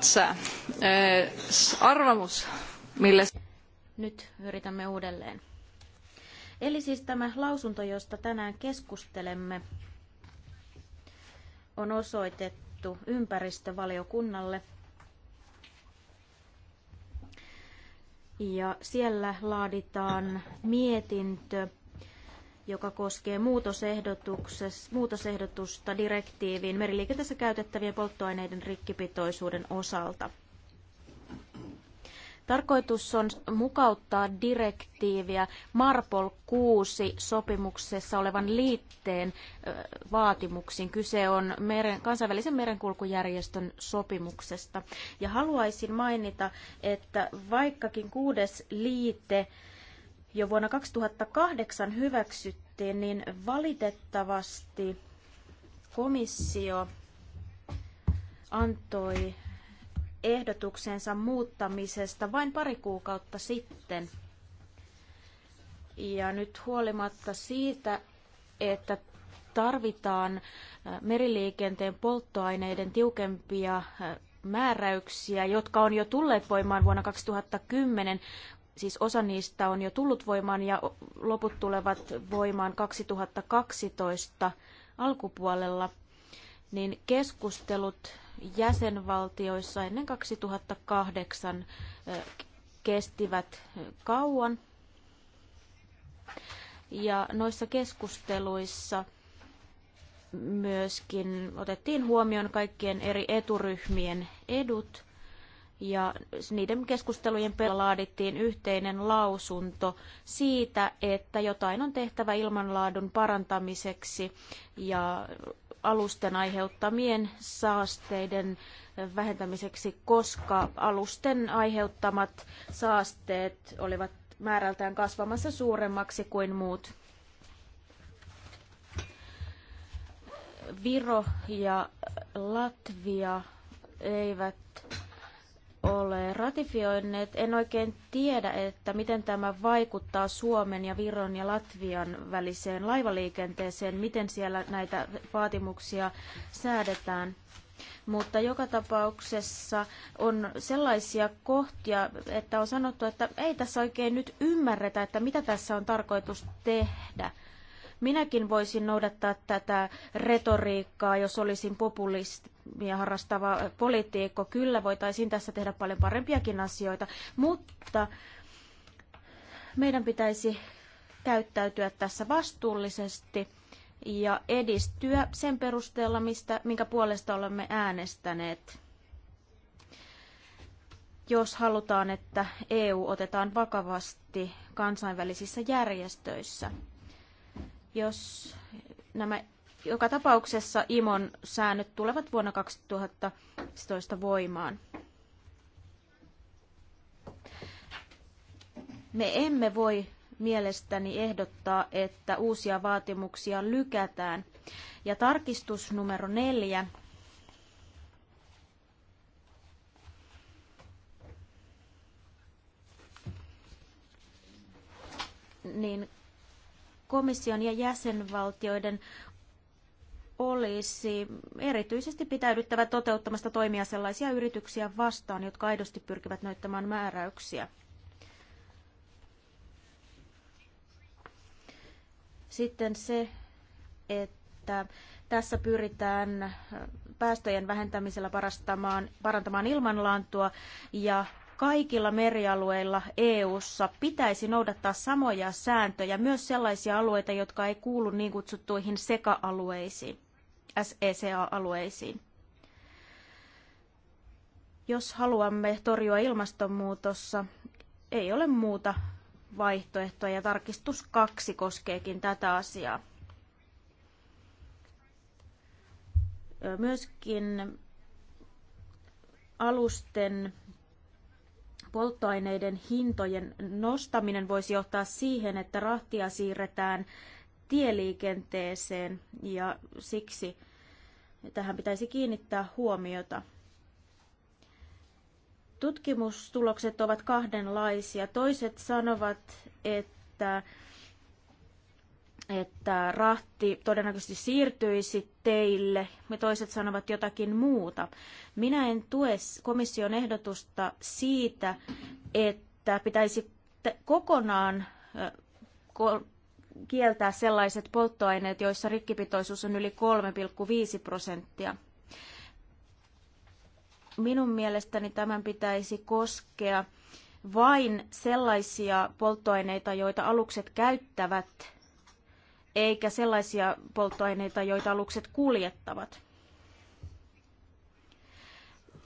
sä uh, uh, arvamus, millä... Nyt yritämme uudelleen. Eli siis tämä lausunto, josta tänään keskustelemme, on osoitettu ympäristövaliokunnalle. Ja siellä laaditaan mietintö joka koskee muutosehdotusta direktiiviin meriliikenteessä käytettävien polttoaineiden rikkipitoisuuden osalta. Tarkoitus on mukauttaa direktiiviä Marpol 6 sopimuksessa olevan liitteen vaatimuksiin. Kyse on meren, kansainvälisen merenkulkujärjestön sopimuksesta. Ja haluaisin mainita, että vaikkakin kuudes liite jo vuonna 2008 hyväksyttiin, niin valitettavasti komissio antoi ehdotuksensa muuttamisesta vain pari kuukautta sitten. Ja nyt huolimatta siitä, että tarvitaan äh, meriliikenteen polttoaineiden tiukempia äh, määräyksiä, jotka on jo tulleet voimaan vuonna 2010 siis osa niistä on jo tullut voimaan ja loput tulevat voimaan 2012 alkupuolella, niin keskustelut jäsenvaltioissa ennen 2008 kestivät kauan. Ja noissa keskusteluissa myöskin otettiin huomioon kaikkien eri eturyhmien edut – ja niiden keskustelujen perusteella laadittiin yhteinen lausunto siitä, että jotain on tehtävä ilmanlaadun parantamiseksi ja alusten aiheuttamien saasteiden vähentämiseksi, koska alusten aiheuttamat saasteet olivat määrältään kasvamassa suuremmaksi kuin muut. Viro ja Latvia eivät ole ratifioineet, en oikein tiedä, että miten tämä vaikuttaa Suomen ja Viron ja Latvian väliseen laivaliikenteeseen, miten siellä näitä vaatimuksia säädetään. Mutta joka tapauksessa on sellaisia kohtia, että on sanottu, että ei tässä oikein nyt ymmärretä, että mitä tässä on tarkoitus tehdä. Minäkin voisin noudattaa tätä retoriikkaa, jos olisin ja harrastava poliitikko. Kyllä voitaisiin tässä tehdä paljon parempiakin asioita, mutta meidän pitäisi käyttäytyä tässä vastuullisesti ja edistyä sen perusteella, mistä, minkä puolesta olemme äänestäneet. Jos halutaan, että EU otetaan vakavasti kansainvälisissä järjestöissä jos nämä joka tapauksessa IMON säännöt tulevat vuonna 2011 voimaan. Me emme voi mielestäni ehdottaa, että uusia vaatimuksia lykätään. Ja tarkistus numero neljä. Niin komission ja jäsenvaltioiden olisi erityisesti pitäydyttävä toteuttamasta toimia sellaisia yrityksiä vastaan, jotka aidosti pyrkivät noittamaan määräyksiä. Sitten se, että tässä pyritään päästöjen vähentämisellä parantamaan ilmanlaantua ja kaikilla merialueilla EU:ssa pitäisi noudattaa samoja sääntöjä, myös sellaisia alueita, jotka ei kuulu niin kutsuttuihin SECA-alueisiin, SECA-alueisiin. Jos haluamme torjua ilmastonmuutossa, ei ole muuta vaihtoehtoa ja tarkistus kaksi koskeekin tätä asiaa. Myöskin alusten polttoaineiden hintojen nostaminen voisi johtaa siihen, että rahtia siirretään tieliikenteeseen ja siksi tähän pitäisi kiinnittää huomiota. Tutkimustulokset ovat kahdenlaisia. Toiset sanovat, että että rahti todennäköisesti siirtyisi teille, me toiset sanovat jotakin muuta. Minä en tue komission ehdotusta siitä, että pitäisi kokonaan kieltää sellaiset polttoaineet, joissa rikkipitoisuus on yli 3,5 prosenttia. Minun mielestäni tämän pitäisi koskea vain sellaisia polttoaineita, joita alukset käyttävät eikä sellaisia polttoaineita, joita alukset kuljettavat.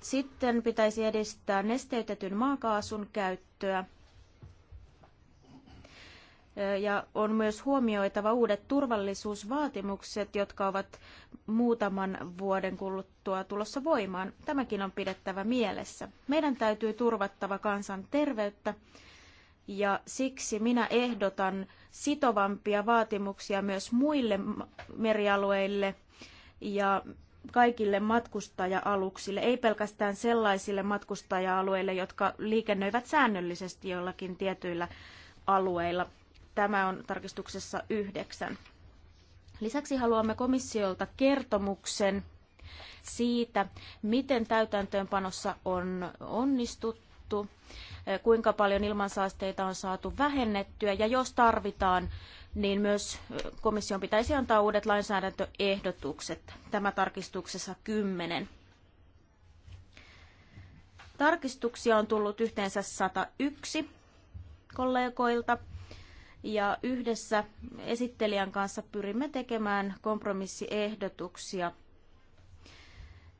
Sitten pitäisi edistää nesteytetyn maakaasun käyttöä. Ja on myös huomioitava uudet turvallisuusvaatimukset, jotka ovat muutaman vuoden kuluttua tulossa voimaan. Tämäkin on pidettävä mielessä. Meidän täytyy turvattava kansan terveyttä ja siksi minä ehdotan sitovampia vaatimuksia myös muille merialueille ja kaikille matkustaja-aluksille, ei pelkästään sellaisille matkustaja-alueille, jotka liikennöivät säännöllisesti jollakin tietyillä alueilla. Tämä on tarkistuksessa yhdeksän. Lisäksi haluamme komissiolta kertomuksen siitä, miten täytäntöönpanossa on onnistuttu kuinka paljon ilmansaasteita on saatu vähennettyä ja jos tarvitaan, niin myös komission pitäisi antaa uudet lainsäädäntöehdotukset. Tämä tarkistuksessa kymmenen. Tarkistuksia on tullut yhteensä 101 kollegoilta ja yhdessä esittelijän kanssa pyrimme tekemään kompromissiehdotuksia.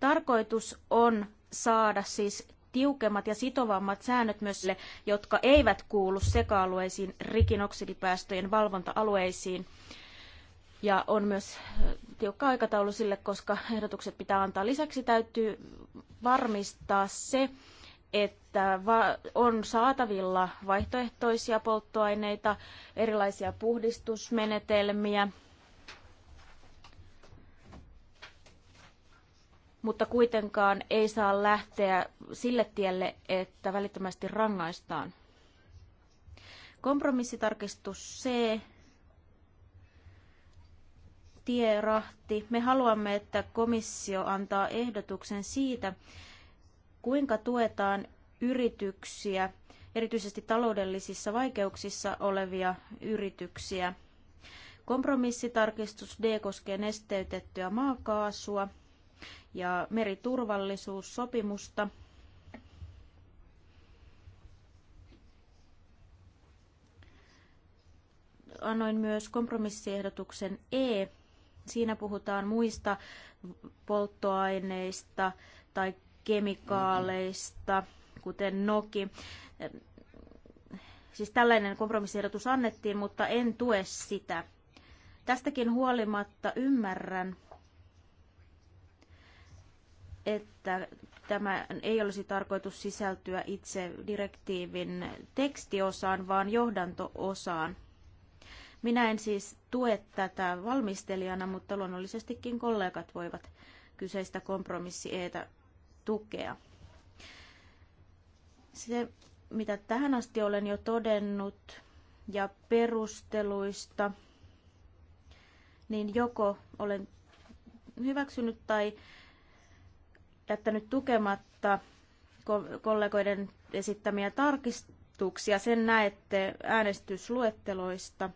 Tarkoitus on saada siis tiukemmat ja sitovammat säännöt myös, jotka eivät kuulu seka-alueisiin rikinoksidipäästöjen valvonta-alueisiin. Ja on myös äh, tiukka aikataulu sille, koska ehdotukset pitää antaa. Lisäksi täytyy varmistaa se, että on saatavilla vaihtoehtoisia polttoaineita, erilaisia puhdistusmenetelmiä, mutta kuitenkaan ei saa lähteä sille tielle, että välittömästi rangaistaan. Kompromissitarkistus C, tierahti. Me haluamme, että komissio antaa ehdotuksen siitä, kuinka tuetaan yrityksiä, erityisesti taloudellisissa vaikeuksissa olevia yrityksiä. Kompromissitarkistus D koskee nesteytettyä maakaasua ja meriturvallisuussopimusta. Annoin myös kompromissiehdotuksen E. Siinä puhutaan muista polttoaineista tai kemikaaleista, kuten Noki. Siis tällainen kompromissiehdotus annettiin, mutta en tue sitä. Tästäkin huolimatta ymmärrän, että tämä ei olisi tarkoitus sisältyä itse direktiivin tekstiosaan, vaan johdantoosaan. Minä en siis tue tätä valmistelijana, mutta luonnollisestikin kollegat voivat kyseistä kompromissieetä tukea. Se, mitä tähän asti olen jo todennut ja perusteluista, niin joko olen hyväksynyt tai jättänyt tukematta kollegoiden esittämiä tarkistuksia. Sen näette äänestysluetteloista.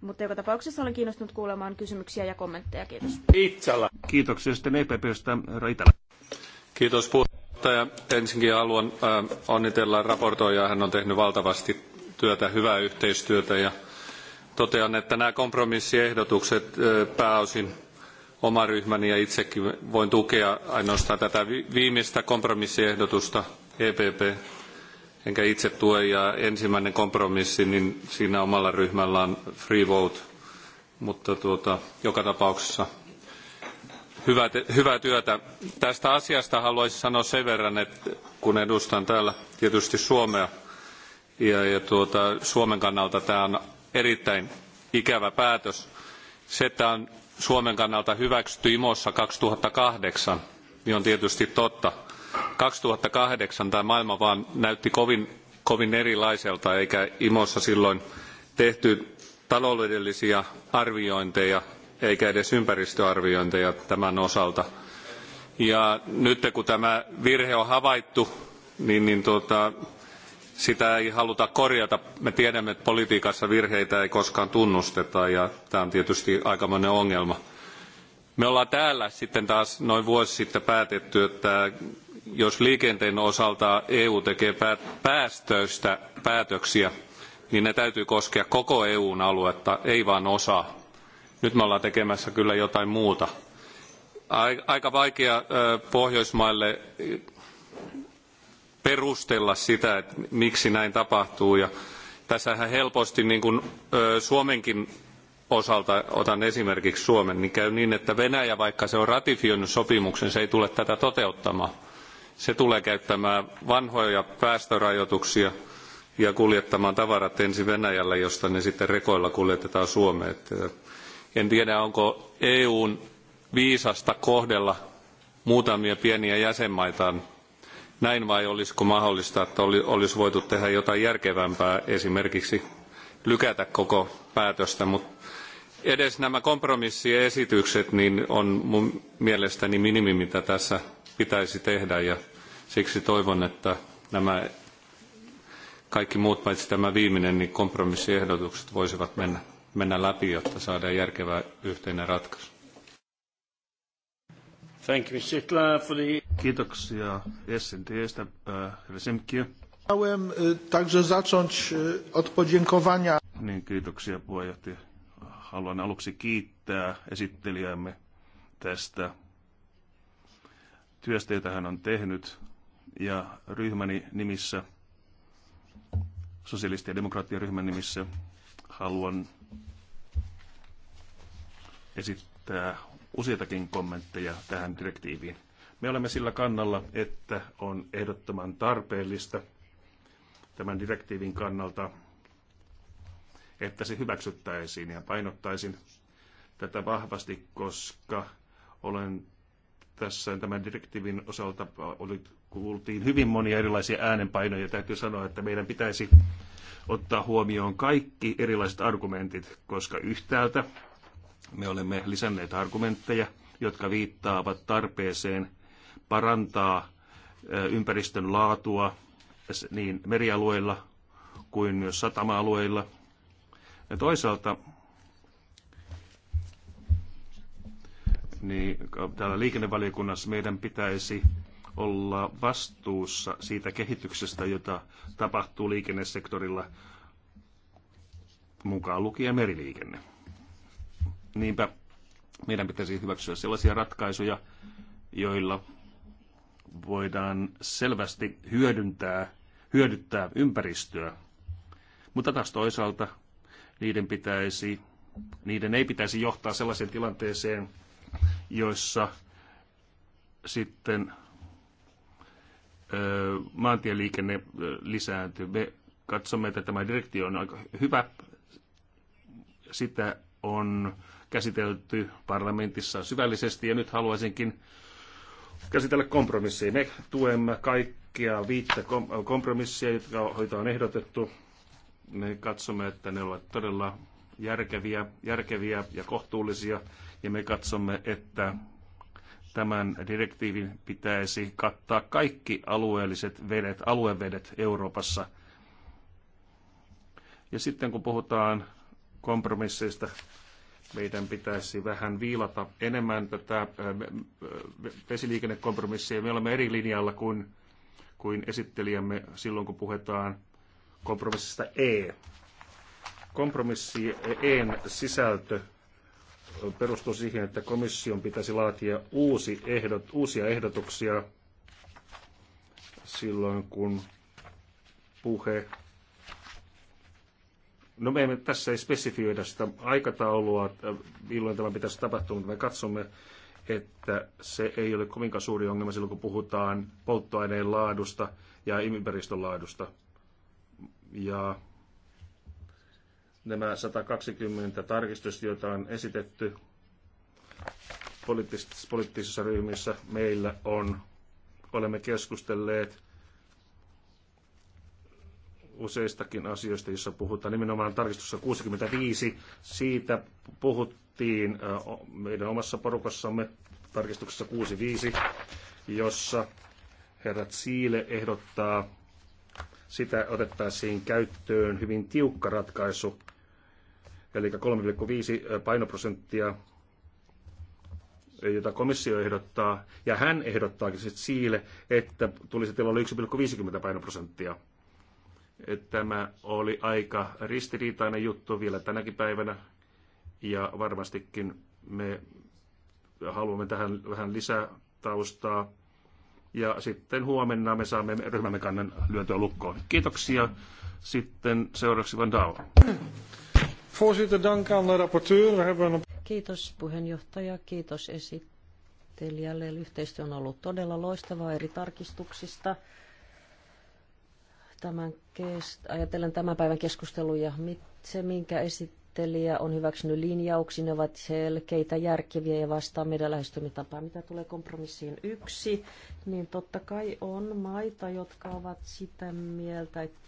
Mutta joka tapauksessa olen kiinnostunut kuulemaan kysymyksiä ja kommentteja. Kiitos. Itsellä. Kiitoksia sitten EPPstä, Raitala. Kiitos puheenjohtaja. Ensinnäkin haluan äh, onnitella raportoijaa. Hän on tehnyt valtavasti työtä, hyvää yhteistyötä ja totean, että nämä kompromissiehdotukset äh, pääosin oma ryhmäni ja itsekin voin tukea ainoastaan tätä viimeistä kompromissiehdotusta EPP, enkä itse tue. Ja ensimmäinen kompromissi, niin siinä omalla ryhmällä on free vote, mutta tuota, joka tapauksessa hyvää, hyvää työtä. Tästä asiasta haluaisin sanoa sen verran, että kun edustan täällä tietysti Suomea, ja, ja tuota, Suomen kannalta tämä on erittäin ikävä päätös. Se, että on Suomen kannalta hyväksytty Imossa 2008, niin on tietysti totta. 2008 tämä maailma vaan näytti kovin, kovin erilaiselta, eikä Imossa silloin tehty taloudellisia arviointeja eikä edes ympäristöarviointeja tämän osalta. Ja nyt kun tämä virhe on havaittu, niin, niin tuota, sitä ei haluta korjata. Me tiedämme, että politiikassa virheitä ei koskaan tunnusteta ja tämä on tietysti aikamoinen ongelma. Me ollaan täällä sitten taas noin vuosi sitten päätetty, että jos liikenteen osalta EU tekee päästöistä päätöksiä, niin ne täytyy koskea koko EUn aluetta, ei vain osaa. Nyt me ollaan tekemässä kyllä jotain muuta. Aika vaikea Pohjoismaille perustella sitä, että miksi näin tapahtuu. Ja tässähän helposti niin kuin Suomenkin osalta, otan esimerkiksi Suomen, niin käy niin, että Venäjä, vaikka se on ratifioinut sopimuksen, se ei tule tätä toteuttamaan. Se tulee käyttämään vanhoja päästörajoituksia ja kuljettamaan tavarat ensin Venäjälle, josta ne sitten rekoilla kuljetetaan Suomeen. en tiedä, onko EUn viisasta kohdella muutamia pieniä jäsenmaitaan näin vai olisiko mahdollista, että olisi voitu tehdä jotain järkevämpää, esimerkiksi lykätä koko päätöstä, mutta edes nämä kompromissiesitykset niin on mun mielestäni minimi, mitä tässä pitäisi tehdä ja siksi toivon, että nämä kaikki muut paitsi tämä viimeinen, niin kompromissiehdotukset voisivat mennä, mennä läpi, jotta saadaan järkevä yhteinen ratkaisu. Thank you, for the... Kiitoksia SNTstä, äh, Helsinkiä. Chciałem także zacząć od podziękowania. Niin, kiitoksia puheenjohtaja. Haluan aluksi kiittää esittelijämme tästä työstä, jota hän on tehnyt. Ja ryhmäni nimissä, sosialisti- ja demokraattiryhmän nimissä, haluan esittää useitakin kommentteja tähän direktiiviin. Me olemme sillä kannalla, että on ehdottoman tarpeellista tämän direktiivin kannalta, että se hyväksyttäisiin ja painottaisin tätä vahvasti, koska olen tässä tämän direktiivin osalta oli, kuultiin hyvin monia erilaisia äänenpainoja. Täytyy sanoa, että meidän pitäisi ottaa huomioon kaikki erilaiset argumentit, koska yhtäältä me olemme lisänneet argumentteja, jotka viittaavat tarpeeseen parantaa ympäristön laatua niin merialueilla kuin myös satama-alueilla. Ja toisaalta niin täällä liikennevaliokunnassa meidän pitäisi olla vastuussa siitä kehityksestä, jota tapahtuu liikennesektorilla mukaan lukien meriliikenne. Niinpä meidän pitäisi hyväksyä sellaisia ratkaisuja, joilla voidaan selvästi hyödyntää, hyödyttää ympäristöä. Mutta taas toisaalta niiden, pitäisi, niiden ei pitäisi johtaa sellaiseen tilanteeseen, joissa sitten maantieliikenne lisääntyy. Me katsomme, että tämä direktio on aika hyvä. Sitä on käsitelty parlamentissa syvällisesti ja nyt haluaisinkin käsitellä kompromissia. Me tuemme kaikkia viittä kompromissia, jotka hoito on ehdotettu. Me katsomme, että ne ovat todella järkeviä, järkeviä ja kohtuullisia ja me katsomme, että tämän direktiivin pitäisi kattaa kaikki alueelliset vedet, aluevedet Euroopassa. Ja sitten kun puhutaan kompromisseista, meidän pitäisi vähän viilata enemmän tätä vesiliikennekompromissia. Me olemme eri linjalla kuin, kuin esittelijämme silloin, kun puhutaan kompromissista E. Kompromissi E:n sisältö perustuu siihen, että komission pitäisi laatia uusi ehdot, uusia ehdotuksia silloin, kun puhe No me emme tässä ei spesifioida sitä aikataulua, milloin tämä pitäisi tapahtua, mutta me katsomme, että se ei ole kovinkaan suuri ongelma silloin, kun puhutaan polttoaineen laadusta ja ympäristön laadusta. Ja nämä 120 tarkistusta, joita on esitetty poliittisissa, poliittisissa ryhmissä, meillä on, olemme keskustelleet useistakin asioista, joissa puhutaan nimenomaan tarkistussa 65. Siitä puhuttiin meidän omassa porukassamme tarkistuksessa 65, jossa herrat Siile ehdottaa sitä otettaisiin käyttöön hyvin tiukka ratkaisu, eli 3,5 painoprosenttia, jota komissio ehdottaa, ja hän ehdottaakin sitten Siile, että tulisi tilalle 1,50 painoprosenttia. Tämä oli aika ristiriitainen juttu vielä tänäkin päivänä ja varmastikin me haluamme tähän vähän lisää taustaa. Ja sitten huomenna me saamme ryhmämme kannan lyöntöä lukkoon. Kiitoksia. Sitten seuraavaksi Van Dao. Kiitos puheenjohtaja, kiitos esittelijälle. Yhteistyö on ollut todella loistavaa eri tarkistuksista tämän ajatellen tämän päivän keskusteluja. Se, minkä esittelijä on hyväksynyt linjauksiin, ne ovat selkeitä, järkeviä ja vastaa meidän lähestymistapaa. Mitä tulee kompromissiin yksi, niin totta kai on maita, jotka ovat sitä mieltä, että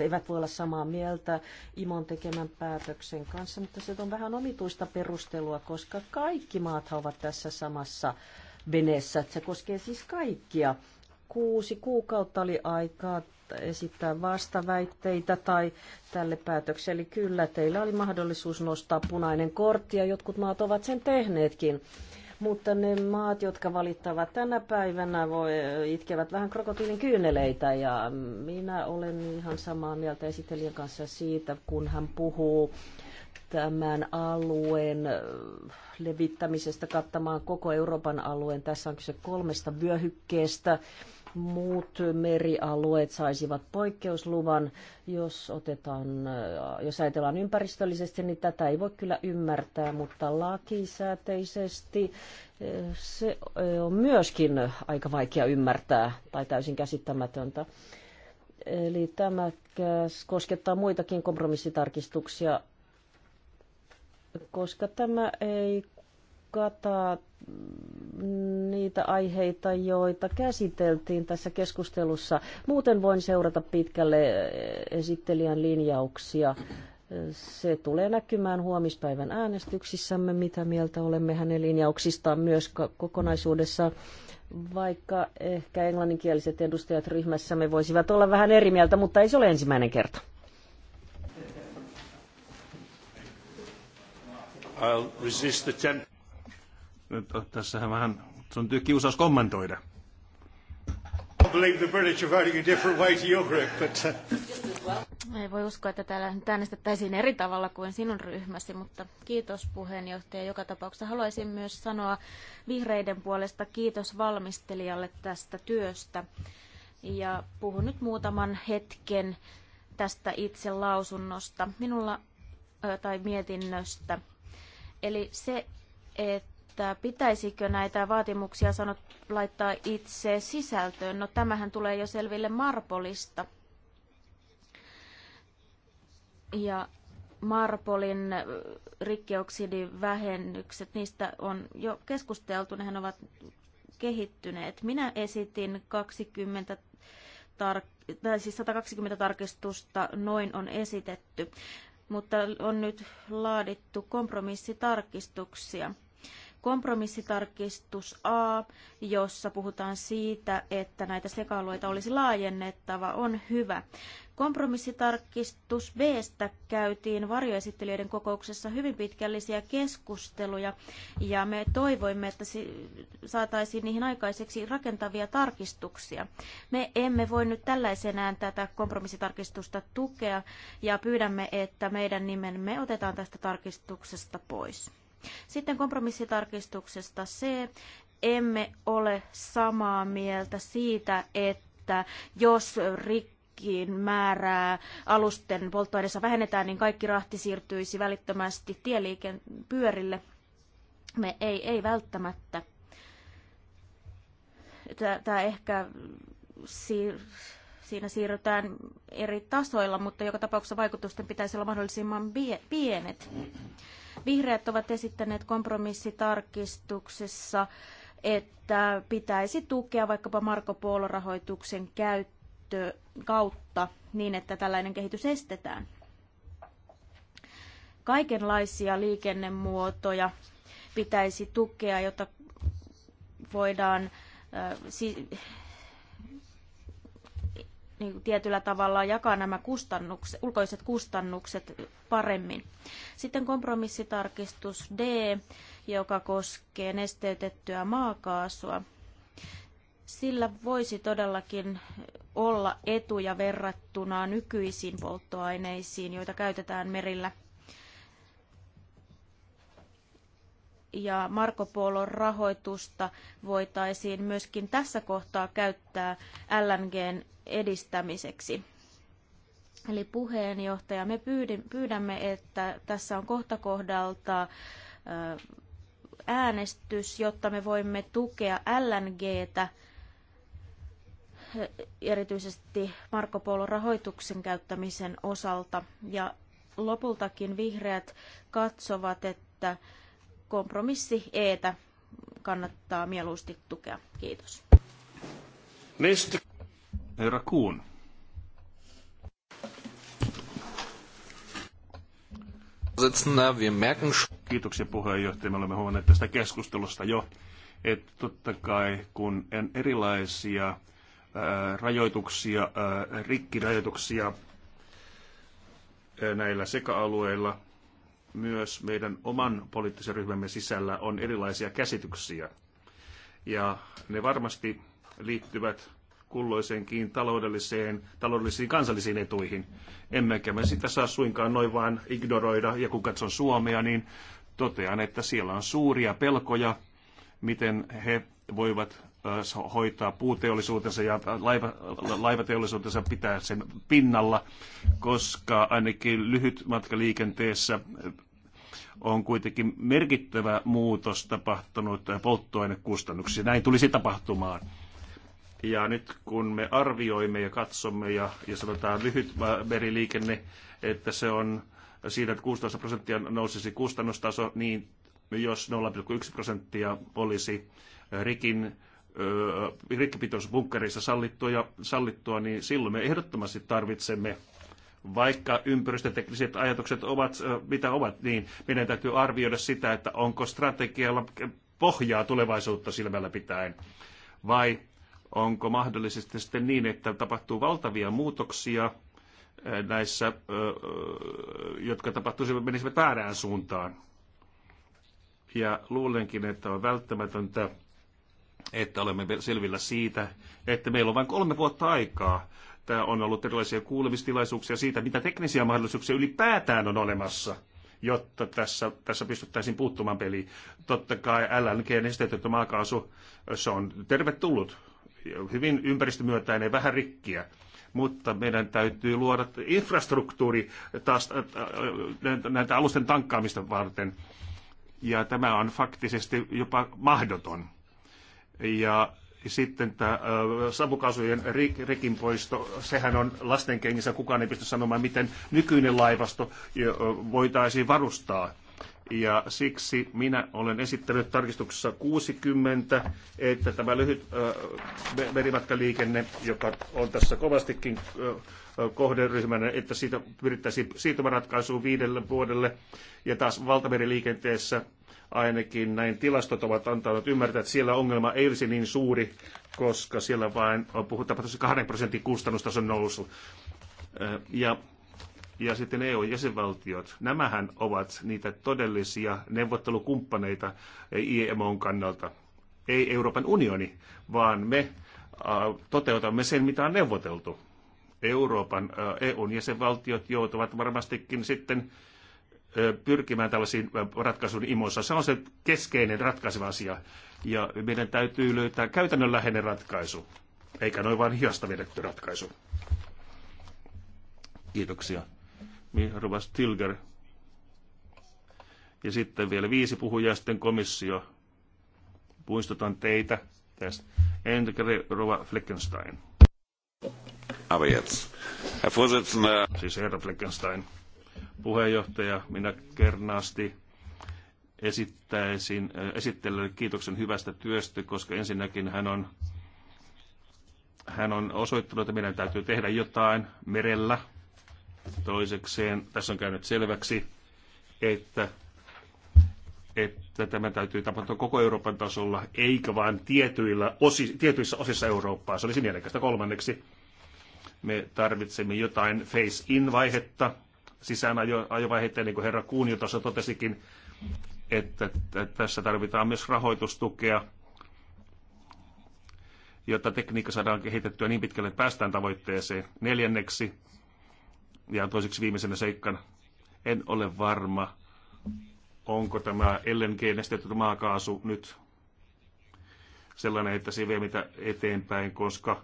eivät voi olla samaa mieltä Imon tekemän päätöksen kanssa, mutta se on vähän omituista perustelua, koska kaikki maat ovat tässä samassa veneessä. Se koskee siis kaikkia kuusi kuukautta oli aikaa esittää vastaväitteitä tai tälle päätökselle. Eli kyllä, teillä oli mahdollisuus nostaa punainen kortti ja jotkut maat ovat sen tehneetkin. Mutta ne maat, jotka valittavat tänä päivänä, voi, itkevät vähän krokotiilin kyyneleitä ja minä olen ihan samaa mieltä esittelijän kanssa siitä, kun hän puhuu tämän alueen levittämisestä kattamaan koko Euroopan alueen. Tässä on kyse kolmesta vyöhykkeestä muut merialueet saisivat poikkeusluvan. Jos, otetaan, jos ajatellaan ympäristöllisesti, niin tätä ei voi kyllä ymmärtää, mutta lakisääteisesti eh, se eh, on myöskin aika vaikea ymmärtää tai täysin käsittämätöntä. Eli tämä koskettaa muitakin kompromissitarkistuksia, koska tämä ei kata niitä aiheita, joita käsiteltiin tässä keskustelussa. Muuten voin seurata pitkälle esittelijän linjauksia. Se tulee näkymään huomispäivän äänestyksissämme, mitä mieltä olemme hänen linjauksistaan myös kokonaisuudessa. Vaikka ehkä englanninkieliset edustajat ryhmässämme voisivat olla vähän eri mieltä, mutta ei se ole ensimmäinen kerta. I'll resist the temptation. Nyt tässähän vähän, se on kiusaus kommentoida. Uh, Ei voi uskoa, että täällä nyt äänestettäisiin eri tavalla kuin sinun ryhmäsi, mutta kiitos puheenjohtaja. Joka tapauksessa haluaisin myös sanoa vihreiden puolesta kiitos valmistelijalle tästä työstä. Ja puhun nyt muutaman hetken tästä itse lausunnosta minulla, tai mietinnöstä. Eli se, että että pitäisikö näitä vaatimuksia sanot, laittaa itse sisältöön. No tämähän tulee jo selville Marpolista. Ja Marpolin rikkioksidivähennykset, niistä on jo keskusteltu, nehän ovat kehittyneet. Minä esitin 20 tar- tai siis 120 tarkistusta, noin on esitetty, mutta on nyt laadittu kompromissitarkistuksia. Kompromissitarkistus A, jossa puhutaan siitä, että näitä sekaalueita olisi laajennettava, on hyvä. Kompromissitarkistus B käytiin varjoesittelijöiden kokouksessa hyvin pitkällisiä keskusteluja ja me toivoimme, että saataisiin niihin aikaiseksi rakentavia tarkistuksia. Me emme voi nyt tällaisenään tätä kompromissitarkistusta tukea ja pyydämme, että meidän nimemme otetaan tästä tarkistuksesta pois. Sitten kompromissitarkistuksesta C. Emme ole samaa mieltä siitä, että jos rikko rikkiin määrää alusten polttoaineessa vähennetään, niin kaikki rahti siirtyisi välittömästi tieliiken pyörille. Me ei, ei välttämättä. Tämä ehkä siir- siinä siirrytään eri tasoilla, mutta joka tapauksessa vaikutusten pitäisi olla mahdollisimman pienet. Vihreät ovat esittäneet kompromissitarkistuksessa, että pitäisi tukea vaikkapa Marko Polo-rahoituksen käyttö kautta niin, että tällainen kehitys estetään. Kaikenlaisia liikennemuotoja pitäisi tukea, jotta voidaan äh, niin tietyllä tavalla jakaa nämä kustannukset, ulkoiset kustannukset paremmin. Sitten kompromissitarkistus D, joka koskee nesteytettyä maakaasua. Sillä voisi todellakin olla etuja verrattuna nykyisiin polttoaineisiin, joita käytetään merillä. Ja Marko Polon rahoitusta voitaisiin myöskin tässä kohtaa käyttää LNGn edistämiseksi. Eli puheenjohtaja, me pyydämme, että tässä on kohta kohdalta äänestys, jotta me voimme tukea LNGtä erityisesti Marko Polon rahoituksen käyttämisen osalta. Ja lopultakin vihreät katsovat, että kompromissi Etä kannattaa mieluusti tukea. Kiitos. Mistä? Herra Kuun. Kiitoksia puheenjohtaja. Me olemme huomanneet tästä keskustelusta jo, että totta kai kun en erilaisia ää, äh, rajoituksia, ää, äh, rikkirajoituksia ää, äh, näillä alueilla myös meidän oman poliittisen ryhmämme sisällä on erilaisia käsityksiä. Ja ne varmasti liittyvät kulloisenkin taloudelliseen, taloudellisiin kansallisiin etuihin. Emmekä me sitä saa suinkaan noin vaan ignoroida. Ja kun katson Suomea, niin totean, että siellä on suuria pelkoja, miten he voivat hoitaa puuteollisuutensa ja laiva, laivateollisuutensa pitää sen pinnalla, koska ainakin lyhytmatkaliikenteessä on kuitenkin merkittävä muutos tapahtunut polttoainekustannuksissa. Näin tulisi tapahtumaan. Ja nyt kun me arvioimme ja katsomme ja, ja sanotaan lyhyt meriliikenne, että se on siinä, että 16 prosenttia nousisi kustannustaso, niin jos 0,1 prosenttia olisi äh, rikin äh, rikkipitoisuuspunkkarissa sallittua, ja sallittua, niin silloin me ehdottomasti tarvitsemme, vaikka ympäristötekniset ajatukset ovat äh, mitä ovat, niin meidän täytyy arvioida sitä, että onko strategialla pohjaa tulevaisuutta silmällä pitäen vai Onko mahdollisesti sitten niin, että tapahtuu valtavia muutoksia eh, näissä, eh, eh, jotka tapahtuisivat, menisivät väärään suuntaan? Ja luulenkin, että on välttämätöntä, että olemme selvillä siitä, että meillä on vain kolme vuotta aikaa. Tämä on ollut erilaisia kuulemistilaisuuksia siitä, mitä teknisiä mahdollisuuksia ylipäätään on olemassa jotta tässä, tässä pystyttäisiin puuttumaan peliin. Totta kai LNG nesteytetty niin maakaasu, se on tervetullut hyvin ympäristömyötäinen, vähän rikkiä, mutta meidän täytyy luoda infrastruktuuri taas, näitä alusten tankkaamista varten. Ja tämä on faktisesti jopa mahdoton. Ja sitten tämä savukasujen rekin poisto, sehän on lastenkengissä, kukaan ei pysty sanomaan, miten nykyinen laivasto voitaisiin varustaa ja siksi minä olen esittänyt tarkistuksessa 60, että tämä lyhyt merimatkaliikenne, joka on tässä kovastikin kohderyhmänä, että siitä pyrittäisiin siirtymäratkaisuun viidelle vuodelle. Ja taas valtameriliikenteessä ainakin näin tilastot ovat antaneet ymmärtää, että siellä ongelma ei olisi niin suuri, koska siellä vain puhutaan 2 prosentin kustannustason nousu. Ja ja sitten EU-jäsenvaltiot. Nämähän ovat niitä todellisia neuvottelukumppaneita IMOn e kannalta. Ei Euroopan unioni, vaan me toteutamme sen, mitä on neuvoteltu. Euroopan, eu jäsenvaltiot joutuvat varmastikin sitten pyrkimään tällaisiin ratkaisuun imossa. Se on se keskeinen ratkaiseva asia. Ja meidän täytyy löytää käytännönläheinen ratkaisu, eikä noin vain hiasta vedetty ratkaisu. Kiitoksia. Mihrova niin, Stilger. Ja sitten vielä viisi puhujaa, sitten komissio. Muistutan teitä tästä. Entekeri Rova Fleckenstein. Aber jetzt. Herr Vorsitzender. Siis herra Fleckenstein. Puheenjohtaja, minä kernaasti esittäisin, äh, esittelijälle kiitoksen hyvästä työstä, koska ensinnäkin hän on, hän on osoittanut, että meidän täytyy tehdä jotain merellä, Toisekseen tässä on käynyt selväksi, että, että tämä täytyy tapahtua koko Euroopan tasolla, eikä vain tietyillä osi, tietyissä osissa Eurooppaa. Se olisi mielekästä kolmanneksi. Me tarvitsemme jotain face-in-vaihetta, sisäänajovaihetta, niin kuin herra Kuunio jo tuossa totesikin, että tässä tarvitaan myös rahoitustukea, jotta tekniikka saadaan kehitettyä niin pitkälle, että päästään tavoitteeseen. Neljänneksi ja toiseksi viimeisenä seikkana, en ole varma, onko tämä LNG-nestetty maakaasu nyt sellainen, että se vie mitä eteenpäin, koska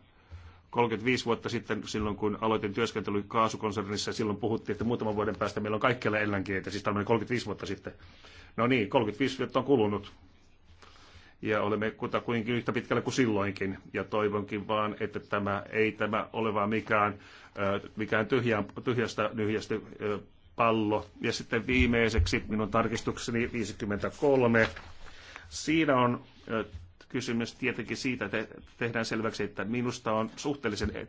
35 vuotta sitten, silloin kun aloitin työskentely kaasukonsernissa, silloin puhuttiin, että muutaman vuoden päästä meillä on kaikkialla LNG, siis tämmöinen 35 vuotta sitten. No niin, 35 vuotta on kulunut ja olemme kutakuinkin yhtä pitkällä kuin silloinkin. Ja toivonkin vaan, että tämä ei tämä ole vaan mikään, mikään tyhjä, tyhjästä nyhjästy pallo. Ja sitten viimeiseksi minun tarkistukseni 53. Siinä on kysymys tietenkin siitä, että tehdään selväksi, että minusta on suhteellisen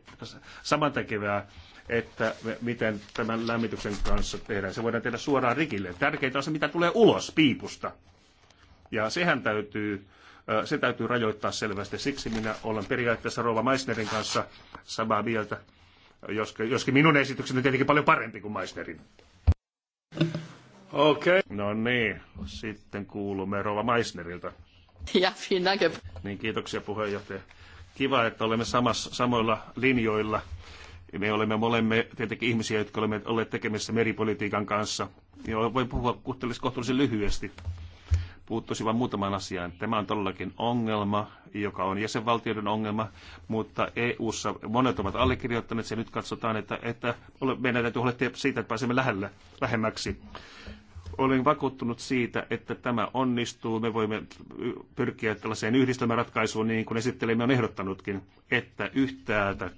samantekevää, että miten tämän lämmityksen kanssa tehdään. Se voidaan tehdä suoraan rikille. Tärkeintä on se, mitä tulee ulos piipusta. Ja sehän täytyy se täytyy rajoittaa selvästi. Siksi minä olen periaatteessa Rova Meissnerin kanssa samaa mieltä, joskin, joskin minun esitykseni on tietenkin paljon parempi kuin Meissnerin. Okei. Okay. No niin, sitten kuulumme Rova Meissnerilta. Ja, vielen Niin, kiitoksia puheenjohtaja. Kiva, että olemme samas, samoilla linjoilla. Me olemme molemme tietenkin ihmisiä, jotka olemme olleet tekemässä meripolitiikan kanssa. Ja voi puhua kohtuullisen lyhyesti puuttuisin vain muutamaan asiaan. Tämä on todellakin ongelma, joka on jäsenvaltioiden ongelma, mutta EU-ssa monet ovat allekirjoittaneet se. Nyt katsotaan, että, että meidän täytyy huolehtia siitä, että pääsemme lähellä, lähemmäksi. Olen vakuuttunut siitä, että tämä onnistuu. Me voimme pyrkiä tällaiseen yhdistelmäratkaisuun, niin kuin esittelemme on ehdottanutkin, että yhtäältä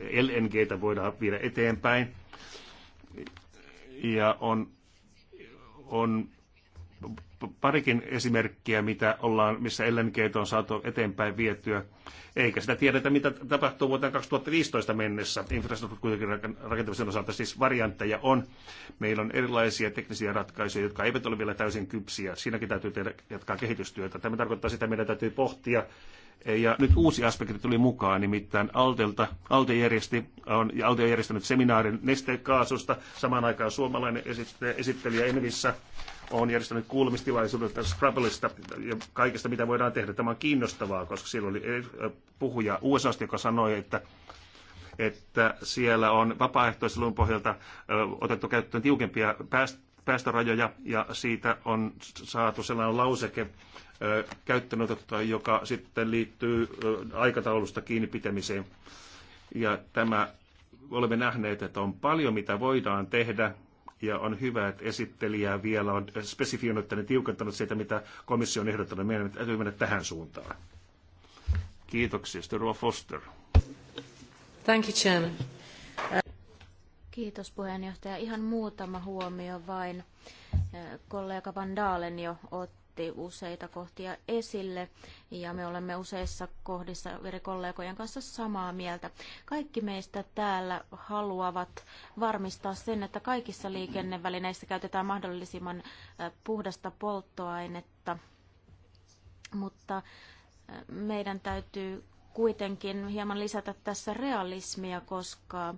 LNGtä voidaan viedä eteenpäin. Ja on, on parikin esimerkkiä, mitä ollaan, missä LNG on saatu eteenpäin vietyä, eikä sitä tiedetä, mitä tapahtuu vuoteen 2015 mennessä infrastruktuurin rakentamisen osalta. Siis variantteja on. Meillä on erilaisia teknisiä ratkaisuja, jotka eivät ole vielä täysin kypsiä. Siinäkin täytyy tehdä, jatkaa kehitystyötä. Tämä tarkoittaa sitä, että meidän täytyy pohtia. Ja nyt uusi aspekti tuli mukaan, nimittäin Altelta, Alte, järjesti, on, Alte on järjestänyt seminaarin nestekaasusta. Samaan aikaan suomalainen esittelijä Envissä on järjestänyt kuulemistilaisuuden tästä Scrabbleista ja kaikesta, mitä voidaan tehdä. Tämä on kiinnostavaa, koska siellä oli eh, eh, puhuja USAsta, joka sanoi, että että siellä on vapaaehtoisluun pohjalta eh, otettu käyttöön tiukempia päästörajoja ja siitä on saatu sellainen lauseke käyttöönotetta, joka sitten liittyy aikataulusta kiinni pitämiseen. Ja tämä olemme nähneet, että on paljon mitä voidaan tehdä ja on hyvä, että esittelijä vielä on spesifioinut ja tiukentanut sitä, mitä komissio on ehdottanut. Meidän täytyy mennä tähän suuntaan. Kiitoksia. Sitten Rua Foster. Thank you, Chairman. Kiitos puheenjohtaja. Ihan muutama huomio vain. Kollega Van Daalen jo otti otti useita kohtia esille ja me olemme useissa kohdissa eri kollegojen kanssa samaa mieltä. Kaikki meistä täällä haluavat varmistaa sen, että kaikissa liikennevälineissä käytetään mahdollisimman äh, puhdasta polttoainetta, mutta äh, meidän täytyy kuitenkin hieman lisätä tässä realismia, koska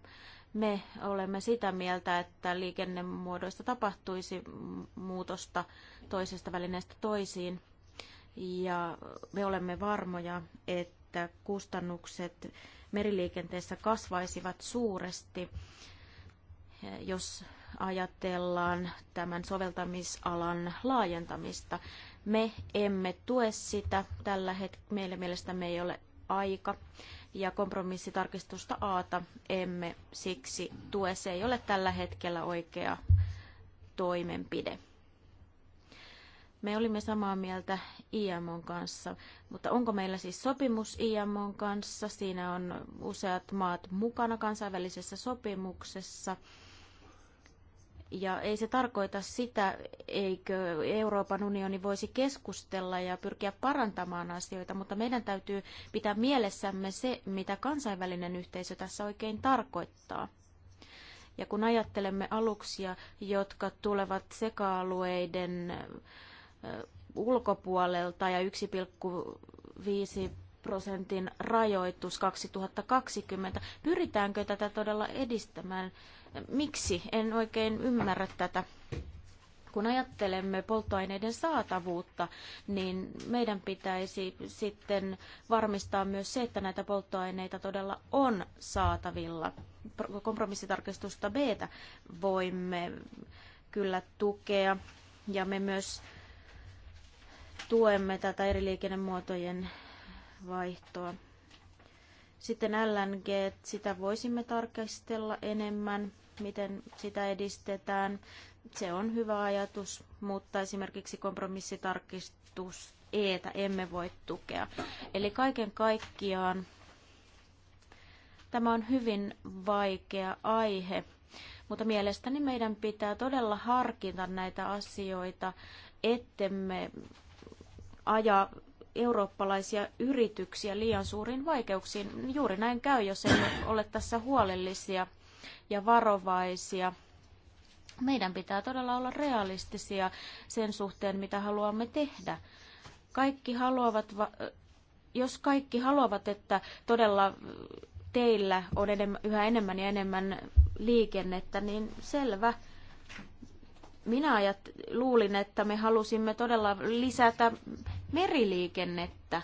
me olemme sitä mieltä, että liikennemuodoista tapahtuisi muutosta toisesta välineestä toisiin. Ja me olemme varmoja, että kustannukset meriliikenteessä kasvaisivat suuresti, jos ajatellaan tämän soveltamisalan laajentamista. Me emme tue sitä tällä hetkellä, meillä mielestämme ei ole aika ja kompromissitarkistusta Aata emme siksi tue. Se ei ole tällä hetkellä oikea toimenpide. Me olimme samaa mieltä IMOn kanssa, mutta onko meillä siis sopimus IMOn kanssa? Siinä on useat maat mukana kansainvälisessä sopimuksessa. Ja ei se tarkoita sitä, eikö Euroopan unioni voisi keskustella ja pyrkiä parantamaan asioita, mutta meidän täytyy pitää mielessämme se, mitä kansainvälinen yhteisö tässä oikein tarkoittaa. Ja kun ajattelemme aluksia, jotka tulevat seka-alueiden ulkopuolelta ja 1,5 prosentin rajoitus 2020, pyritäänkö tätä todella edistämään? Miksi? En oikein ymmärrä tätä. Kun ajattelemme polttoaineiden saatavuutta, niin meidän pitäisi sitten varmistaa myös se, että näitä polttoaineita todella on saatavilla. Kompromissitarkistusta b voimme kyllä tukea ja me myös tuemme tätä eri liikennemuotojen vaihtoa. Sitten LNG, sitä voisimme tarkastella enemmän miten sitä edistetään. Se on hyvä ajatus, mutta esimerkiksi kompromissitarkistus Etä emme voi tukea. Eli kaiken kaikkiaan tämä on hyvin vaikea aihe, mutta mielestäni meidän pitää todella harkita näitä asioita, ettemme aja eurooppalaisia yrityksiä liian suuriin vaikeuksiin. Juuri näin käy, jos emme ole tässä huolellisia ja varovaisia. Meidän pitää todella olla realistisia sen suhteen, mitä haluamme tehdä. Kaikki haluavat, jos kaikki haluavat, että todella teillä on enemmän, yhä enemmän ja enemmän liikennettä, niin selvä. Minä ajat, luulin, että me halusimme todella lisätä meriliikennettä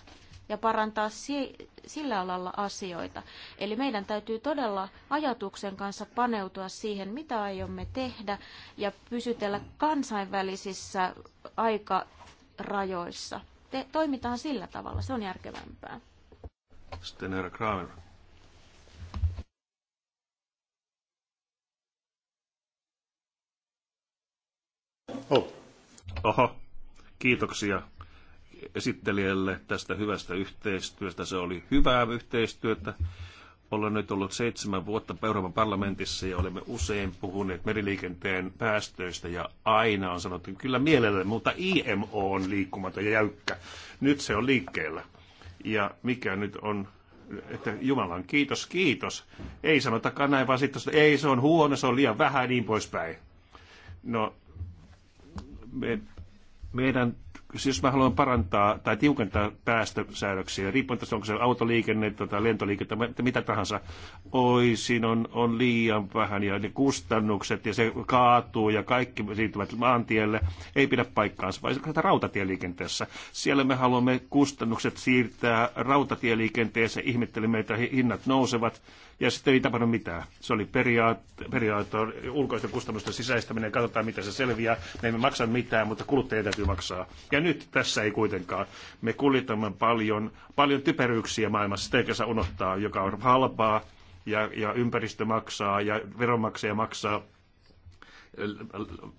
ja parantaa si- sillä alalla asioita. Eli meidän täytyy todella ajatuksen kanssa paneutua siihen, mitä aiomme tehdä ja pysytellä kansainvälisissä aikarajoissa. Te, toimitaan sillä tavalla, se on järkevämpää. Sitten herra Kramer. Oh. Oho, kiitoksia esittelijälle tästä hyvästä yhteistyöstä. Se oli hyvää yhteistyötä. Olen nyt ollut seitsemän vuotta Euroopan parlamentissa ja olemme usein puhuneet meriliikenteen päästöistä ja aina on sanottu kyllä mielellä, mutta IMO on liikkumaton ja jäykkä. Nyt se on liikkeellä. Ja mikä nyt on että Jumalan kiitos, kiitos. Ei sanotakaan näin, vaan sitten ei se on huono, se on liian vähän niin poispäin. No, me, meidän Siis jos mä haluan parantaa tai tiukentaa päästösäädöksiä, riippuen tästä onko se autoliikenne tota, tai tai mitä tahansa, oi, siinä on, on liian vähän ja ne kustannukset ja se kaatuu ja kaikki siirtyvät maantielle, ei pidä paikkaansa, vaan rautatieliikenteessä. Siellä me haluamme kustannukset siirtää rautatieliikenteeseen, ihmettelemme, että hinnat nousevat ja sitten ei tapahdu mitään. Se oli periaate, periaate ulkoisten kustannusten sisäistäminen, katsotaan miten se selviää. Me emme maksa mitään, mutta kuluttajien täytyy maksaa. Ja nyt, tässä ei kuitenkaan. Me kuljetamme paljon, paljon typeryyksiä maailmassa, sitä ei saa unohtaa, joka on halpaa ja, ja ympäristö maksaa ja veronmaksaja maksaa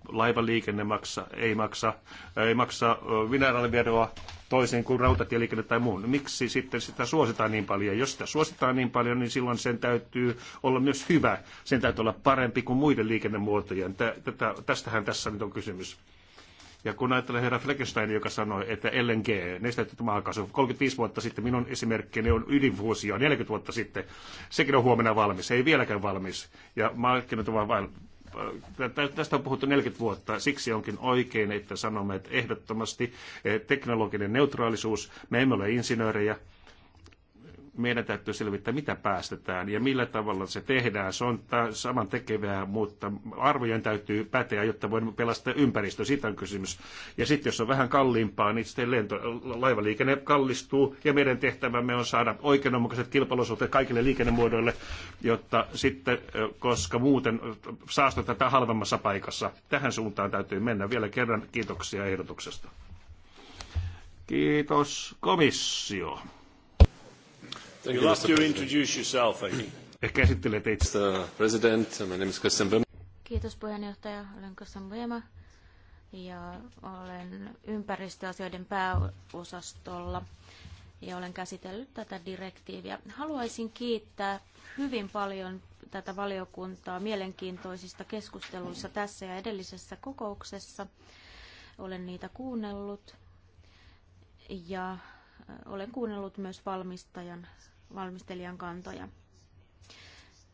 laivaliikenne maksa, ei maksa, ei maksa mineraaliveroa toisin kuin rautatieliikenne tai muun. Miksi sitten sitä suositaan niin paljon? Jos sitä suositaan niin paljon, niin silloin sen täytyy olla myös hyvä. Sen täytyy olla parempi kuin muiden liikennemuotojen. Tätä, tästähän tässä nyt on kysymys. Ja kun ajatellaan herra Fleckenstein, joka sanoi, että LNG, nestetetty maakaasu, 35 vuotta sitten, minun esimerkkini on ydinfuusio, 40 vuotta sitten, sekin on huomenna valmis, ei vieläkään valmis. Ja markkinat ovat vain tästä on puhuttu 40 vuotta, siksi onkin oikein, että sanomme, että ehdottomasti eh, teknologinen neutraalisuus, me emme ole insinöörejä, meidän täytyy selvittää, mitä päästetään ja millä tavalla se tehdään. Se on saman tekevää, mutta arvojen täytyy päteä, jotta voimme pelastaa ympäristö. Siitä on kysymys. Ja sitten jos on vähän kalliimpaa, niin sitten lento, laivaliikenne kallistuu ja meidän tehtävämme on saada oikeudenmukaiset kilpailusuhteet kaikille liikennemuodoille, jotta sitten, koska muuten tätä halvemmassa paikassa. Tähän suuntaan täytyy mennä. Vielä kerran kiitoksia ehdotuksesta. Kiitos komissio. Thank You'll have to introduce yourself, I think. esittelet itse. Mr. President, my name is Christian Böhm. Kiitos puheenjohtaja, olen Christian Böhmä ja olen ympäristöasioiden pääosastolla ja olen käsitellyt tätä direktiiviä. Haluaisin kiittää hyvin paljon tätä valiokuntaa mielenkiintoisista keskusteluissa tässä ja edellisessä kokouksessa. Olen niitä kuunnellut ja olen kuunnellut myös valmistajan valmistelijan kantoja.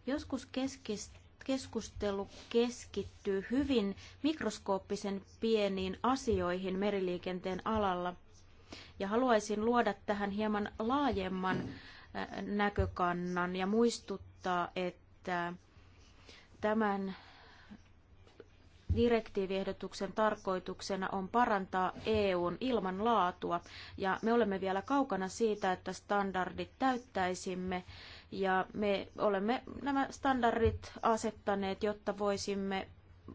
Joskus keskustelu keskittyy hyvin mikroskooppisen pieniin asioihin meriliikenteen alalla. Ja haluaisin luoda tähän hieman laajemman äh, näkökannan ja muistuttaa, että tämän Direktiiviehdotuksen tarkoituksena on parantaa EUn ilmanlaatua ja me olemme vielä kaukana siitä, että standardit täyttäisimme ja me olemme nämä standardit asettaneet, jotta voisimme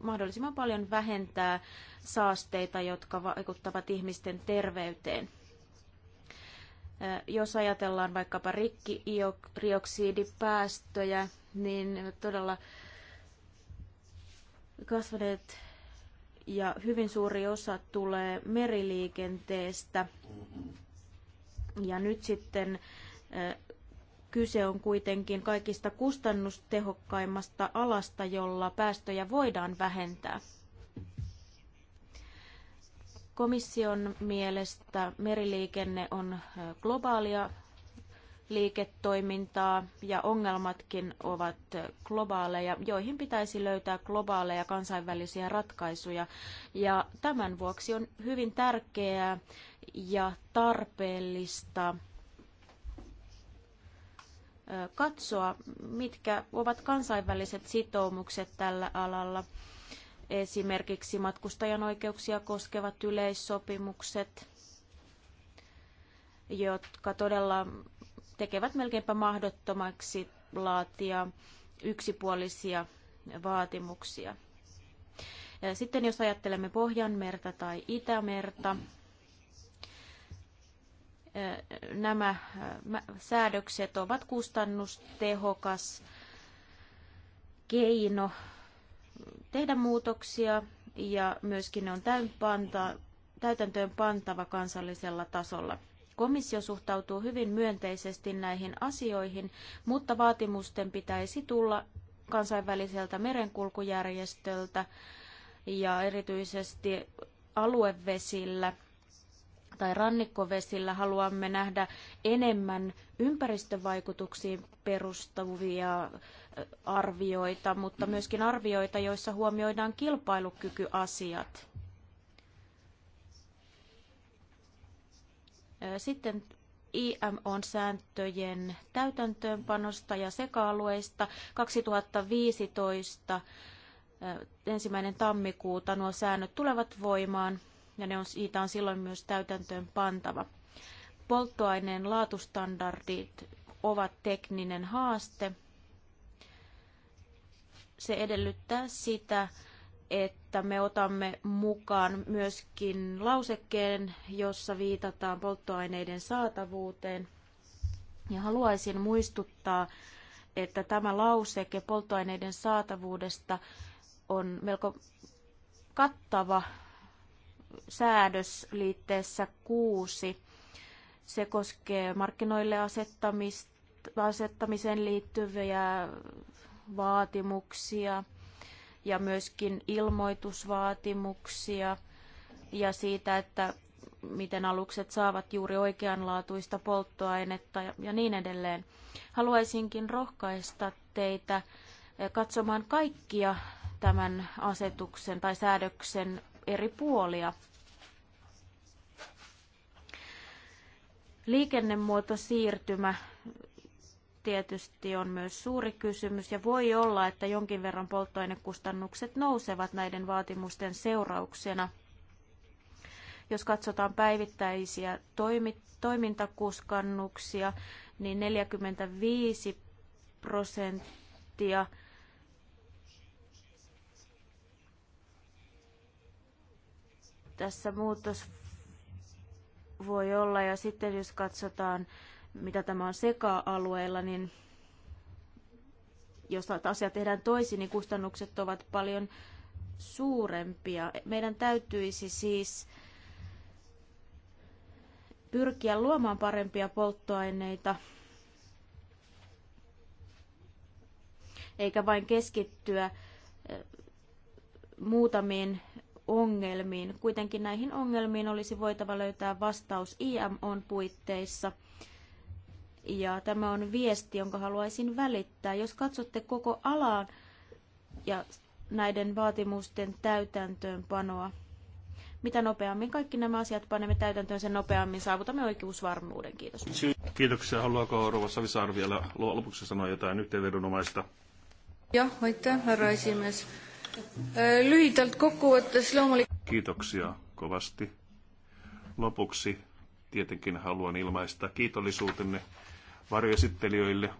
mahdollisimman paljon vähentää saasteita, jotka vaikuttavat ihmisten terveyteen. Jos ajatellaan vaikkapa rikkidioksidipäästöjä, niin todella kasvaneet ja hyvin suuri osa tulee meriliikenteestä. Ja nyt sitten kyse on kuitenkin kaikista kustannustehokkaimmasta alasta, jolla päästöjä voidaan vähentää. Komission mielestä meriliikenne on globaalia liiketoimintaa ja ongelmatkin ovat globaaleja, joihin pitäisi löytää globaaleja kansainvälisiä ratkaisuja. Ja tämän vuoksi on hyvin tärkeää ja tarpeellista katsoa, mitkä ovat kansainväliset sitoumukset tällä alalla. Esimerkiksi matkustajan oikeuksia koskevat yleissopimukset, jotka todella tekevät melkeinpä mahdottomaksi laatia yksipuolisia vaatimuksia. Sitten jos ajattelemme Pohjanmerta tai Itämerta, eh, nämä eh, säädökset ovat kustannustehokas keino tehdä muutoksia ja myöskin ne on täytäntöön pantava kansallisella tasolla. Komissio suhtautuu hyvin myönteisesti näihin asioihin, mutta vaatimusten pitäisi tulla kansainväliseltä merenkulkujärjestöltä ja erityisesti aluevesillä tai rannikkovesillä haluamme nähdä enemmän ympäristövaikutuksiin perustuvia arvioita, mutta myöskin arvioita, joissa huomioidaan kilpailukykyasiat. Sitten IMO-sääntöjen täytäntöönpanosta ja seka-alueista 2015 ensimmäinen tammikuuta nuo säännöt tulevat voimaan ja ne on, siitä on silloin myös täytäntöön pantava. Polttoaineen laatustandardit ovat tekninen haaste. Se edellyttää sitä, että me otamme mukaan myöskin lausekkeen, jossa viitataan polttoaineiden saatavuuteen. Ja haluaisin muistuttaa, että tämä lauseke polttoaineiden saatavuudesta on melko kattava säädös liitteessä kuusi. Se koskee markkinoille asettamiseen liittyviä vaatimuksia – ja myöskin ilmoitusvaatimuksia ja siitä, että miten alukset saavat juuri oikeanlaatuista polttoainetta ja niin edelleen. Haluaisinkin rohkaista teitä eh, katsomaan kaikkia tämän asetuksen tai säädöksen eri puolia. Liikennemuoto siirtymä tietysti on myös suuri kysymys ja voi olla, että jonkin verran polttoainekustannukset nousevat näiden vaatimusten seurauksena. Jos katsotaan päivittäisiä toimi, niin 45 prosenttia tässä muutos voi olla. Ja sitten jos katsotaan mitä tämä on seka-alueella, niin jos asia tehdään toisin, niin kustannukset ovat paljon suurempia. Meidän täytyisi siis pyrkiä luomaan parempia polttoaineita, eikä vain keskittyä eh, muutamiin ongelmiin. Kuitenkin näihin ongelmiin olisi voitava löytää vastaus IMOn puitteissa – ja tämä on viesti, jonka haluaisin välittää. Jos katsotte koko alaan ja näiden vaatimusten täytäntöönpanoa, mitä nopeammin kaikki nämä asiat panemme täytäntöön, sen nopeammin saavutamme oikeusvarmuuden. Kiitos. Kiitoksia. Haluaako Rova Savisaar vielä lopuksi sanoa jotain yhteenvedonomaista? Joo, aitäh, herra esimies. Äh, Lyhytelt kokkuvõttes loomulikult... Kiitoksia kovasti. Lopuksi tietenkin haluan ilmaista kiitollisuutenne varjoesittelijöille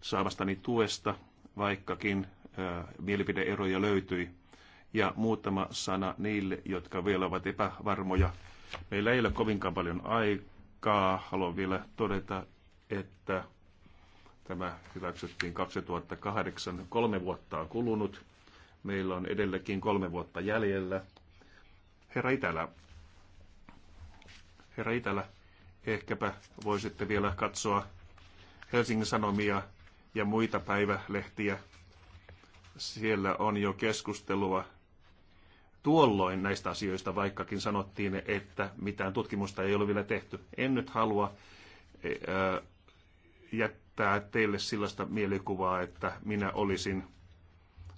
saavastani tuesta, vaikkakin mielipideeroja löytyi. Ja muutama sana niille, jotka vielä ovat epävarmoja. Meillä ei ole kovinkaan paljon aikaa. Haluan vielä todeta, että tämä hyväksyttiin 2008. Kolme vuotta on kulunut. Meillä on edellekin kolme vuotta jäljellä. Herra Itälä, herra Itälä ehkäpä voisitte vielä katsoa Helsingin Sanomia ja muita päivälehtiä. Siellä on jo keskustelua tuolloin näistä asioista, vaikkakin sanottiin, että mitään tutkimusta ei ole vielä tehty. En nyt halua eh, eh, jättää teille sellaista mielikuvaa, että minä olisin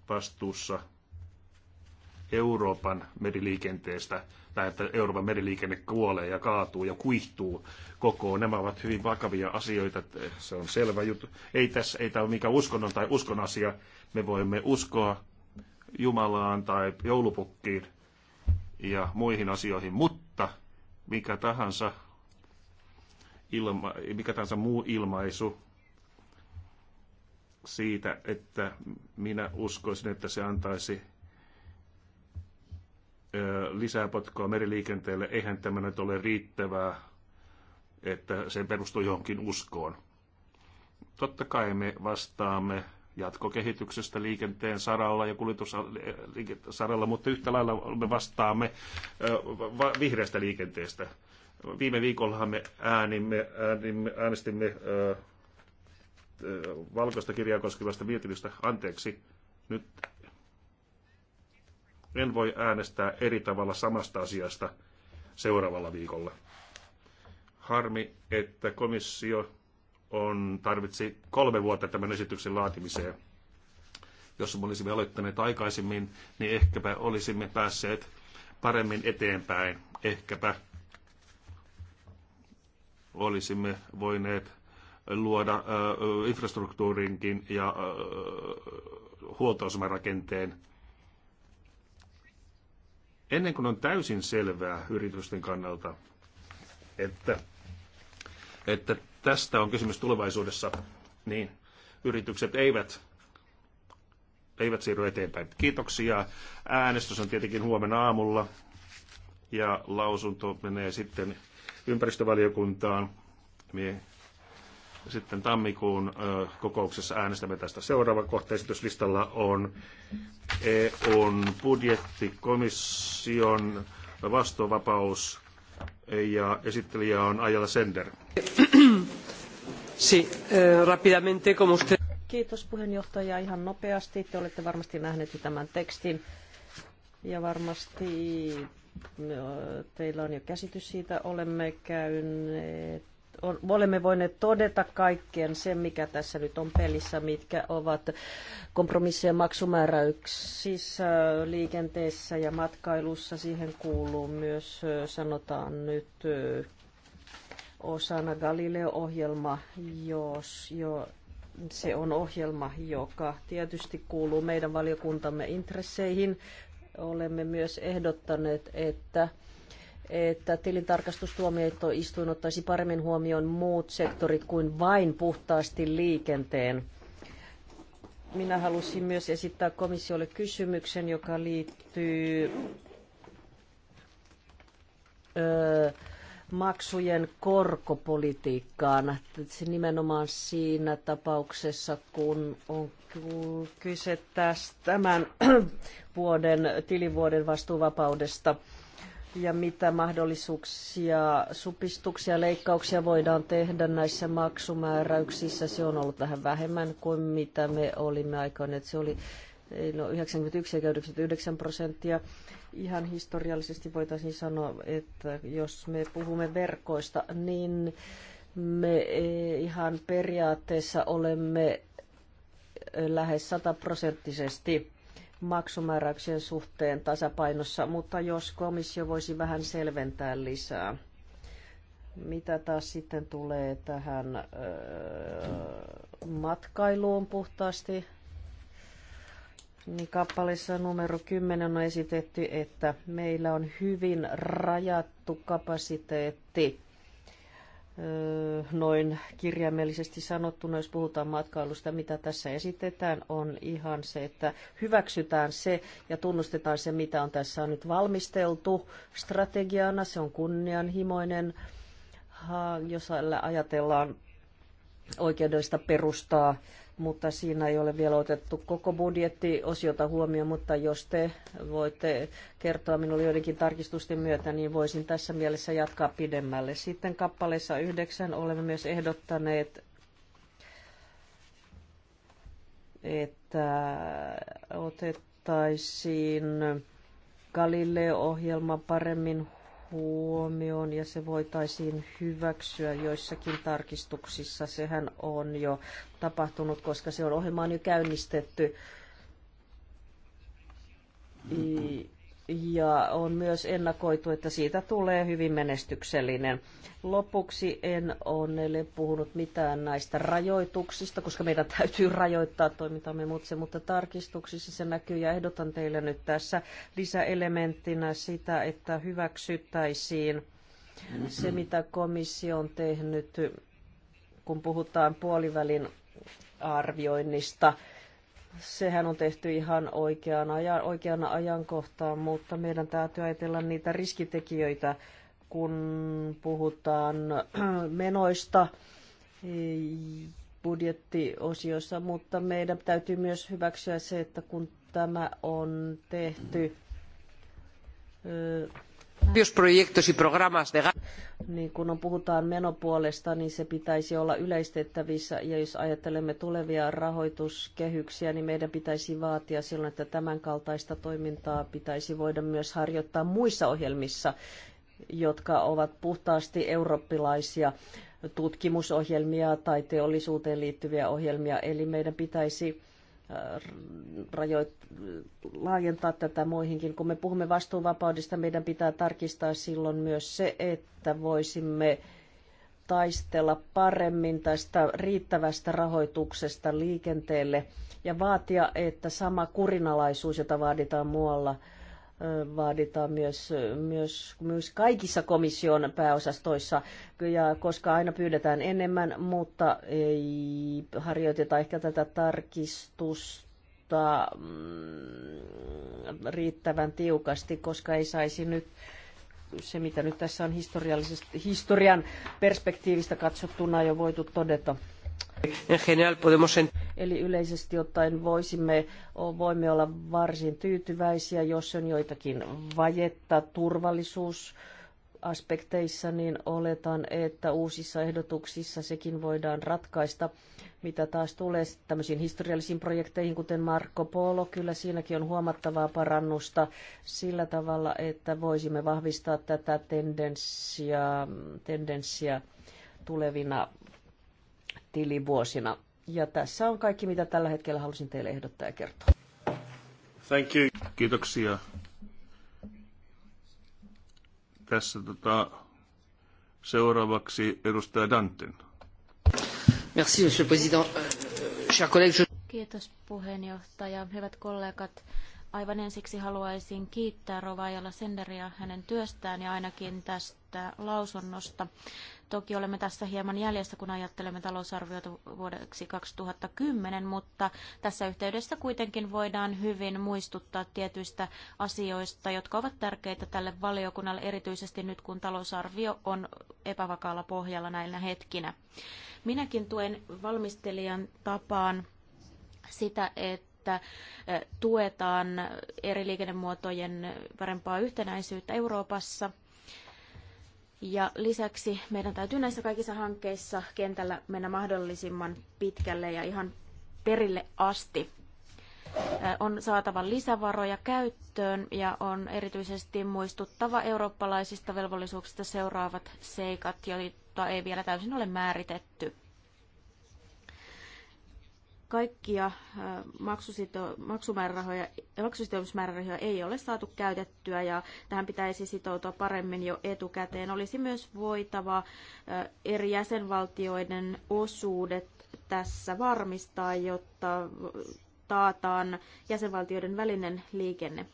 vastuussa Euroopan meriliikenteestä tai että Euroopan meriliikenne kuolee ja kaatuu ja kuihtuu koko. Nämä ovat hyvin vakavia asioita, se on selvä juttu. Ei tässä, ei tämä ole mikään uskonnon tai uskon asia. Me voimme uskoa Jumalaan tai joulupukkiin ja muihin asioihin, mutta mikä tahansa, ilma, mikä tahansa muu ilmaisu siitä, että minä uskoisin, että se antaisi lisää potkua meriliikenteelle, eihän tämä nyt ole riittävää, että se perustuu johonkin uskoon. Totta kai me vastaamme jatkokehityksestä liikenteen saralla ja kuljetussaralla, mutta yhtä lailla me vastaamme vihreästä liikenteestä. Viime viikollahan me äänimme, äänimme, äänestimme valkoista kirjaa koskevasta mietinnöstä. Anteeksi, nyt en voi äänestää eri tavalla samasta asiasta seuraavalla viikolla. Harmi, että komissio on, tarvitsi kolme vuotta tämän esityksen laatimiseen. Jos me olisimme aloittaneet aikaisemmin, niin ehkäpä olisimme päässeet paremmin eteenpäin. Ehkäpä olisimme voineet luoda infrastruktuurinkin ja äh, Ennen kuin on täysin selvää yritysten kannalta, että, että tästä on kysymys tulevaisuudessa, niin yritykset eivät, eivät siirry eteenpäin. Kiitoksia. Äänestys on tietenkin huomenna aamulla ja lausunto menee sitten ympäristövaliokuntaan. Mie sitten tammikuun kokouksessa äänestämme tästä. Seuraava kohta esityslistalla on EUn budjettikomission vastuuvapaus ja esittelijä on Ajala Sender. Sí, eh, rápidamente, como usted... Kiitos puheenjohtaja ihan nopeasti. Te olette varmasti nähneet tämän tekstin ja varmasti teillä on jo käsitys siitä. Olemme käyneet olemme voineet todeta kaikkien sen, mikä tässä nyt on pelissä, mitkä ovat kompromissien maksumääräyksissä liikenteessä ja matkailussa. Siihen kuuluu myös, sanotaan nyt, osana Galileo-ohjelma, jos jo se on ohjelma, joka tietysti kuuluu meidän valiokuntamme intresseihin. Olemme myös ehdottaneet, että että tilintarkastustuomioistuin ottaisi paremmin huomioon muut sektorit kuin vain puhtaasti liikenteen. Minä halusin myös esittää komissiolle kysymyksen, joka liittyy ö, maksujen korkopolitiikkaan. Se nimenomaan siinä tapauksessa, kun on kyse tästä tämän vuoden, tilivuoden vastuuvapaudesta – ja mitä mahdollisuuksia, supistuksia, leikkauksia voidaan tehdä näissä maksumääräyksissä. Se on ollut vähän vähemmän kuin mitä me olimme aikoina. Se oli eh, no 91 ja 99 prosenttia. Ihan historiallisesti voitaisiin sanoa, että jos me puhumme verkoista, niin me eh, ihan periaatteessa olemme eh, lähes sataprosenttisesti maksumääräyksien suhteen tasapainossa, mutta jos komissio voisi vähän selventää lisää. Mitä taas sitten tulee tähän öö, matkailuun puhtaasti, niin kappaleessa numero 10 on esitetty, että meillä on hyvin rajattu kapasiteetti noin kirjaimellisesti sanottuna, jos puhutaan matkailusta, mitä tässä esitetään, on ihan se, että hyväksytään se ja tunnustetaan se, mitä on tässä on nyt valmisteltu strategiana. Se on kunnianhimoinen, jos ajatellaan oikeudellista perustaa mutta siinä ei ole vielä otettu koko budjettiosiota huomioon, mutta jos te voitte kertoa minulle joidenkin tarkistusten myötä, niin voisin tässä mielessä jatkaa pidemmälle. Sitten kappaleessa yhdeksän olemme myös ehdottaneet, että otettaisiin Galileo-ohjelma paremmin huomioon ja se voitaisiin hyväksyä joissakin tarkistuksissa. Sehän on jo tapahtunut, koska se on ohjelmaan jo käynnistetty ja on myös ennakoitu, että siitä tulee hyvin menestyksellinen. Lopuksi en ole puhunut mitään näistä rajoituksista, koska meidän täytyy rajoittaa toimintamme mutse, mutta tarkistuksissa se näkyy ja ehdotan teille nyt tässä lisäelementtinä sitä, että hyväksyttäisiin se, mitä komissio on tehnyt, kun puhutaan puolivälin arvioinnista Sehän on tehty ihan oikeaan ajan, oikeana ajankohtaan, mutta meidän täytyy ajatella niitä riskitekijöitä, kun puhutaan menoista budjettiosiossa, mutta meidän täytyy myös hyväksyä se, että kun tämä on tehty niin kun on puhutaan menopuolesta, niin se pitäisi olla yleistettävissä. Ja jos ajattelemme tulevia rahoituskehyksiä, niin meidän pitäisi vaatia silloin, että tämän kaltaista toimintaa pitäisi voida myös harjoittaa muissa ohjelmissa, jotka ovat puhtaasti eurooppilaisia tutkimusohjelmia tai teollisuuteen liittyviä ohjelmia. Eli meidän pitäisi Äh, rajoit- laajentaa tätä muihinkin. Kun me puhumme vastuuvapaudesta, meidän pitää tarkistaa silloin myös se, että voisimme taistella paremmin tästä riittävästä rahoituksesta liikenteelle ja vaatia, että sama kurinalaisuus, jota vaaditaan muualla, vaaditaan myös, myös, myös kaikissa komission pääosastoissa, ja koska aina pyydetään enemmän, mutta ei harjoiteta ehkä tätä tarkistusta mm, riittävän tiukasti, koska ei saisi nyt se, mitä nyt tässä on historiallisesti historian perspektiivistä katsottuna jo voitu todeta Eli yleisesti ottaen voisimme, voimme olla varsin tyytyväisiä, jos on joitakin vajetta turvallisuusaspekteissa. niin oletan, että uusissa ehdotuksissa sekin voidaan ratkaista, mitä taas tulee tämmöisiin historiallisiin projekteihin, kuten Marco Polo. Kyllä siinäkin on huomattavaa parannusta sillä tavalla, että voisimme vahvistaa tätä tendenssiä, tendenssiä tulevina tilivuosina. Ja tässä on kaikki, mitä tällä hetkellä halusin teille ehdottaa ja kertoa. Thank you. Kiitoksia. Tässä tota, seuraavaksi edustaja Danten. Merci, monsieur le président. Euh, euh, Kiitos puheenjohtaja. Hyvät kollegat, aivan ensiksi haluaisin kiittää Rovajalla Senderia hänen työstään ja ainakin tästä lausunnosta. Toki olemme tässä hieman jäljessä, kun ajattelemme talousarviota vuodeksi 2010, mutta tässä yhteydessä kuitenkin voidaan hyvin muistuttaa tietyistä asioista, jotka ovat tärkeitä tälle valiokunnalle, erityisesti nyt kun talousarvio on epävakaalla pohjalla näinä hetkinä. Minäkin tuen valmistelijan tapaan sitä, että että eh, tuetaan eri liikennemuotojen parempaa yhtenäisyyttä Euroopassa. Ja lisäksi meidän täytyy näissä kaikissa hankkeissa kentällä mennä mahdollisimman pitkälle ja ihan perille asti. On saatava lisävaroja käyttöön ja on erityisesti muistuttava eurooppalaisista velvollisuuksista seuraavat seikat, joita ei vielä täysin ole määritetty kaikkia maksusito- maksumäärärahoja, maksusitoumusmäärärahoja ei ole saatu käytettyä ja tähän pitäisi sitoutua paremmin jo etukäteen. Olisi myös voitava eri jäsenvaltioiden osuudet tässä varmistaa, jotta taataan jäsenvaltioiden välinen liikenne.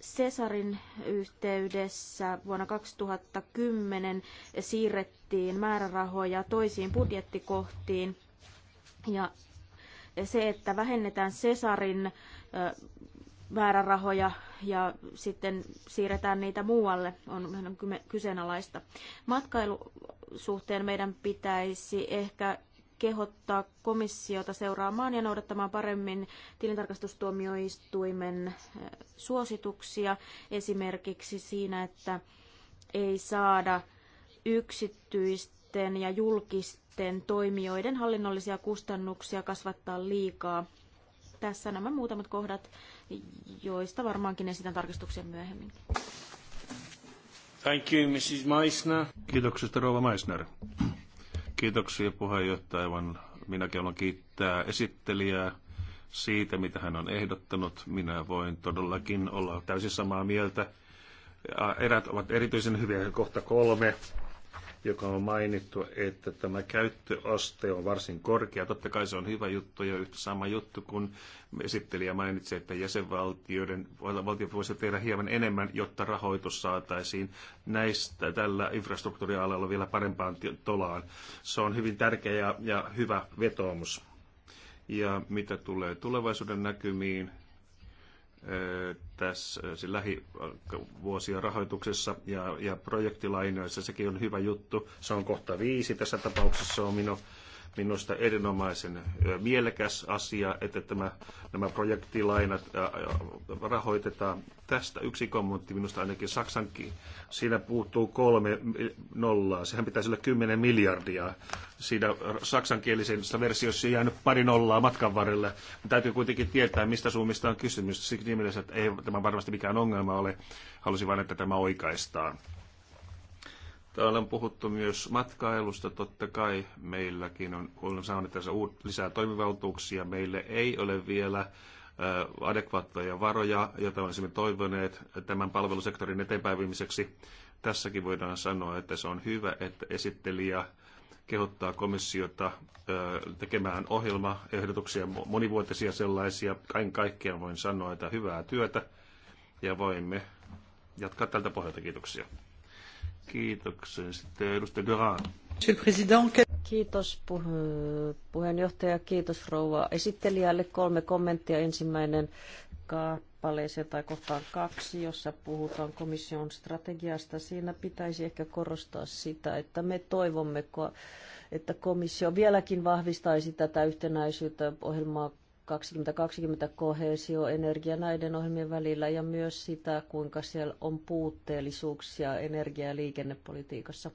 Cesarin yhteydessä vuonna 2010 siirrettiin määrärahoja toisiin budjettikohtiin – ja se, että vähennetään Cesarin määrärahoja ja sitten siirretään niitä muualle, on kyseenalaista. Matkailusuhteen meidän pitäisi ehkä kehottaa komissiota seuraamaan ja noudattamaan paremmin tilintarkastustuomioistuimen suosituksia, esimerkiksi siinä, että ei saada yksityisten ja julkisten muiden toimijoiden hallinnollisia kustannuksia kasvattaa liikaa. Tässä nämä muutamat kohdat, joista varmaankin esitän tarkistuksia myöhemmin. Thank you, Mrs. Meissner. Kiitoksesta, Rova Meissner. Kiitoksia puheenjohtaja. Aivan minäkin haluan kiittää esittelijää siitä, mitä hän on ehdottanut. Minä voin todellakin olla täysin samaa mieltä. Erät ovat erityisen hyviä, kohta kolme joka on mainittu, että tämä käyttöaste on varsin korkea. Totta kai se on hyvä juttu ja yhtä sama juttu, kun esittelijä mainitsi, että jäsenvaltioiden valtio voisi tehdä hieman enemmän, jotta rahoitus saataisiin näistä tällä infrastruktuurialalla vielä parempaan tolaan. Se on hyvin tärkeä ja, ja hyvä vetoomus. Ja mitä tulee tulevaisuuden näkymiin, tässä lähivuosien rahoituksessa ja, ja projektilainoissa. Sekin on hyvä juttu. Se on kohta viisi tässä tapauksessa on minun minusta erinomaisen mielekäs asia, että tämä, nämä projektilainat rahoitetaan. Tästä yksi kommentti minusta ainakin Saksankin. Siinä puuttuu kolme nollaa. Sehän pitäisi olla 10 miljardia. Siinä saksankielisessä versiossa on jäänyt pari nollaa matkan varrella. Täytyy kuitenkin tietää, mistä suunnista on kysymys. Siksi mielessä, että ei tämä varmasti mikään ongelma ole. Halusin vain, että tämä oikaistaan. Täällä on puhuttu myös matkailusta. Totta kai meilläkin on, on saanut tässä lisää toimivaltuuksia. Meille ei ole vielä adekvaatteja varoja, joita olisimme toivoneet tämän palvelusektorin eteenpäivimiseksi. Tässäkin voidaan sanoa, että se on hyvä, että esittelijä kehottaa komissiota tekemään ohjelmaehdotuksia, monivuotisia sellaisia. Kaiken kaikkiaan voin sanoa, että hyvää työtä ja voimme jatkaa tältä pohjalta. Kiitoksia. Kiitoksia. Sitten edustaja Garan. Kiitos puheenjohtaja, kiitos rouva esittelijälle. Kolme kommenttia. Ensimmäinen kappaleeseen tai kohtaan kaksi, jossa puhutaan komission strategiasta. Siinä pitäisi ehkä korostaa sitä, että me toivomme, että komissio vieläkin vahvistaisi tätä yhtenäisyyttä ohjelmaa 2020 kohesio, energia näiden ohjelmien välillä ja myös sitä, kuinka siellä on puutteellisuuksia energia- ja liikennepolitiikassa.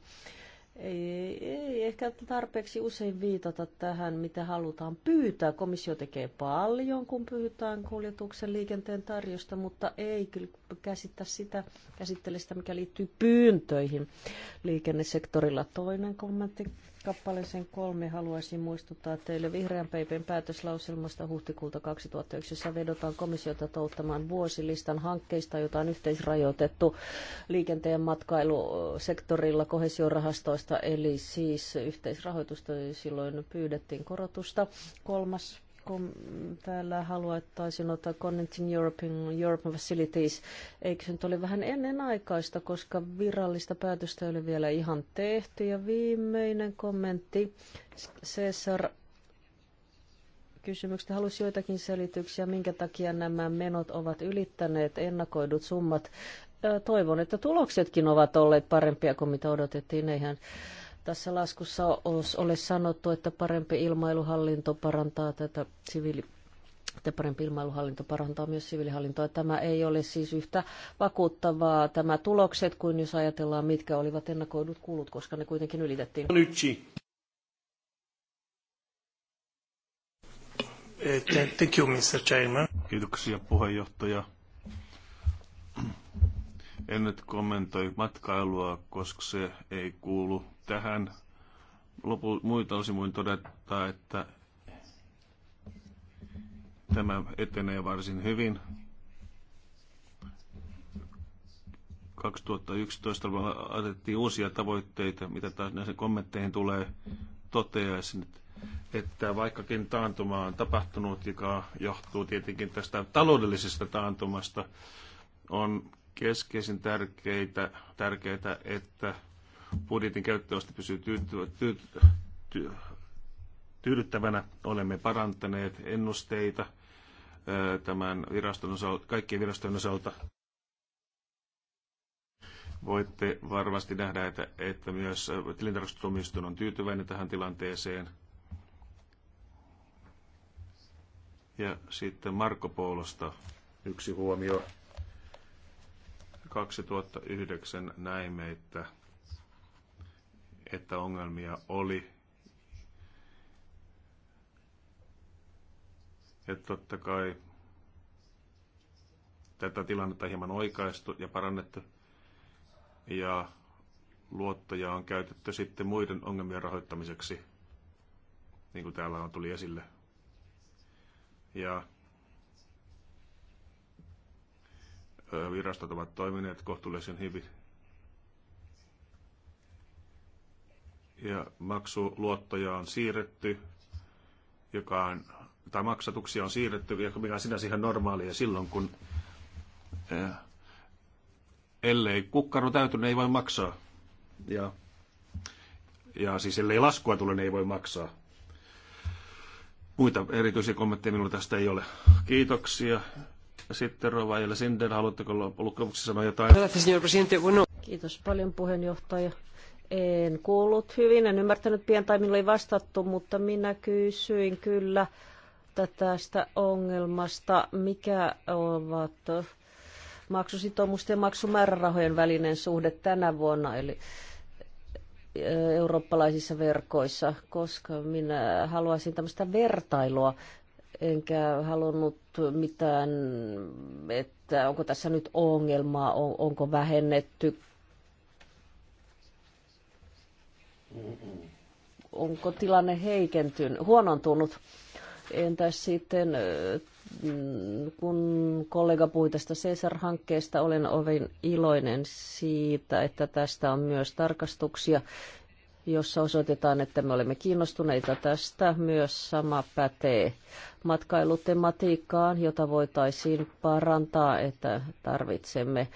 Ei, ei ehkä tarpeeksi usein viitata tähän, mitä halutaan pyytää. Komissio tekee paljon, kun pyytään kuljetuksen liikenteen tarjosta, mutta ei kyllä käsittä sitä, käsittele sitä, mikä liittyy pyyntöihin liikennesektorilla. Toinen kommentti kappaleeseen kolme haluaisin muistuttaa teille vihreän peipen päätöslauselmasta huhtikuulta 2009, jossa vedotaan komissiota touttamaan vuosilistan hankkeista, joita on yhteisrajoitettu liikenteen matkailusektorilla kohesiorahastoista, eli siis yhteisrahoitusta silloin pyydettiin korotusta. Kolmas kun täällä haluaisin ottaa Connecting European, European Facilities, eikö se nyt ole vähän ennenaikaista, koska virallista päätöstä ei ole vielä ihan tehty. Ja viimeinen kommentti, Cesar kysymyksestä. halusi joitakin selityksiä, minkä takia nämä menot ovat ylittäneet ennakoidut summat. Toivon, että tuloksetkin ovat olleet parempia kuin mitä odotettiin. Eihän tässä laskussa ole sanottu, että parempi ilmailuhallinto parantaa tätä siviili että parempi ilmailuhallinto parantaa myös siviilihallintoa. Tämä ei ole siis yhtä vakuuttavaa tämä tulokset kuin jos ajatellaan, mitkä olivat ennakoidut kulut, koska ne kuitenkin ylitettiin. Eh, thank you, Mr. Chairman. Kiitoksia puheenjohtaja. En nyt kommentoi matkailua, koska se ei kuulu tähän lopu, muita osin voin todeta, että tämä etenee varsin hyvin. 2011 asetettiin uusia tavoitteita, mitä taas näihin kommentteihin tulee toteaisin, että vaikkakin taantuma on tapahtunut, joka johtuu tietenkin tästä taloudellisesta taantumasta, on keskeisin tärkeitä, tärkeitä että budjetin käyttöaste pysyy tyytyvä, tyy, ty, tyydyttävänä. Olemme parantaneet ennusteita tämän viraston osalta, kaikkien virastojen osalta. Voitte varmasti nähdä, että, että myös tilintarkastustuomioistuin on tyytyväinen tähän tilanteeseen. Ja sitten Marko Poulosta yksi huomio. 2009 näimme, että että ongelmia oli. Ja totta kai tätä tilannetta hieman oikaistu ja parannettu. Ja luottoja on käytetty sitten muiden ongelmien rahoittamiseksi, niin kuin täällä on tuli esille. Ja virastot ovat toimineet kohtuullisen hyvin ja maksuluottoja on siirretty, joka on, tai maksatuksia on siirretty, mikä on sinänsä ihan normaalia silloin, kun eh, ellei kukkaro täytynyt, ei voi maksaa. Ja, ja siis ellei laskua tule, niin ei voi maksaa. Muita erityisiä kommentteja minulla tästä ei ole. Kiitoksia. Sitten Rova Jelle Sinden, haluatteko lopuksi sanoa jotain? Kiitos paljon puheenjohtaja. En kuullut hyvin, en ymmärtänyt pian tai minulle ei vastattu, mutta minä kysyin kyllä tästä ongelmasta, mikä ovat maksusitoumusten ja maksumäärärahojen välinen suhde tänä vuonna, eli eurooppalaisissa verkoissa, koska minä haluaisin tämmöistä vertailua, enkä halunnut mitään, että onko tässä nyt ongelmaa, onko vähennetty onko tilanne heikentynyt, huonontunut? Entäs sitten, kun kollega puhui tästä Cesar-hankkeesta, olen ovin iloinen siitä, että tästä on myös tarkastuksia, jossa osoitetaan, että me olemme kiinnostuneita tästä. Myös sama pätee matkailutematiikkaan, jota voitaisiin parantaa, että tarvitsemme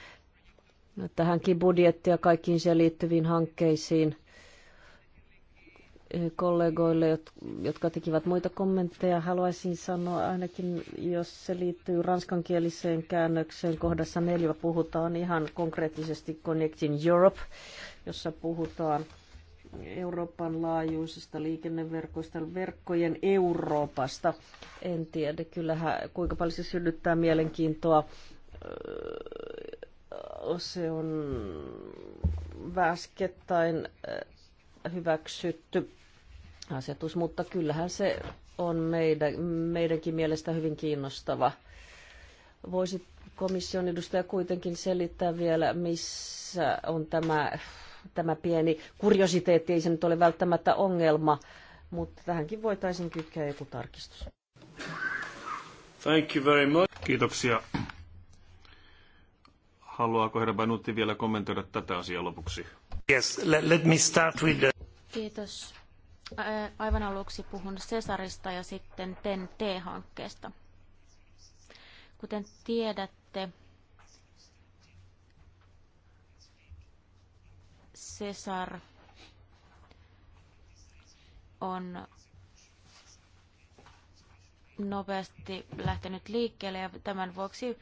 tähänkin budjettia kaikkiin siihen liittyviin hankkeisiin kollegoille, jotka tekivät muita kommentteja. Haluaisin sanoa ainakin, jos se liittyy ranskankieliseen käännökseen, kohdassa neljä puhutaan ihan konkreettisesti Connecting Europe, jossa puhutaan Euroopan laajuisista liikenneverkoista, verkkojen Euroopasta. En tiedä kyllähän, kuinka paljon se synnyttää mielenkiintoa. Se on väskettäin hyväksytty asetus, mutta kyllähän se on meidän, meidänkin mielestä hyvin kiinnostava. Voisi komission edustaja kuitenkin selittää vielä, missä on tämä, tämä pieni kuriositeetti, ei se nyt ole välttämättä ongelma, mutta tähänkin voitaisiin kytkeä joku tarkistus. Thank you very much. Kiitoksia. Haluaako herra Banutti vielä kommentoida tätä asiaa lopuksi? Yes, let, let me start with the... Kiitos. Aivan aluksi puhun Cesarista ja sitten TEN-T-hankkeesta. Kuten tiedätte, Cesar on nopeasti lähtenyt liikkeelle ja tämän vuoksi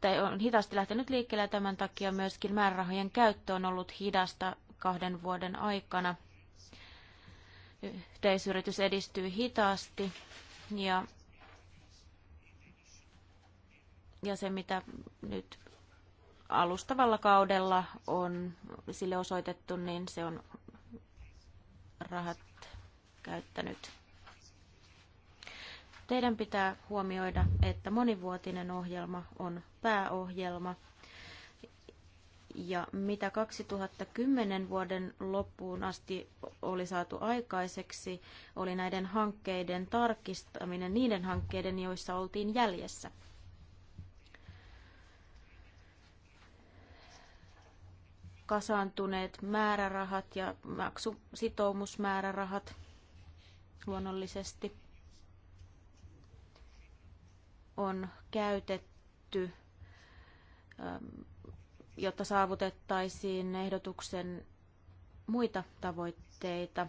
tai on hitaasti lähtenyt liikkeelle ja tämän takia myöskin määrärahojen käyttö on ollut hidasta kahden vuoden aikana. Yhteisyritys edistyy hitaasti ja, ja se, mitä nyt alustavalla kaudella on sille osoitettu, niin se on rahat käyttänyt. Teidän pitää huomioida, että monivuotinen ohjelma on pääohjelma – ja mitä 2010 vuoden loppuun asti oli saatu aikaiseksi, oli näiden hankkeiden tarkistaminen, niiden hankkeiden, joissa oltiin jäljessä. Kasaantuneet määrärahat ja maksusitoumusmäärärahat luonnollisesti on käytetty jotta saavutettaisiin ehdotuksen muita tavoitteita.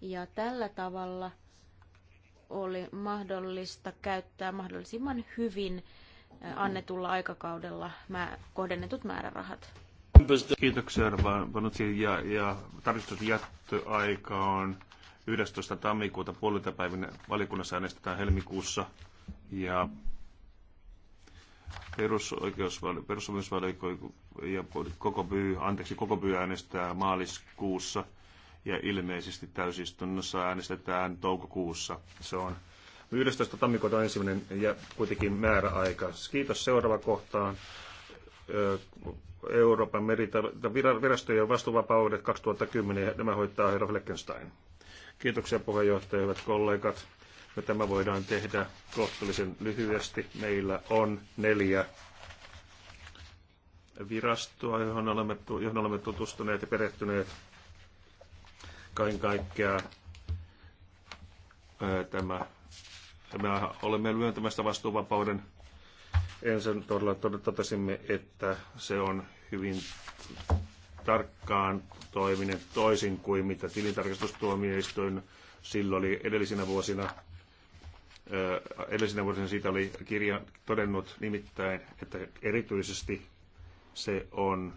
Ja tällä tavalla oli mahdollista käyttää mahdollisimman hyvin annetulla aikakaudella kohdennetut määrärahat. Kiitoksia, Vanutsi. Ja, ja tarkistuksen jättöaika on 11. tammikuuta puolilta Valikunnassa äänestetään helmikuussa. Ja perusoikeusvaliokunta ja koko pyy, anteeksi, koko pyy äänestää maaliskuussa ja ilmeisesti täysistunnossa äänestetään toukokuussa. Se on 11. tammikuuta on ensimmäinen ja kuitenkin määräaika. Kiitos seuraava kohtaan. Euroopan merivirastojen vastuuvapaudet 2010 ja nämä hoitaa herra Fleckenstein. Kiitoksia puheenjohtaja, hyvät kollegat. No, tämä voidaan tehdä kohtuullisen lyhyesti. Meillä on neljä virastoa, johon olemme, johon olemme tutustuneet ja perehtyneet kaiken kaikkiaan. Tämä, me olemme myöntämässä vastuuvapauden. Ensin todella totesimme, että se on hyvin tarkkaan toiminen toisin kuin mitä tilintarkastustuomioistuin silloin oli edellisinä vuosina edellisenä vuosina siitä oli kirja todennut nimittäin, että erityisesti se on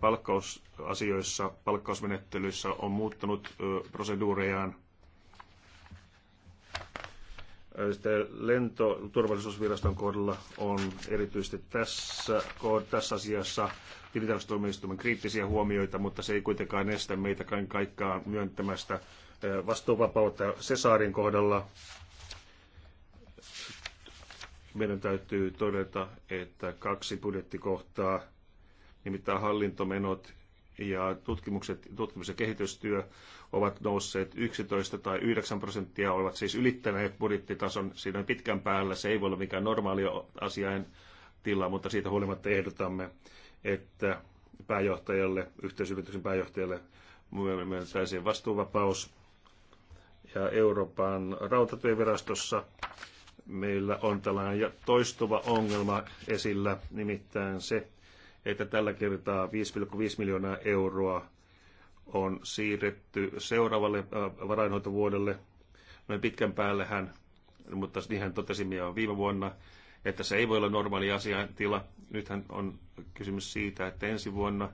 palkkausasioissa, palkkausmenettelyissä on muuttanut proseduurejaan. Sitten lentoturvallisuusviraston kohdalla on erityisesti tässä, tässä asiassa tilintarkastustuomioistuimen kriittisiä huomioita, mutta se ei kuitenkaan estä meitä kaikkaan myöntämästä vastuuvapautta Cesarin kohdalla meidän täytyy todeta, että kaksi budjettikohtaa, nimittäin hallintomenot ja tutkimukset, tutkimus- ja kehitystyö ovat nousseet 11 tai 9 prosenttia, ovat siis ylittäneet budjettitason. Siinä pitkän päällä, se ei voi olla mikään normaali asiain tila, mutta siitä huolimatta ehdotamme, että pääjohtajalle, yhteisyrityksen pääjohtajalle myöntäisiin vastuuvapaus. Ja Euroopan rautatievirastossa meillä on tällainen toistuva ongelma esillä, nimittäin se, että tällä kertaa 5,5 miljoonaa euroa on siirretty seuraavalle äh, varainhoitovuodelle. Noin pitkän päällehän, mutta niinhän totesimme jo viime vuonna, että se ei voi olla normaali asiantila. Nythän on kysymys siitä, että ensi vuonna äh,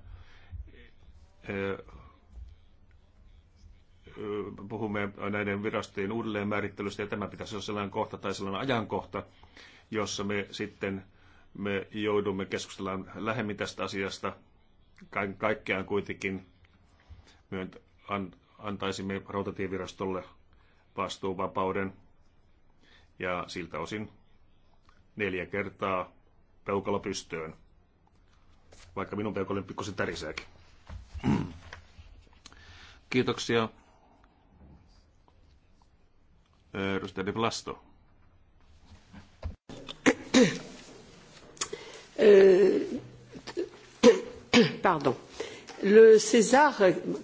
puhumme näiden virastojen uudelleenmäärittelystä, ja tämä pitäisi olla sellainen kohta tai sellainen ajankohta, jossa me sitten me joudumme keskustelemaan lähemmin tästä asiasta. Kaiken kaikkeaan kuitenkin myönt, an, antaisimme rautatievirastolle vastuuvapauden ja siltä osin neljä kertaa peukalo pystöön, vaikka minun peukalo pikkusen tärisääkin. Kiitoksia. Edustaja De Blasto. Äh, pardon. Le César,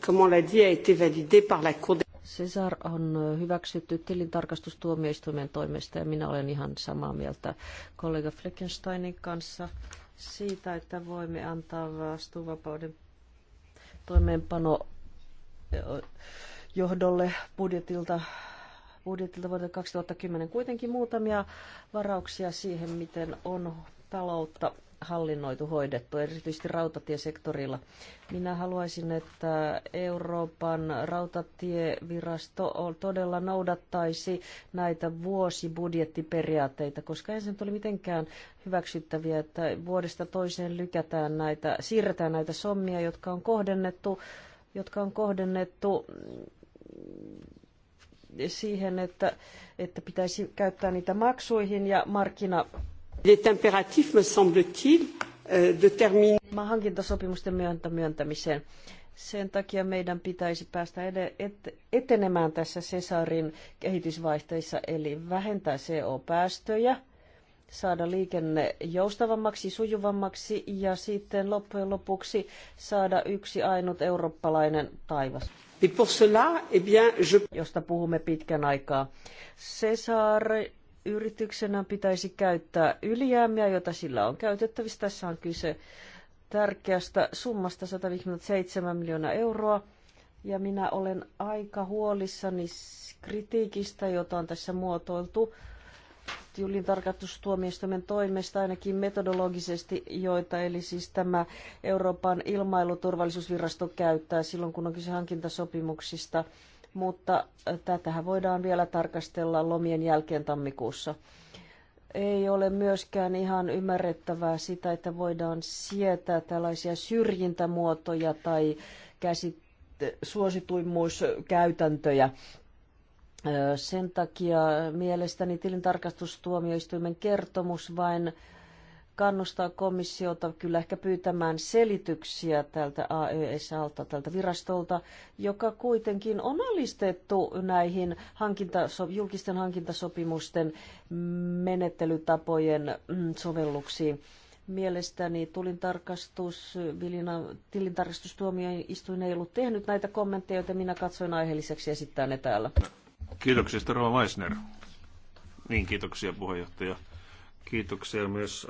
comme on l'a dit, a été validé par la Cour des... Cesar on hyväksytty tilintarkastustuomioistuimen toimesta ja minä olen ihan samaa mieltä kollega Fleckensteinin kanssa siitä, että voimme antaa vastuuvapauden toimeenpano eh, johdolle budjetilta budjetilta vuodelta 2010 kuitenkin muutamia varauksia siihen, miten on taloutta hallinnoitu, hoidettu, erityisesti rautatiesektorilla. Minä haluaisin, että Euroopan rautatievirasto todella noudattaisi näitä vuosibudjettiperiaatteita, koska ensin tuli nyt mitenkään hyväksyttäviä, että vuodesta toiseen lykätään näitä, siirretään näitä sommia, jotka on kohdennettu, jotka on kohdennettu siihen, että, että pitäisi käyttää niitä maksuihin ja markkina... Il me semble-t-il, euh, de terminer... Hankintasopimusten myöntä, myöntämiseen. Sen takia meidän pitäisi päästä ed- et- etenemään tässä Cesarin kehitysvaihteissa, eli vähentää CO-päästöjä, saada liikenne joustavammaksi, sujuvammaksi ja sitten loppujen lopuksi saada yksi ainut eurooppalainen taivas. Et pour cela, eh bien, je... josta puhumme pitkän aikaa. Cesar yrityksenä pitäisi käyttää ylijäämiä, jota sillä on käytettävissä. Tässä on kyse tärkeästä summasta 157 miljoonaa euroa. Ja minä olen aika huolissani kritiikistä, jota on tässä muotoiltu tilintarkastustuomioistuimen toimesta ainakin metodologisesti, joita eli siis tämä Euroopan ilmailuturvallisuusvirasto käyttää silloin, kun on kyse hankintasopimuksista, mutta äh, tätähän voidaan vielä tarkastella lomien jälkeen tammikuussa. Ei ole myöskään ihan ymmärrettävää sitä, että voidaan sietää tällaisia syrjintämuotoja tai käsit- suosituimmuuskäytäntöjä sen takia mielestäni tilintarkastustuomioistuimen kertomus vain kannustaa komissiota kyllä ehkä pyytämään selityksiä tältä AESalta, tältä virastolta, joka kuitenkin on alistettu näihin hankinta, julkisten hankintasopimusten menettelytapojen mm, sovelluksiin. Mielestäni tulintarkastus, Vilina, tilintarkastustuomioistuin ei ollut tehnyt näitä kommentteja, joten minä katsoin aiheelliseksi esittää ne täällä. Kiitoksia, Rova Weisner. Niin, kiitoksia puheenjohtaja. Kiitoksia myös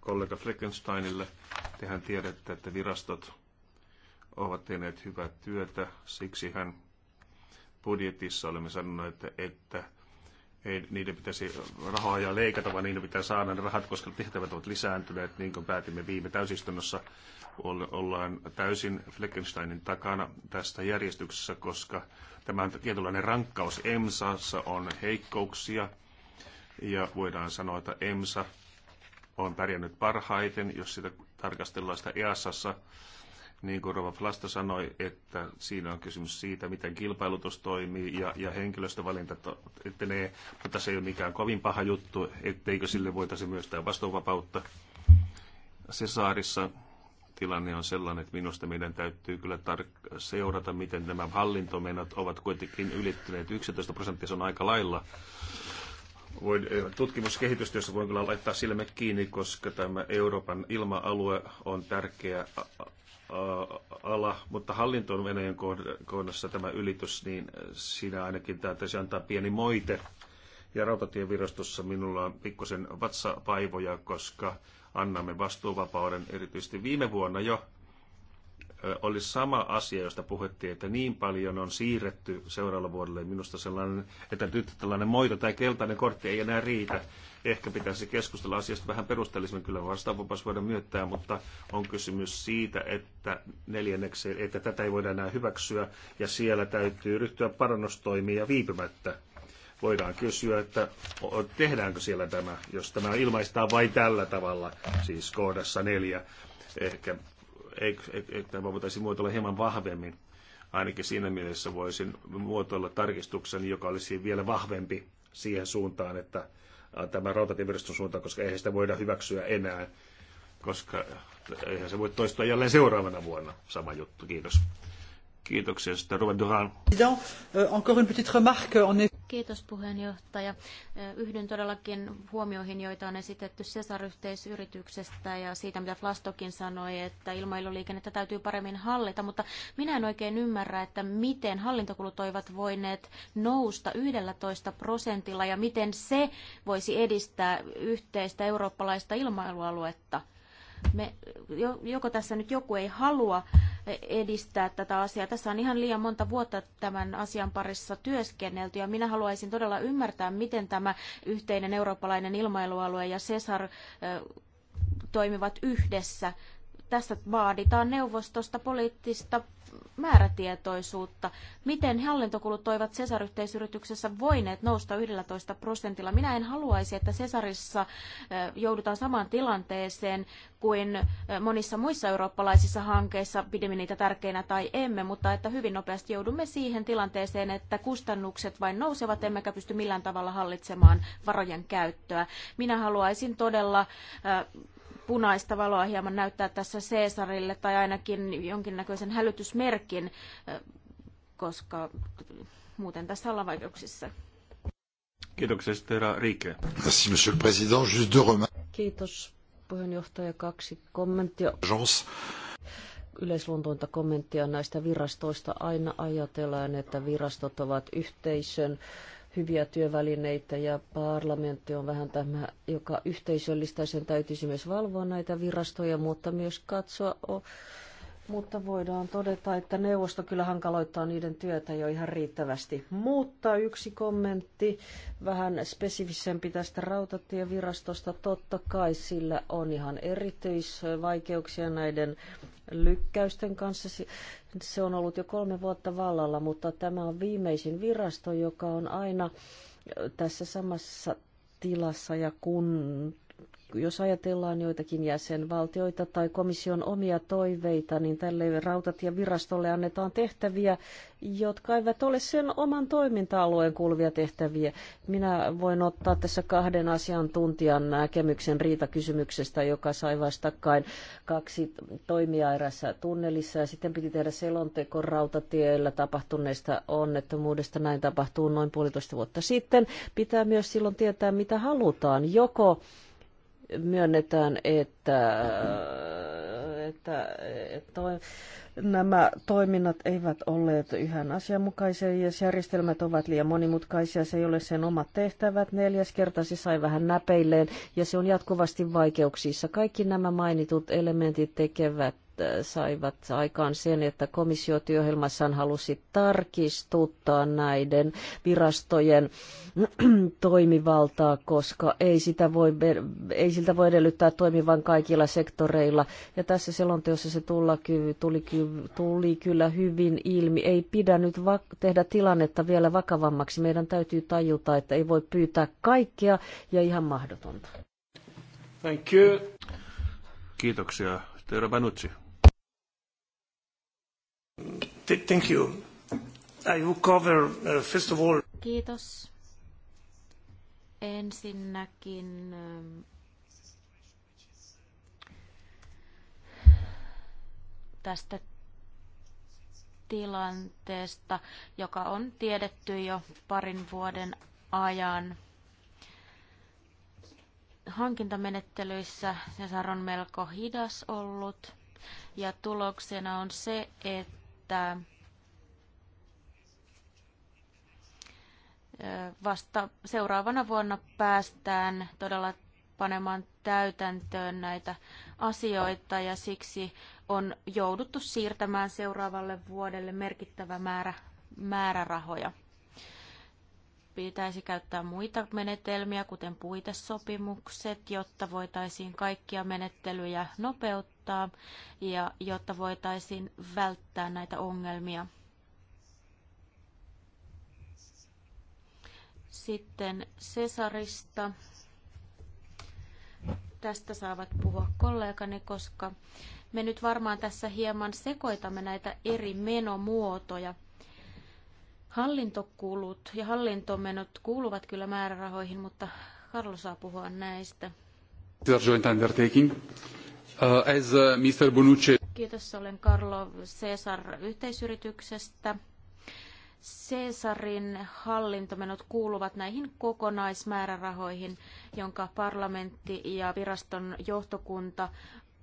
kollega Fleckensteinille. Tehän tiedätte, että virastot ovat tehneet hyvää työtä. Siksi hän budjetissa olemme sanoneet, että, että ei niiden pitäisi rahaa ja leikata, vaan niiden pitää saada ne rahat, koska tehtävät ovat lisääntyneet, niin kuin päätimme viime täysistunnossa. Ollaan täysin Fleckensteinin takana tästä järjestyksessä, koska Tämä tietynlainen rankkaus. EMSAssa on heikkouksia ja voidaan sanoa, että EMSA on pärjännyt parhaiten, jos sitä tarkastellaan sitä EASassa. Niin kuin Rova Flasta sanoi, että siinä on kysymys siitä, miten kilpailutus toimii ja, ja henkilöstövalinta etenee, mutta se ei ole mikään kovin paha juttu, etteikö sille voitaisiin myös vastuuvapautta. Cesarissa tilanne on sellainen, että minusta meidän täytyy kyllä tar- seurata, miten nämä hallintomenot ovat kuitenkin ylittyneet 11 prosenttia, se on aika lailla. Voin, eh, tutkimuskehitystyössä voin kyllä laittaa silmät kiinni, koska tämä Euroopan ilma-alue on tärkeä ala, mutta hallintoon Venäjän kohdassa tämä ylitys, niin siinä ainakin täytyisi antaa pieni moite. Ja rautatievirastossa minulla on pikkusen vatsavaivoja, koska annamme vastuuvapauden, erityisesti viime vuonna jo oli sama asia, josta puhuttiin, että niin paljon on siirretty seuraavalle vuodelle. Minusta sellainen, että nyt tällainen moito tai keltainen kortti ei enää riitä. Ehkä pitäisi keskustella asiasta vähän perusteellisemmin. Kyllä vastaavupas voida myöntää, mutta on kysymys siitä, että neljänneksi, että tätä ei voida enää hyväksyä ja siellä täytyy ryhtyä parannustoimia viipymättä voidaan kysyä, että tehdäänkö siellä tämä, jos tämä ilmaistaan vain tällä tavalla, siis kohdassa neljä. Ehkä ei, ei, tämä voitaisiin muotoilla hieman vahvemmin. Ainakin siinä mielessä voisin muotoilla tarkistuksen, joka olisi vielä vahvempi siihen suuntaan, että tämä rautatieviraston suuntaan, koska eihän sitä voida hyväksyä enää, koska eihän se voi toistua jälleen seuraavana vuonna. Sama juttu, kiitos. Kiitoksia. Sitten Ruben Duran. Euh, Kiitos puheenjohtaja. Yhdyn todellakin huomioihin, joita on esitetty Cesar-yhteisyrityksestä ja siitä, mitä Flastokin sanoi, että ilmailuliikennettä täytyy paremmin hallita, mutta minä en oikein ymmärrä, että miten hallintokulut ovat voineet nousta 11 prosentilla ja miten se voisi edistää yhteistä eurooppalaista ilmailualuetta. Me, joko tässä nyt joku ei halua edistää tätä asiaa. Tässä on ihan liian monta vuotta tämän asian parissa työskennelty ja minä haluaisin todella ymmärtää, miten tämä yhteinen eurooppalainen ilmailualue ja Cesar toimivat yhdessä. Tässä vaaditaan neuvostosta poliittista määrätietoisuutta. Miten hallintokulut toivat Cesar-yhteisyrityksessä voineet nousta 11 prosentilla? Minä en haluaisi, että Cesarissa joudutaan samaan tilanteeseen kuin monissa muissa eurooppalaisissa hankkeissa, pidimme niitä tärkeinä tai emme, mutta että hyvin nopeasti joudumme siihen tilanteeseen, että kustannukset vain nousevat, emmekä pysty millään tavalla hallitsemaan varojen käyttöä. Minä haluaisin todella punaista valoa hieman näyttää tässä Caesarille tai ainakin jonkinnäköisen hälytysmerkin, koska muuten tässä ollaan vaikeuksissa. Kiitoksia, Stera Rike. Merci, monsieur le président. Juste deux remarques. Kiitos, puheenjohtaja. Kaksi kommenttia. Agence yleisluontointa kommenttia näistä virastoista. Aina ajatellaan, että virastot ovat yhteisön hyviä työvälineitä ja parlamentti on vähän tämä, joka yhteisöllistää, sen täytyisi myös valvoa näitä virastoja, mutta myös katsoa mutta voidaan todeta, että neuvosto kyllä hankaloittaa niiden työtä jo ihan riittävästi. Mutta yksi kommentti vähän spesifisempi tästä rautatievirastosta. Totta kai sillä on ihan erityisvaikeuksia näiden lykkäysten kanssa. Se on ollut jo kolme vuotta vallalla, mutta tämä on viimeisin virasto, joka on aina tässä samassa tilassa ja kun jos ajatellaan joitakin jäsenvaltioita tai komission omia toiveita, niin tälle rautatievirastolle annetaan tehtäviä, jotka eivät ole sen oman toiminta-alueen kuuluvia tehtäviä. Minä voin ottaa tässä kahden asiantuntijan näkemyksen riitakysymyksestä, joka sai vastakkain kaksi toimia erässä tunnelissa ja sitten piti tehdä selonteko rautatiellä tapahtuneesta onnettomuudesta. Näin tapahtuu noin puolitoista vuotta sitten. Pitää myös silloin tietää, mitä halutaan. Joko myönnetään, että, että, että nämä toiminnat eivät olleet yhä asianmukaisia ja järjestelmät ovat liian monimutkaisia. Se ei ole sen omat tehtävät. Neljäs kerta se sai vähän näpeilleen ja se on jatkuvasti vaikeuksissa. Kaikki nämä mainitut elementit tekevät saivat aikaan sen, että komissio työohjelmassaan halusi tarkistuttaa näiden virastojen toimivaltaa, koska ei, sitä voi, ei siltä voi edellyttää toimivan kaikilla sektoreilla. Ja tässä selonteossa se tulla, tuli, tuli kyllä hyvin ilmi. Ei pidä nyt tehdä tilannetta vielä vakavammaksi. Meidän täytyy tajuta, että ei voi pyytää kaikkea ja ihan mahdotonta. Thank you. Kiitoksia. Tero Banucci. Thank you. I will cover, uh, first of all... Kiitos. Ensinnäkin ähm, tästä tilanteesta, joka on tiedetty jo parin vuoden ajan. Hankintamenettelyissä Cesar on melko hidas ollut ja tuloksena on se, että että vasta seuraavana vuonna päästään todella panemaan täytäntöön näitä asioita ja siksi on jouduttu siirtämään seuraavalle vuodelle merkittävä määrä määrärahoja. Pitäisi käyttää muita menetelmiä, kuten puitesopimukset, jotta voitaisiin kaikkia menettelyjä nopeuttaa kohtaa ja jotta voitaisiin välttää näitä ongelmia. Sitten Cesarista. Tästä saavat puhua kollegani, koska me nyt varmaan tässä hieman sekoitamme näitä eri menomuotoja. Hallintokulut ja hallintomenot kuuluvat kyllä määrärahoihin, mutta Karlo saa puhua näistä. Undertaking. Uh, as, uh, Mr. Bonucci. Kiitos, olen Carlo Cesar yhteisyrityksestä. Cesarin hallintomenot kuuluvat näihin kokonaismäärärahoihin, jonka parlamentti ja viraston johtokunta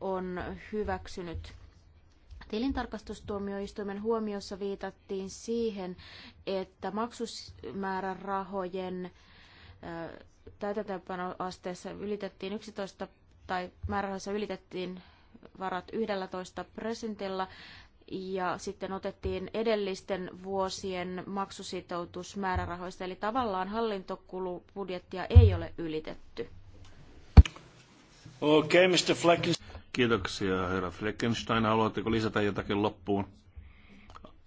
on hyväksynyt. Tilintarkastustuomioistuimen huomiossa viitattiin siihen, että maksusmäärärahojen äh, täytäntöönpanoasteessa ylitettiin 11 tai määrärahoissa ylitettiin varat 11 prosentilla ja sitten otettiin edellisten vuosien maksusitoutus määrärahoista, eli tavallaan hallintokulubudjettia ei ole ylitetty. Okei, okay, Mr. Kiitoksia, herra Fleckenstein. Haluatteko lisätä jotakin loppuun?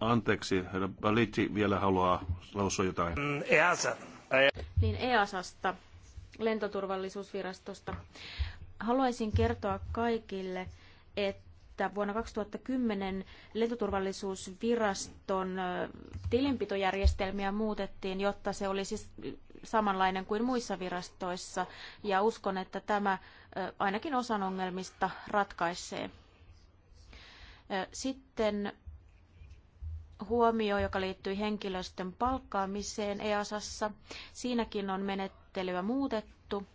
Anteeksi, herra Baliti vielä haluaa lausua jotain. Mm, EASA. Niin EASasta, lentoturvallisuusvirastosta. Haluaisin kertoa kaikille, että vuonna 2010 lentoturvallisuusviraston tilinpitojärjestelmiä muutettiin, jotta se olisi samanlainen kuin muissa virastoissa, ja uskon, että tämä ainakin osan ongelmista ratkaisee. Sitten huomio, joka liittyy henkilöstön palkkaamiseen EASassa. Siinäkin on menettelyä muutettu.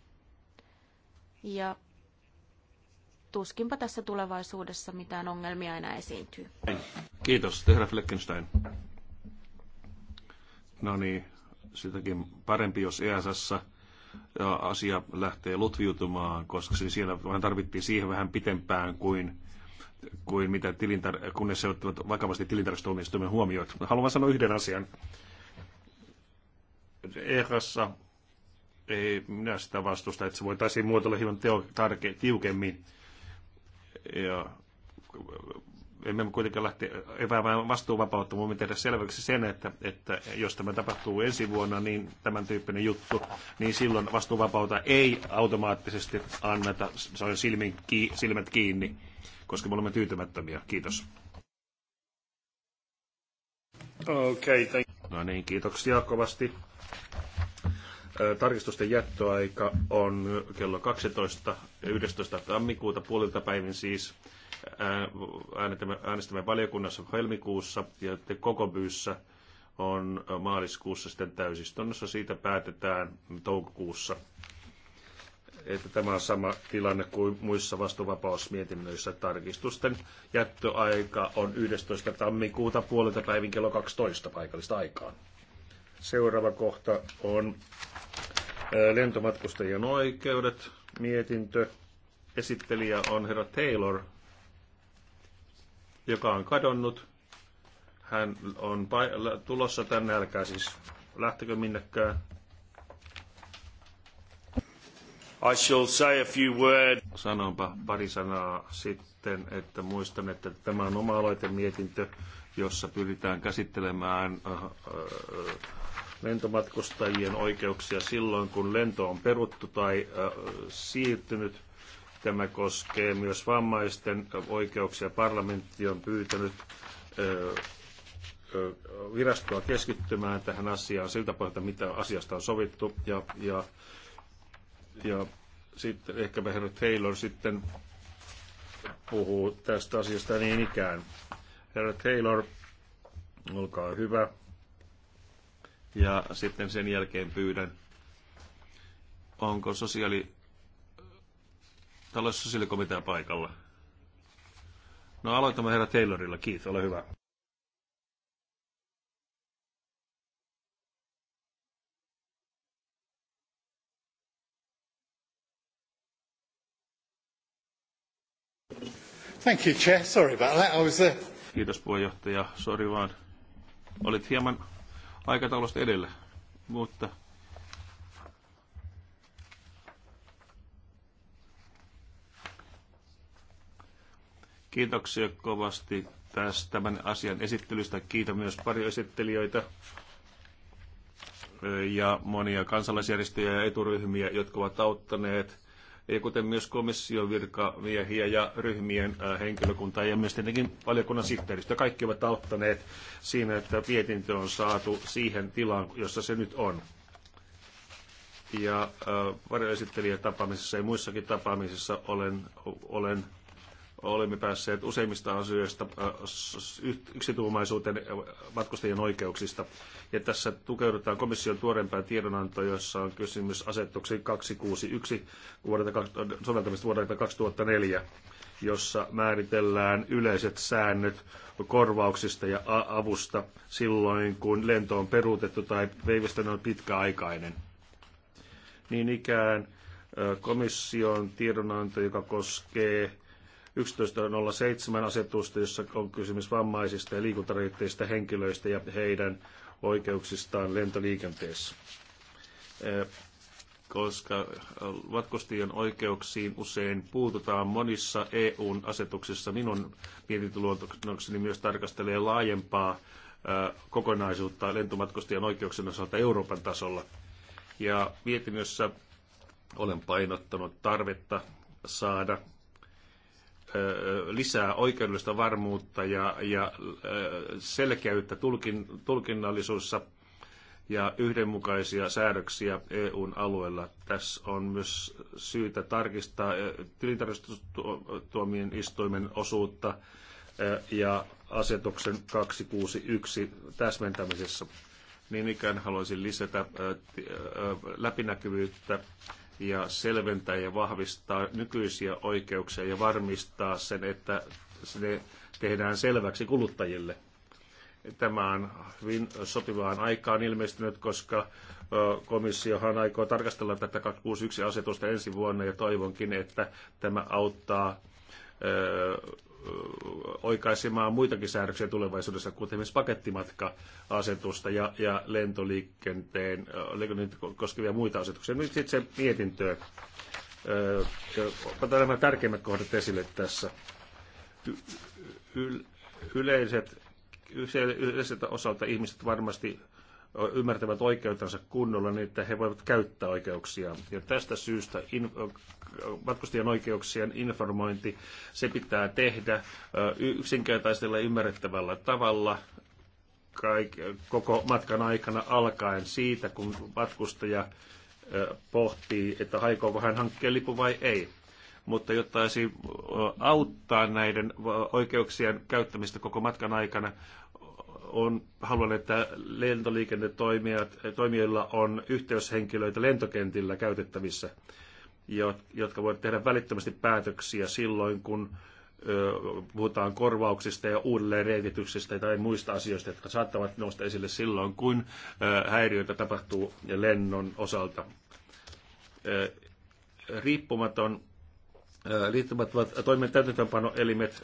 Ja tuskinpa tässä tulevaisuudessa mitään ongelmia enää esiintyy. Kiitos, tehdä Fleckenstein. No niin, sitäkin parempi, jos ESS asia lähtee lutviutumaan, koska siis siellä vähän tarvittiin siihen vähän pitempään kuin kuin mitä tilintar- kunnes se ottivat vakavasti tilintarkastustuomioistuimen huomioit. Haluan sanoa yhden asian. Ehassa ei minä sitä vastusta, että se voitaisiin muotoilla hieman teo- tarke- tiukemmin, ja emme kuitenkaan lähteä epäämään vastuuvapautta, mutta tehdä selväksi sen, että, että jos tämä tapahtuu ensi vuonna, niin tämän tyyppinen juttu, niin silloin vastuuvapauta ei automaattisesti anneta. Se on silmin, ki, silmät kiinni, koska me olemme tyytymättömiä. Kiitos. Okei, okay, No niin, kiitoksia kovasti Tarkistusten jättöaika on kello 12. 11. tammikuuta puolilta päivin siis. Äänestämme valiokunnassa helmikuussa ja koko byyssä on maaliskuussa sitten täysistunnossa. Siitä päätetään toukokuussa. Että tämä on sama tilanne kuin muissa vastuvapausmietinnöissä. Tarkistusten jättöaika on 11. tammikuuta puolilta päivin kello 12 paikallista aikaa. Seuraava kohta on lentomatkustajien oikeudet, mietintö. Esittelijä on herra Taylor, joka on kadonnut. Hän on tulossa tänne, älkää siis lähtekö minnekään. I shall say a few words. Sanonpa pari sanaa sitten, että muistan, että tämä on oma aloitemietintö, jossa pyritään käsittelemään uh, uh, lentomatkustajien oikeuksia silloin, kun lento on peruttu tai siirtynyt. Tämä koskee myös vammaisten oikeuksia. Parlamentti on pyytänyt virastoa keskittymään tähän asiaan siltä pohjalta, mitä asiasta on sovittu. Ja, ja, ja sitten ehkä herra Taylor sitten puhuu tästä asiasta niin ikään. Herra Taylor, olkaa hyvä. Ja sitten sen jälkeen pyydän, onko sosiaali, Täällä sosiaalikomitea paikalla. No aloitamme herra Taylorilla. Kiitos, ole hyvä. Thank you, Chair. Sorry about that. I was, there. Uh, Kiitos puheenjohtaja. Sorry, vaan. Olit hieman aikataulusta edellä, mutta Kiitoksia kovasti tästä tämän asian esittelystä. Kiitän myös pari esittelijöitä ja monia kansalaisjärjestöjä ja eturyhmiä, jotka ovat auttaneet kuten myös komission virkamiehiä ja ryhmien henkilökuntaa ja myös tietenkin valiokunnan sihteeristöä. Kaikki ovat auttaneet siinä, että mietintö on saatu siihen tilaan, jossa se nyt on. Ja varjoesittelijätapaamisissa ja muissakin tapaamisissa olen, olen olemme päässeet useimmista asioista yksituumaisuuteen matkustajien oikeuksista. Ja tässä tukeudutaan komission tuoreempaan tiedonantoon, jossa on kysymys asetuksen 261 vuodelta, soveltamista vuodelta 2004, jossa määritellään yleiset säännöt korvauksista ja avusta silloin, kun lento on peruutettu tai veivistön on pitkäaikainen. Niin ikään komission tiedonanto, joka koskee 11.07 asetusta, jossa on kysymys vammaisista ja liikuntarajoitteista henkilöistä ja heidän oikeuksistaan lentoliikenteessä. Eh, koska vatkostien oikeuksiin usein puututaan monissa EUn asetuksissa, minun mietintöluonnokseni myös tarkastelee laajempaa eh, kokonaisuutta lentomatkustajien oikeuksien osalta Euroopan tasolla. Ja mietinnössä olen painottanut tarvetta saada lisää oikeudellista varmuutta ja, ja selkeyttä tulkin, tulkinnallisuudessa ja yhdenmukaisia säädöksiä EUn alueella. Tässä on myös syytä tarkistaa tilintarkastustuomien istuimen osuutta ja asetuksen 261 täsmentämisessä. Niin ikään haluaisin lisätä läpinäkyvyyttä ja selventää ja vahvistaa nykyisiä oikeuksia ja varmistaa sen, että ne tehdään selväksi kuluttajille. Tämä on hyvin sopivaan aikaan ilmestynyt, koska komissiohan aikoo tarkastella tätä 261-asetusta ensi vuonna ja toivonkin, että tämä auttaa oikaisemaan muitakin säädöksiä tulevaisuudessa, kuten esimerkiksi pakettimatka-asetusta ja, ja lentoliikenteen äh, koskevia muita asetuksia. Nyt sitten se mietintö. Äh, Otetaan nämä tärkeimmät kohdat esille tässä. Y- yleiset, yleiseltä osalta ihmiset varmasti ymmärtävät oikeutensa kunnolla niin, että he voivat käyttää oikeuksia. Ja tästä syystä in, matkustajan oikeuksien informointi, se pitää tehdä yksinkertaisella ja ymmärrettävällä tavalla kaik, koko matkan aikana alkaen siitä, kun matkustaja pohtii, että haikoo hän hankkeen lipu vai ei mutta jotta auttaa näiden oikeuksien käyttämistä koko matkan aikana, on, haluan, että lentoliikennetoimijoilla on yhteyshenkilöitä lentokentillä käytettävissä, jotka voivat tehdä välittömästi päätöksiä silloin, kun puhutaan korvauksista ja uudelleenreitityksistä tai muista asioista, jotka saattavat nousta esille silloin, kun häiriöitä tapahtuu lennon osalta. Riippumaton liittyvät toimien täytäntöönpanoelimet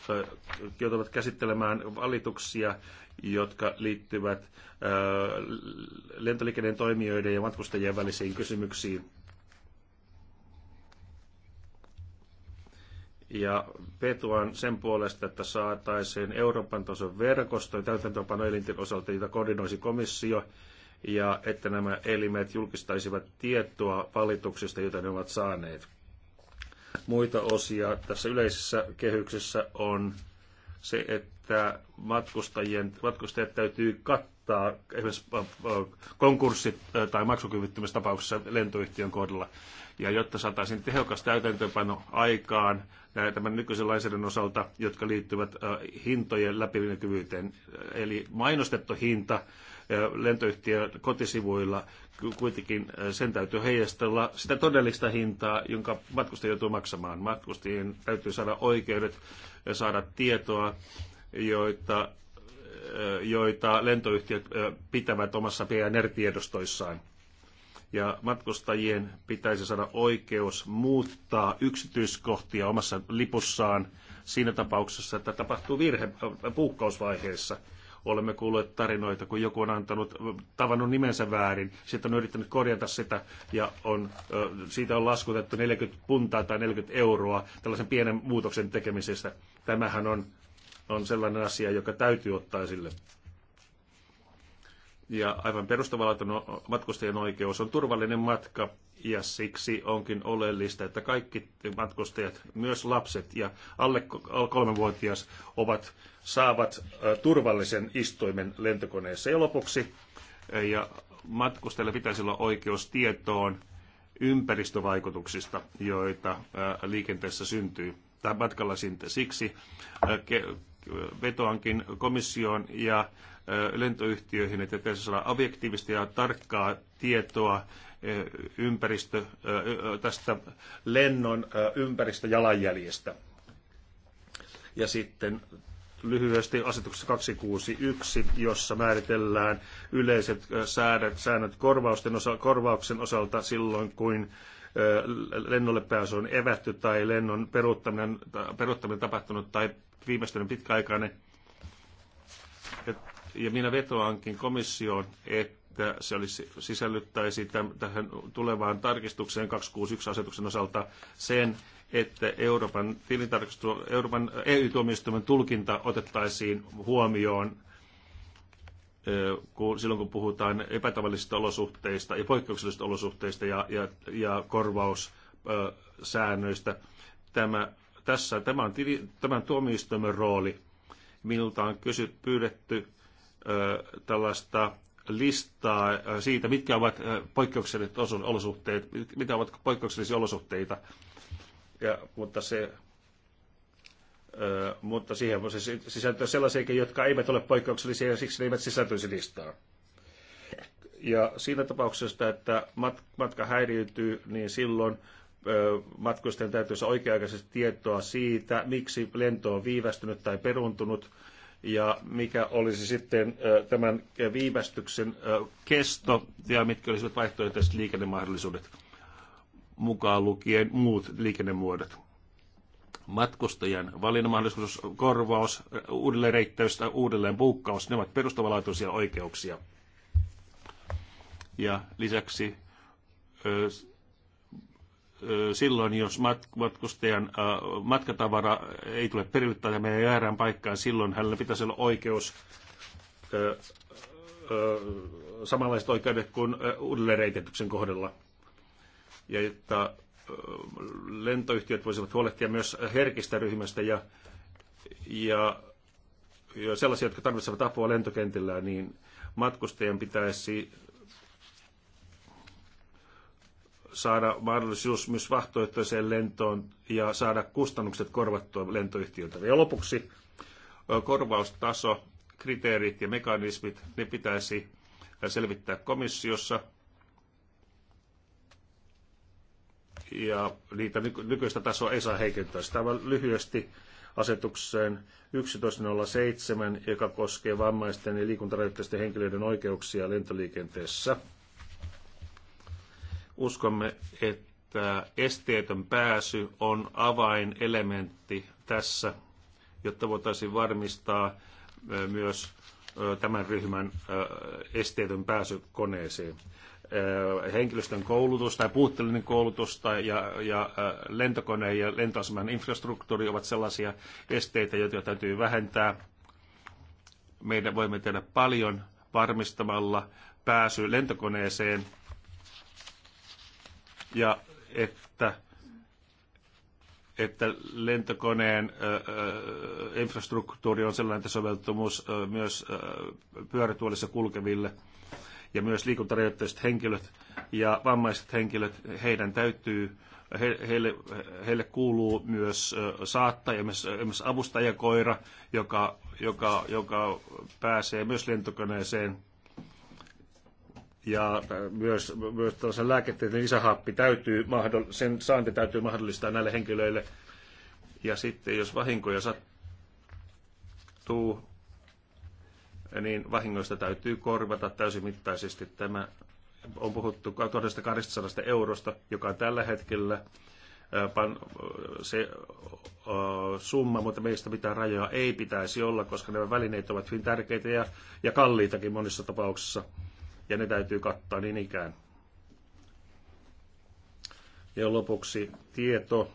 joutuvat käsittelemään valituksia jotka liittyvät lentoliikenteen toimijoiden ja matkustajien välisiin kysymyksiin. ja vetoan sen puolesta, että saataisiin Euroopan tason verkosto ja täytäntöpanoelinten osalta, jota koordinoisi komissio, ja että nämä elimet julkistaisivat tietoa valituksista, joita ne ovat saaneet. Muita osia tässä yleisessä kehyksessä on se, että matkustajien, matkustajat täytyy kattaa esimerkiksi äh, äh, konkurssit äh, tai maksukyvyttömyystapauksessa lentoyhtiön kohdalla. Ja jotta saataisiin tehokas täytäntöpano aikaan tämän nykyisen lainsäädännön osalta, jotka liittyvät hintojen läpinäkyvyyteen, eli mainostettu hinta lentoyhtiön kotisivuilla kuitenkin sen täytyy heijastella sitä todellista hintaa, jonka matkustaja joutuu maksamaan. Matkustajien täytyy saada oikeudet saada tietoa, joita, joita lentoyhtiöt pitävät omassa PNR-tiedostoissaan. Ja matkustajien pitäisi saada oikeus muuttaa yksityiskohtia omassa lipussaan siinä tapauksessa, että tapahtuu virhe puukkausvaiheessa – olemme kuulleet tarinoita, kun joku on antanut, tavannut nimensä väärin, sitten on yrittänyt korjata sitä ja on, siitä on laskutettu 40 puntaa tai 40 euroa tällaisen pienen muutoksen tekemisestä. Tämähän on, on sellainen asia, joka täytyy ottaa esille ja aivan perustavallinen matkustajan oikeus on turvallinen matka ja siksi onkin oleellista, että kaikki matkustajat, myös lapset ja alle kolmenvuotias ovat, saavat turvallisen istuimen lentokoneessa. Ja lopuksi ja matkustajilla pitäisi olla oikeus tietoon ympäristövaikutuksista, joita liikenteessä syntyy tai matkalla sinne Siksi vetoankin komission ja lentoyhtiöihin, että pitäisi saada objektiivista ja tarkkaa tietoa ympäristö, tästä lennon ympäristöjalanjäljestä. Ja sitten lyhyesti asetuksessa 261, jossa määritellään yleiset säädöt, säännöt korvausten osa, korvauksen osalta silloin, kun lennolle pääsy on evätty tai lennon peruuttaminen, peruuttaminen tapahtunut tai viimeistelyyn pitkäaikainen. Ja minä vetoankin komissioon, että se olisi, sisällyttäisi tämän, tähän tulevaan tarkistukseen 261-asetuksen osalta sen, että Euroopan, Euroopan EU-tuomioistuimen tulkinta otettaisiin huomioon kun, silloin kun puhutaan epätavallisista olosuhteista ja poikkeuksellisista olosuhteista ja, ja, ja korvaussäännöistä. Tämä, tässä, tämä on tili, tämän tuomioistuimen rooli. Minulta on kysy, pyydetty tällaista listaa siitä, mitkä ovat poikkeukselliset olosuhteet, mitä ovat poikkeuksellisia olosuhteita. Ja, mutta se mutta siihen voi sisältyä sellaisia, jotka eivät ole poikkeuksellisia ja siksi ne eivät sisältyisi listaan. Ja siinä tapauksessa, että matka häiriytyy, niin silloin matkustajien täytyy saada oikea-aikaisesti tietoa siitä, miksi lento on viivästynyt tai peruntunut, ja mikä olisi sitten tämän viivästyksen kesto ja mitkä olisivat vaihtoehtoiset liikennemahdollisuudet mukaan lukien muut liikennemuodot. Matkustajan valinnanmahdollisuus, korvaus, reittäys tai uudelleen buukkaus, ne ovat perustavanlaatuisia oikeuksia. Ja lisäksi silloin, jos matkustajan matkatavara ei tule perille tai menee väärään paikkaan, silloin hänellä pitäisi olla oikeus samanlaiset oikeudet kuin uudelleenreitetyksen kohdalla. Ja että lentoyhtiöt voisivat huolehtia myös herkistä ryhmästä ja, ja, ja sellaisia, jotka tarvitsevat apua lentokentillä, niin matkustajan pitäisi saada mahdollisuus myös vahtoehtoiseen lentoon ja saada kustannukset korvattua lentoyhtiöltä. Ja lopuksi korvaustaso, kriteerit ja mekanismit, ne pitäisi selvittää komissiossa. Ja niitä nykyistä tasoa ei saa heikentää. Sitä lyhyesti asetukseen 1107, joka koskee vammaisten ja liikuntarajoitteisten henkilöiden oikeuksia lentoliikenteessä. Uskomme, että esteetön pääsy on avainelementti tässä, jotta voitaisiin varmistaa myös tämän ryhmän esteetön pääsy koneeseen. Henkilöstön koulutus tai puutteellinen koulutus tai ja, ja lentokoneen ja lentoaseman infrastruktuuri ovat sellaisia esteitä, joita täytyy vähentää. Meidän voimme tehdä paljon varmistamalla pääsy lentokoneeseen ja että, että lentokoneen infrastruktuuri on sellainen, että soveltumus myös pyörätuolissa kulkeville ja myös liikuntarajoitteiset henkilöt ja vammaiset henkilöt, heidän täytyy he, heille, heille kuuluu myös saattaja, myös, myös avustajakoira, joka, joka, joka pääsee myös lentokoneeseen ja äh, myös, myös tällaisen lääketieteen lisähappi täytyy, sen saanti täytyy mahdollistaa näille henkilöille. Ja sitten jos vahinkoja sattuu, niin vahingoista täytyy korvata täysimittaisesti. Tämä on puhuttu 1200 eurosta, joka on tällä hetkellä äh, se summa, mutta meistä mitään rajoja ei pitäisi olla, koska nämä välineet ovat hyvin tärkeitä ja, ja kalliitakin monissa tapauksissa ja ne täytyy kattaa niin ikään. Ja lopuksi tieto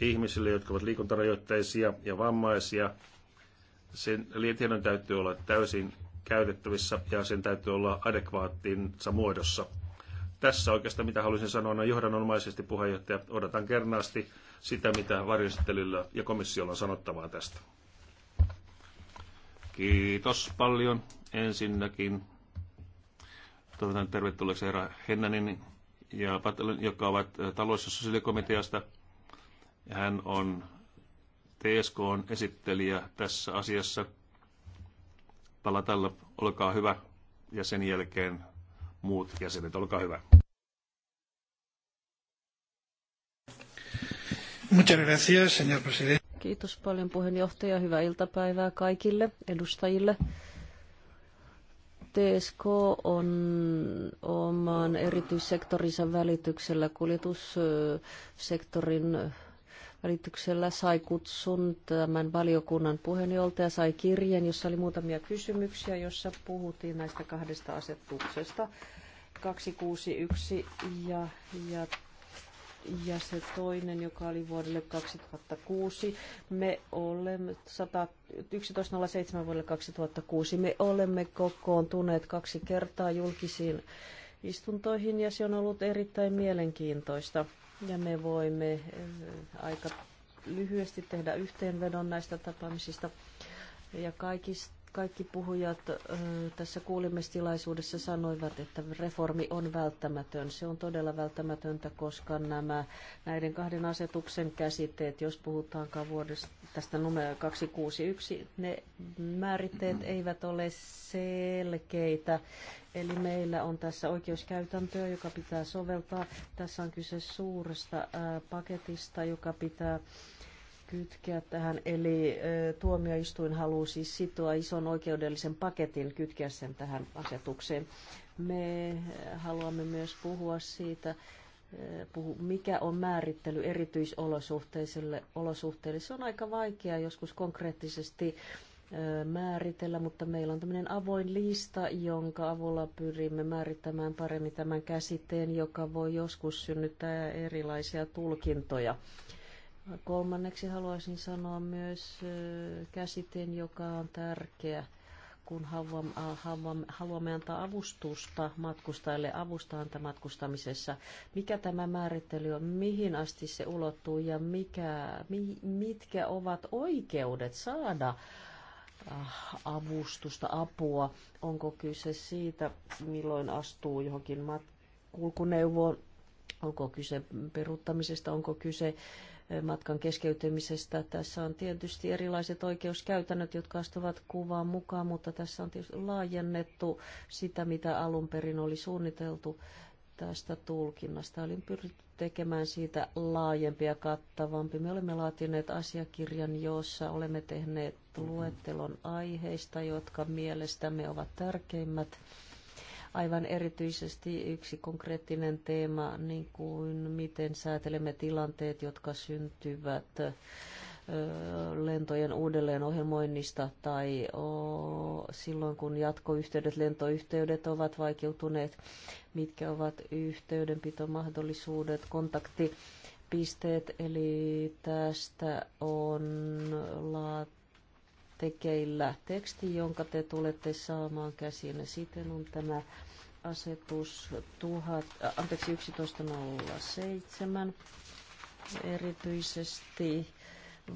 ihmisille, jotka ovat liikuntarajoitteisia ja vammaisia. Sen tiedon täytyy olla täysin käytettävissä ja sen täytyy olla adekvaattinsa muodossa. Tässä oikeastaan mitä haluaisin sanoa on johdannomaisesti puheenjohtaja. Odotan kernaasti sitä, mitä varjostelijoilla ja komissiolla on sanottavaa tästä. Kiitos paljon ensinnäkin. Toivotan tervetulleeksi herra Hennanin ja Patelin, joka ovat eh, talous- ja sosiaalikomiteasta. Hän on TSKn esittelijä tässä asiassa. Palatalla, olkaa hyvä. Ja sen jälkeen muut jäsenet, olkaa hyvä. Muchas gracias, señor presidente. Kiitos paljon puheenjohtaja. Hyvää iltapäivää kaikille edustajille. TSK on oman erityissektorinsa välityksellä, kuljetussektorin välityksellä sai kutsun tämän valiokunnan puheenjohtaja, sai kirjeen, jossa oli muutamia kysymyksiä, jossa puhuttiin näistä kahdesta asetuksesta. 261 ja, ja ja se toinen, joka oli vuodelle 2006, me olemme 11.07 vuodelle 2006, me olemme kokoontuneet kaksi kertaa julkisiin istuntoihin ja se on ollut erittäin mielenkiintoista. Ja me voimme eh, aika lyhyesti tehdä yhteenvedon näistä tapaamisista ja kaikista kaikki puhujat tässä kuulimistilaisuudessa sanoivat, että reformi on välttämätön. Se on todella välttämätöntä, koska nämä näiden kahden asetuksen käsitteet, jos puhutaankaan vuodesta tästä numero 261, ne määritteet eivät ole selkeitä. Eli meillä on tässä oikeuskäytäntöä, joka pitää soveltaa. Tässä on kyse suuresta paketista, joka pitää kytkeä tähän. Eli tuomioistuin haluaa siis sitoa ison oikeudellisen paketin kytkeä sen tähän asetukseen. Me haluamme myös puhua siitä, puhu, mikä on määrittely erityisolosuhteisille olosuhteille. Se on aika vaikea joskus konkreettisesti määritellä, mutta meillä on tämmöinen avoin lista, jonka avulla pyrimme määrittämään paremmin tämän käsitteen, joka voi joskus synnyttää erilaisia tulkintoja. Kolmanneksi haluaisin sanoa myös käsitteen, joka on tärkeä, kun haluamme antaa avustusta matkustajille, avusta antaa matkustamisessa. Mikä tämä määrittely on, mihin asti se ulottuu ja mikä, mitkä ovat oikeudet saada avustusta, apua? Onko kyse siitä, milloin astuu johonkin mat- kulkuneuvoon? Onko kyse peruuttamisesta? Onko kyse äh, matkan keskeytymisestä. Tässä on tietysti erilaiset oikeuskäytännöt, jotka astuvat kuvaan mukaan, mutta tässä on tietysti laajennettu sitä, mitä alun perin oli suunniteltu tästä tulkinnasta. Olin pyritty tekemään siitä laajempi ja kattavampi. Me olemme laatineet asiakirjan, jossa olemme tehneet luettelon aiheista, jotka mielestämme ovat tärkeimmät Aivan erityisesti yksi konkreettinen teema, niin kuin miten säätelemme tilanteet, jotka syntyvät lentojen uudelleenohjelmoinnista tai silloin, kun jatkoyhteydet, lentoyhteydet ovat vaikeutuneet, mitkä ovat yhteydenpitomahdollisuudet, kontaktipisteet, eli tästä on laatu tekeillä. Teksti, jonka te tulette saamaan käsiin, sitten on tämä asetus 1000, äh, anteeksi, 11.07 erityisesti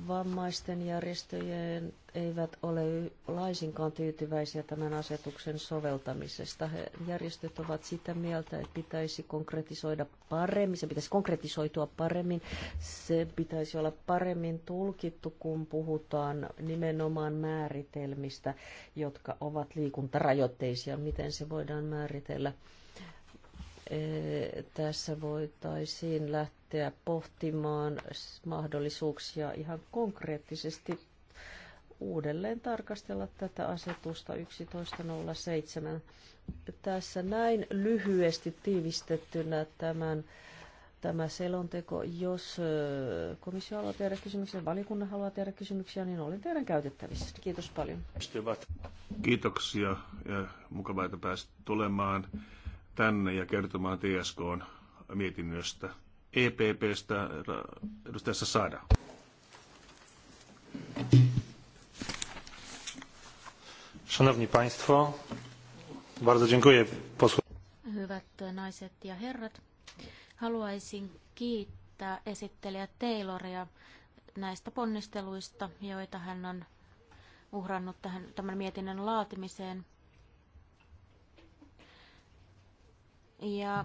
Vammaisten järjestöjen eivät ole laisinkaan tyytyväisiä tämän asetuksen soveltamisesta. He, järjestöt ovat sitä mieltä, että pitäisi konkretisoida paremmin, se pitäisi konkretisoitua paremmin, se pitäisi olla paremmin tulkittu, kun puhutaan nimenomaan määritelmistä, jotka ovat liikuntarajoitteisia, miten se voidaan määritellä tässä voitaisiin lähteä lähteä pohtimaan mahdollisuuksia ihan konkreettisesti uudelleen tarkastella tätä asetusta 11.07. Tässä näin lyhyesti tiivistettynä tämän, tämä selonteko. Jos äh, komissio haluaa tehdä kysymyksiä, valiokunnan haluaa tehdä kysymyksiä, niin olen teidän käytettävissä. Kiitos paljon. Kiitoksia ja mukavaa, että pääsit tulemaan tänne ja kertomaan TSK mietinnöstä. EPPstä äh, edustajassa Saada. Szanowni Państwo, bardzo dziękuję posłu. Hyvät naiset ja herrat, haluaisin kiittää esittelijä Tayloria näistä ponnisteluista, joita hän on uhrannut tähän, tämän mietinnön laatimiseen. Ja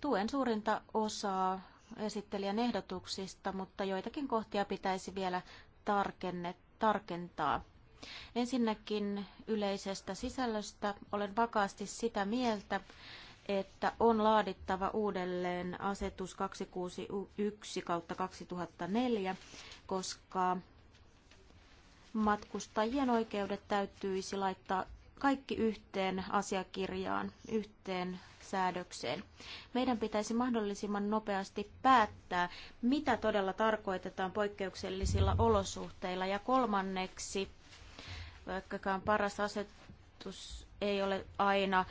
tuen suurinta osaa esittelijän ehdotuksista, mutta joitakin kohtia pitäisi vielä tarkenne, tarkentaa. Ensinnäkin yleisestä sisällöstä olen vakaasti sitä mieltä, että on laadittava uudelleen asetus 261 2004, koska matkustajien oikeudet täytyisi laittaa kaikki yhteen asiakirjaan, yhteen säädökseen. Meidän pitäisi mahdollisimman nopeasti päättää, mitä todella tarkoitetaan poikkeuksellisilla olosuhteilla. Ja kolmanneksi, vaikkakaan paras asetus ei ole aina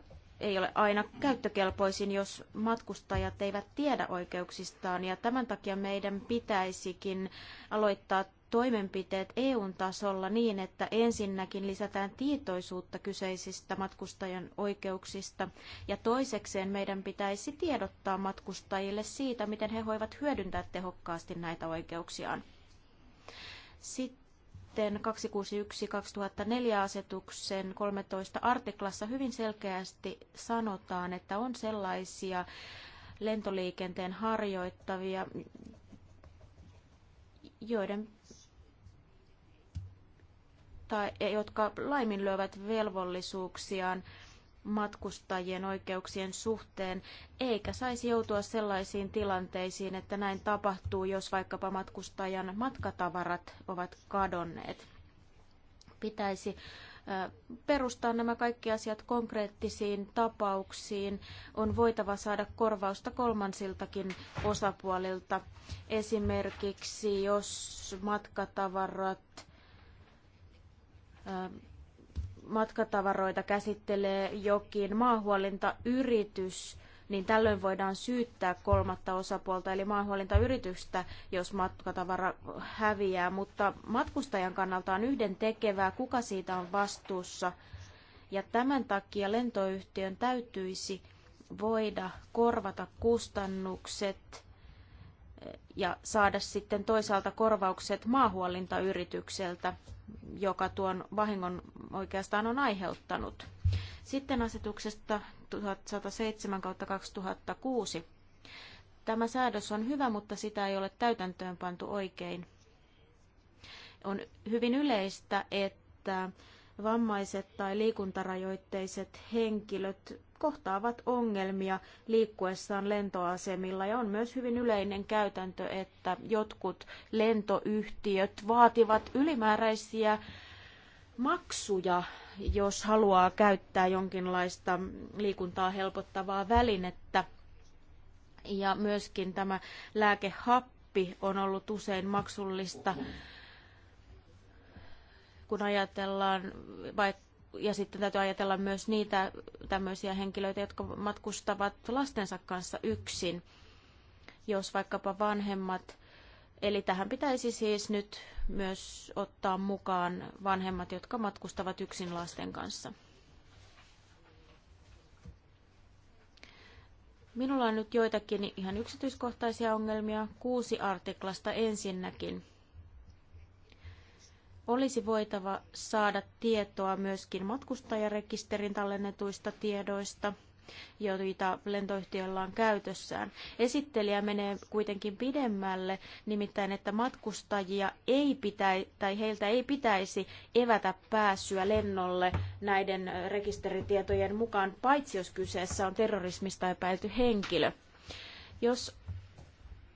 eh, ei ole aina käyttökelpoisin, jos matkustajat eivät tiedä oikeuksistaan. Ja tämän takia meidän pitäisikin aloittaa toimenpiteet EU-tasolla niin, että ensinnäkin lisätään tietoisuutta kyseisistä matkustajan oikeuksista ja toisekseen meidän pitäisi tiedottaa matkustajille siitä, miten he voivat hyödyntää tehokkaasti näitä oikeuksiaan. Sitten 261-2004 asetuksen 13 artiklassa hyvin selkeästi sanotaan, että on sellaisia lentoliikenteen harjoittavia, joiden tai jotka laiminlyövät velvollisuuksiaan matkustajien oikeuksien suhteen, eikä saisi joutua sellaisiin tilanteisiin, että näin tapahtuu, jos vaikkapa matkustajan matkatavarat ovat kadonneet. Pitäisi perustaa nämä kaikki asiat konkreettisiin tapauksiin. On voitava saada korvausta kolmansiltakin osapuolilta. Esimerkiksi jos matkatavarat matkatavaroita käsittelee jokin maahuolintayritys, niin tällöin voidaan syyttää kolmatta osapuolta, eli maahuolintayritystä, jos matkatavara häviää. Mutta matkustajan kannalta on yhden tekevää, kuka siitä on vastuussa. Ja tämän takia lentoyhtiön täytyisi voida korvata kustannukset ja saada sitten toisaalta korvaukset maahuolintayritykseltä, joka tuon vahingon oikeastaan on aiheuttanut. Sitten asetuksesta 1107-2006. Tämä säädös on hyvä, mutta sitä ei ole täytäntöön pantu oikein. On hyvin yleistä, että vammaiset tai liikuntarajoitteiset henkilöt kohtaavat ongelmia liikkuessaan lentoasemilla ja on myös hyvin yleinen käytäntö, että jotkut lentoyhtiöt vaativat ylimääräisiä maksuja, jos haluaa käyttää jonkinlaista liikuntaa helpottavaa välinettä. Ja myöskin tämä lääkehappi on ollut usein maksullista, kun ajatellaan vaikka ja sitten täytyy ajatella myös niitä tämmöisiä henkilöitä, jotka matkustavat lastensa kanssa yksin, jos vaikkapa vanhemmat. Eli tähän pitäisi siis nyt myös ottaa mukaan vanhemmat, jotka matkustavat yksin lasten kanssa. Minulla on nyt joitakin ihan yksityiskohtaisia ongelmia kuusi artiklasta ensinnäkin olisi voitava saada tietoa myöskin matkustajarekisterin tallennetuista tiedoista, joita lentoyhtiöllä on käytössään. Esittelijä menee kuitenkin pidemmälle, nimittäin että matkustajia ei pitäi tai heiltä ei pitäisi evätä pääsyä lennolle näiden rekisteritietojen mukaan, paitsi jos kyseessä on terrorismista epäilty henkilö. Jos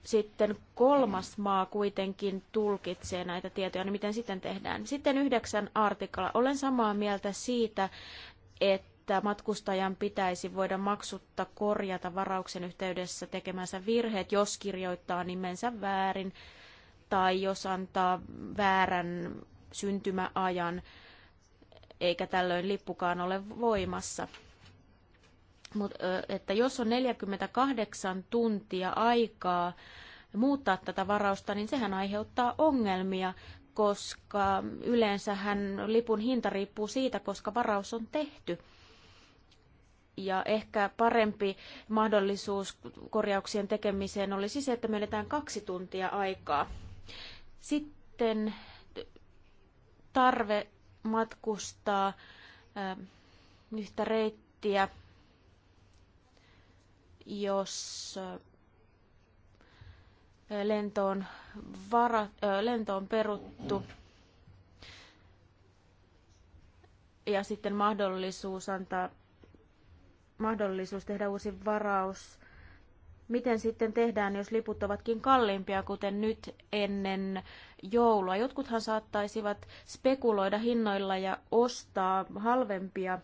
sitten kolmas maa kuitenkin tulkitsee näitä tietoja, niin miten sitten tehdään? Sitten yhdeksän artikla. Olen samaa mieltä siitä, että matkustajan pitäisi voida maksutta korjata varauksen yhteydessä tekemänsä virheet, jos kirjoittaa nimensä väärin tai jos antaa väärän syntymäajan, eikä tällöin lippukaan ole voimassa että jos on 48 tuntia aikaa muuttaa tätä varausta, niin sehän aiheuttaa ongelmia, koska yleensähän lipun hinta riippuu siitä, koska varaus on tehty. Ja ehkä parempi mahdollisuus korjauksien tekemiseen olisi se, että menetään kaksi tuntia aikaa. Sitten tarve matkustaa yhtä reittiä jos lento on, vara, lento on peruttu ja sitten mahdollisuus antaa mahdollisuus tehdä uusi varaus. Miten sitten tehdään, jos liput ovatkin kalliimpia, kuten nyt ennen joulua? Jotkuthan saattaisivat spekuloida hinnoilla ja ostaa halvempia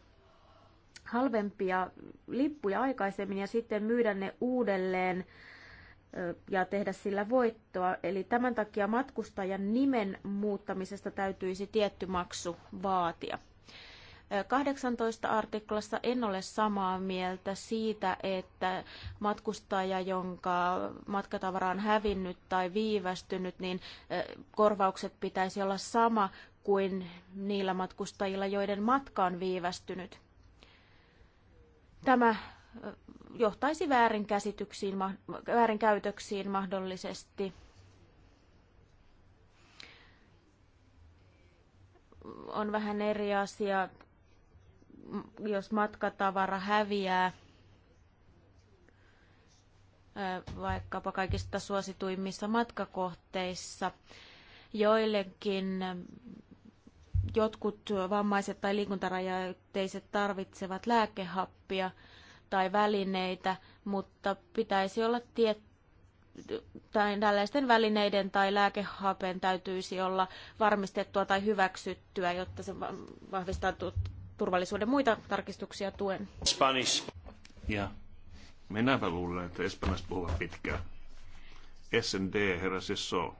halvempia lippuja aikaisemmin ja sitten myydä ne uudelleen ja tehdä sillä voittoa. Eli tämän takia matkustajan nimen muuttamisesta täytyisi tietty maksu vaatia. 18 artiklassa en ole samaa mieltä siitä, että matkustaja, jonka matkatavara on hävinnyt tai viivästynyt, niin korvaukset pitäisi olla sama kuin niillä matkustajilla, joiden matka on viivästynyt. Tämä johtaisi väärinkäsityksiin, väärinkäytöksiin mahdollisesti. On vähän eri asia, jos matkatavara häviää vaikkapa kaikista suosituimmissa matkakohteissa. Joillekin jotkut vammaiset tai liikuntarajoitteiset tarvitsevat lääkehappia tai välineitä, mutta pitäisi olla tiet tai tällaisten välineiden tai lääkehapen täytyisi olla varmistettua tai hyväksyttyä, jotta se vahvistaa turvallisuuden muita tarkistuksia tuen. Spanish. Ja minäpä luulen, että espanjasta puhuvat pitkään. SND, herra Sessoo.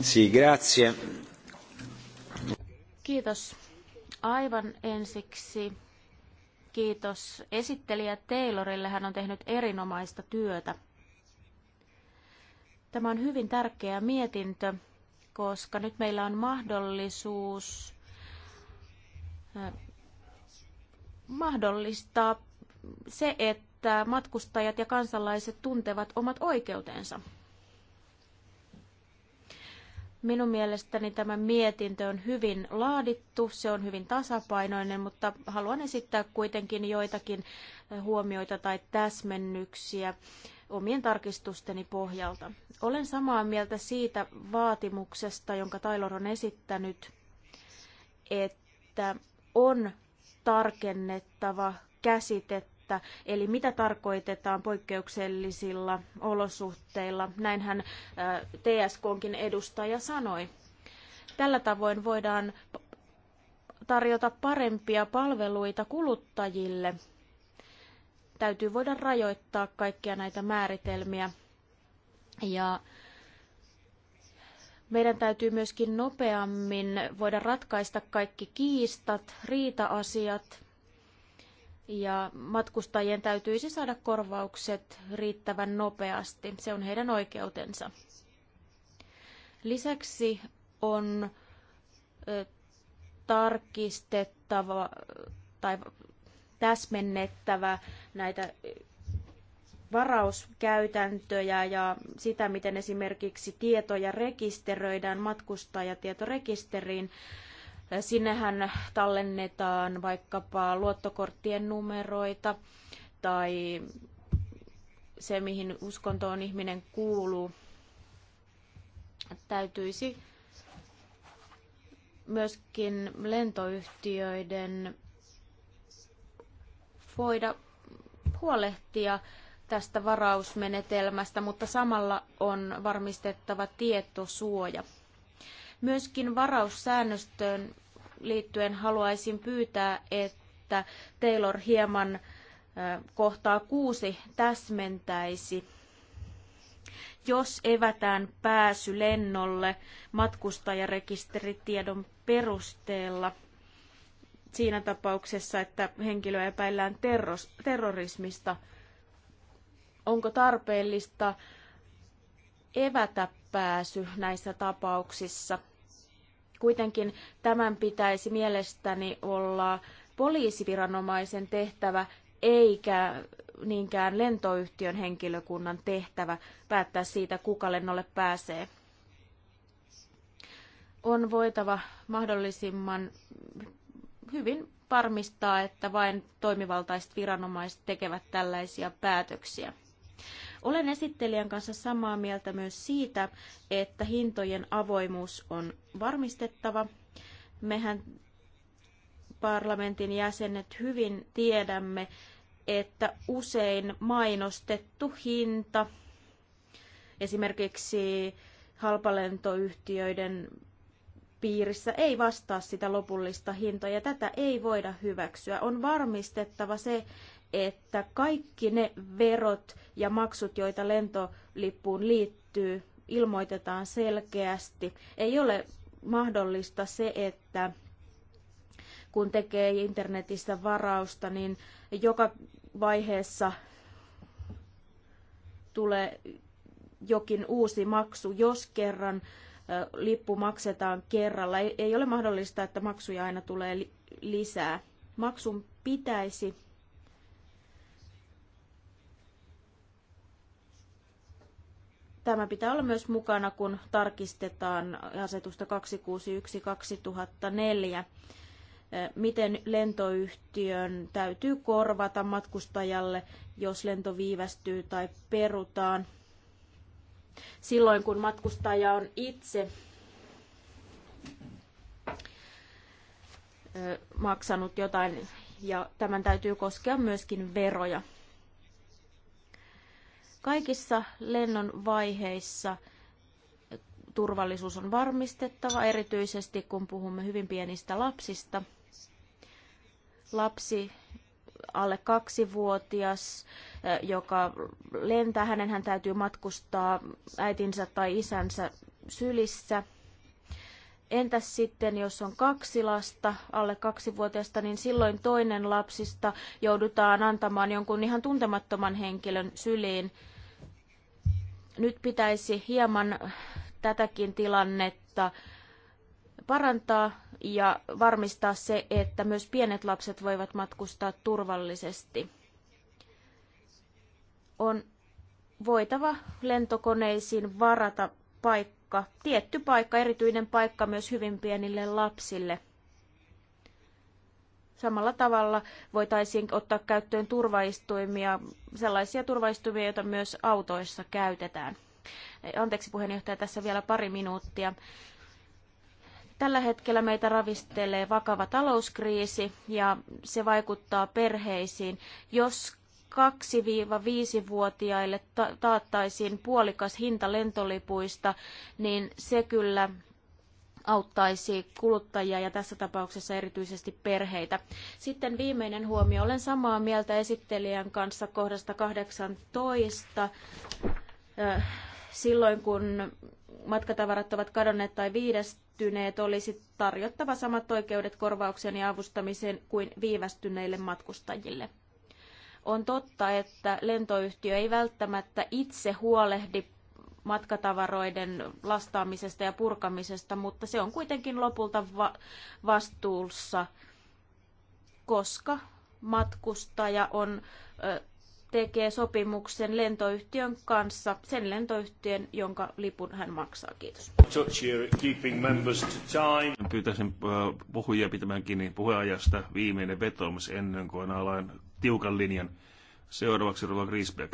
Sì, grazie. Kiitos. Aivan ensiksi kiitos esittelijä Taylorille. Hän on tehnyt erinomaista työtä. Tämä on hyvin tärkeä mietintö, koska nyt meillä on mahdollisuus mahdollistaa se, että matkustajat ja kansalaiset tuntevat omat oikeutensa. Minun mielestäni tämä mietintö on hyvin laadittu, se on hyvin tasapainoinen, mutta haluan esittää kuitenkin joitakin huomioita tai täsmennyksiä omien tarkistusteni pohjalta. Olen samaa mieltä siitä vaatimuksesta, jonka Taylor on esittänyt, että on tarkennettava käsitettä käsitettä, eli mitä tarkoitetaan poikkeuksellisilla olosuhteilla. Näinhän TSKnkin edustaja sanoi. Tällä tavoin voidaan tarjota parempia palveluita kuluttajille. Täytyy voida rajoittaa kaikkia näitä määritelmiä. Ja meidän täytyy myöskin nopeammin voida ratkaista kaikki kiistat, riita-asiat ja matkustajien täytyisi saada korvaukset riittävän nopeasti. Se on heidän oikeutensa. Lisäksi on tarkistettava tai täsmennettävä näitä varauskäytäntöjä ja sitä, miten esimerkiksi tietoja rekisteröidään matkustajatietorekisteriin. Sinnehän tallennetaan vaikkapa luottokorttien numeroita tai se, mihin uskontoon ihminen kuuluu. Täytyisi myöskin lentoyhtiöiden voida huolehtia tästä varausmenetelmästä, mutta samalla on varmistettava tietosuoja. Myöskin varaussäännöstöön liittyen haluaisin pyytää, että Taylor hieman kohtaa kuusi täsmentäisi jos evätään pääsy lennolle matkustajarekisteritiedon perusteella siinä tapauksessa, että henkilöä epäillään terros, terrorismista, onko tarpeellista evätä pääsy näissä tapauksissa. Kuitenkin tämän pitäisi mielestäni olla poliisiviranomaisen tehtävä eikä niinkään lentoyhtiön henkilökunnan tehtävä päättää siitä, kuka lennolle pääsee. On voitava mahdollisimman hyvin varmistaa, että vain toimivaltaiset viranomaiset tekevät tällaisia päätöksiä. Olen esittelijän kanssa samaa mieltä myös siitä, että hintojen avoimuus on varmistettava. Mehän parlamentin jäsenet hyvin tiedämme, että usein mainostettu hinta, esimerkiksi halpalentoyhtiöiden piirissä ei vastaa sitä lopullista hintaa ja tätä ei voida hyväksyä. On varmistettava se, että kaikki ne verot ja maksut, joita lentolippuun liittyy, ilmoitetaan selkeästi. Ei ole mahdollista se, että kun tekee internetissä varausta, niin joka vaiheessa tulee jokin uusi maksu, jos kerran lippu maksetaan kerralla. Ei ole mahdollista, että maksuja aina tulee lisää. Maksun pitäisi Tämä pitää olla myös mukana, kun tarkistetaan asetusta 261-2004, miten lentoyhtiön täytyy korvata matkustajalle, jos lento viivästyy tai perutaan. Silloin, kun matkustaja on itse maksanut jotain, ja tämän täytyy koskea myöskin veroja. Kaikissa lennon vaiheissa turvallisuus on varmistettava, erityisesti kun puhumme hyvin pienistä lapsista. Lapsi alle kaksivuotias, eh, joka lentää, hänen hän täytyy matkustaa äitinsä tai isänsä sylissä. Entäs sitten, jos on kaksi lasta alle kaksivuotiaasta, niin silloin toinen lapsista joudutaan antamaan jonkun ihan tuntemattoman henkilön syliin nyt pitäisi hieman tätäkin tilannetta parantaa ja varmistaa se, että myös pienet lapset voivat matkustaa turvallisesti. On voitava lentokoneisiin varata paikka, tietty paikka, erityinen paikka myös hyvin pienille lapsille. Samalla tavalla voitaisiin ottaa käyttöön turvaistuimia, sellaisia turvaistuimia, joita myös autoissa käytetään. Anteeksi puheenjohtaja, tässä vielä pari minuuttia. Tällä hetkellä meitä ravistelee vakava talouskriisi ja se vaikuttaa perheisiin. Jos 2-5-vuotiaille taattaisiin puolikas hinta lentolipuista, niin se kyllä auttaisi kuluttajia ja tässä tapauksessa erityisesti perheitä. Sitten viimeinen huomio. Olen samaa mieltä esittelijän kanssa kohdasta 18. Silloin kun matkatavarat ovat kadonneet tai viidestyneet, olisi tarjottava samat oikeudet korvauksen ja avustamiseen kuin viivästyneille matkustajille. On totta, että lentoyhtiö ei välttämättä itse huolehdi matkatavaroiden lastaamisesta ja purkamisesta, mutta se on kuitenkin lopulta va- vastuussa, koska matkustaja on, tekee sopimuksen lentoyhtiön kanssa, sen lentoyhtiön, jonka lipun hän maksaa. Kiitos. Pyytäisin puhujia pitämään kiinni puheajasta viimeinen vetoomus ennen kuin alan tiukan linjan. Seuraavaksi Rova Griesbeck.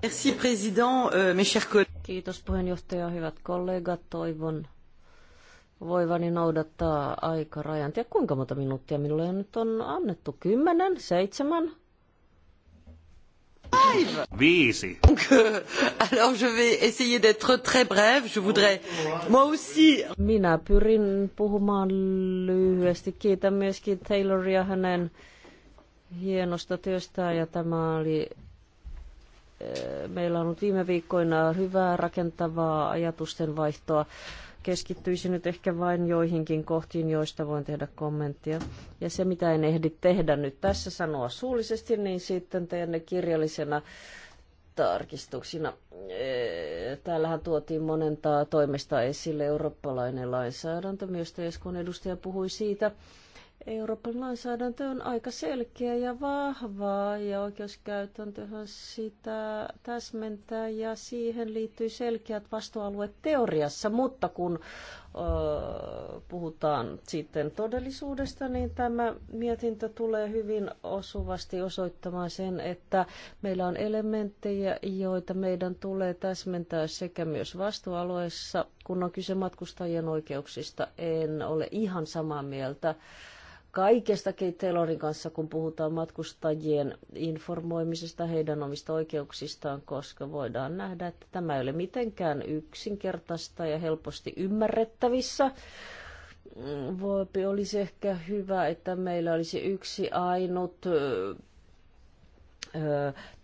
Merci, président, euh, mes chers collègues. Kiitos puheenjohtaja, hyvät kollegat. Toivon voivani noudattaa aikarajan. Tiedä kuinka monta minuuttia minulle nyt on annettu? Kymmenen? Seitsemän? Viisi. Euh, alors je vais essayer d'être très bref. Je voudrais moi aussi. Minä pyrin puhumaan lyhyesti. Kiitän myöskin Tayloria hänen hienosta työstään ja tämä oli meillä on ollut viime viikkoina hyvää rakentavaa ajatusten vaihtoa. Keskittyisin nyt ehkä vain joihinkin kohtiin, joista voin tehdä kommenttia. Ja se, mitä en ehdi tehdä nyt tässä sanoa suullisesti, niin sitten teen ne kirjallisena tarkistuksina. Täällähän tuotiin monentaa toimesta esille eurooppalainen lainsäädäntö, myös kun edustaja puhui siitä. Euroopan lainsäädäntö on aika selkeä ja vahvaa ja oikeuskäytäntöhän sitä täsmentää ja siihen liittyy selkeät vastuualueet teoriassa, mutta kun ö, puhutaan sitten todellisuudesta, niin tämä mietintö tulee hyvin osuvasti osoittamaan sen, että meillä on elementtejä, joita meidän tulee täsmentää sekä myös vastuualueessa, kun on kyse matkustajien oikeuksista. En ole ihan samaa mieltä kaikesta Kate Taylorin kanssa, kun puhutaan matkustajien informoimisesta heidän omista oikeuksistaan, koska voidaan nähdä, että tämä ei ole mitenkään yksinkertaista ja helposti ymmärrettävissä. Voipi olisi ehkä hyvä, että meillä olisi yksi ainut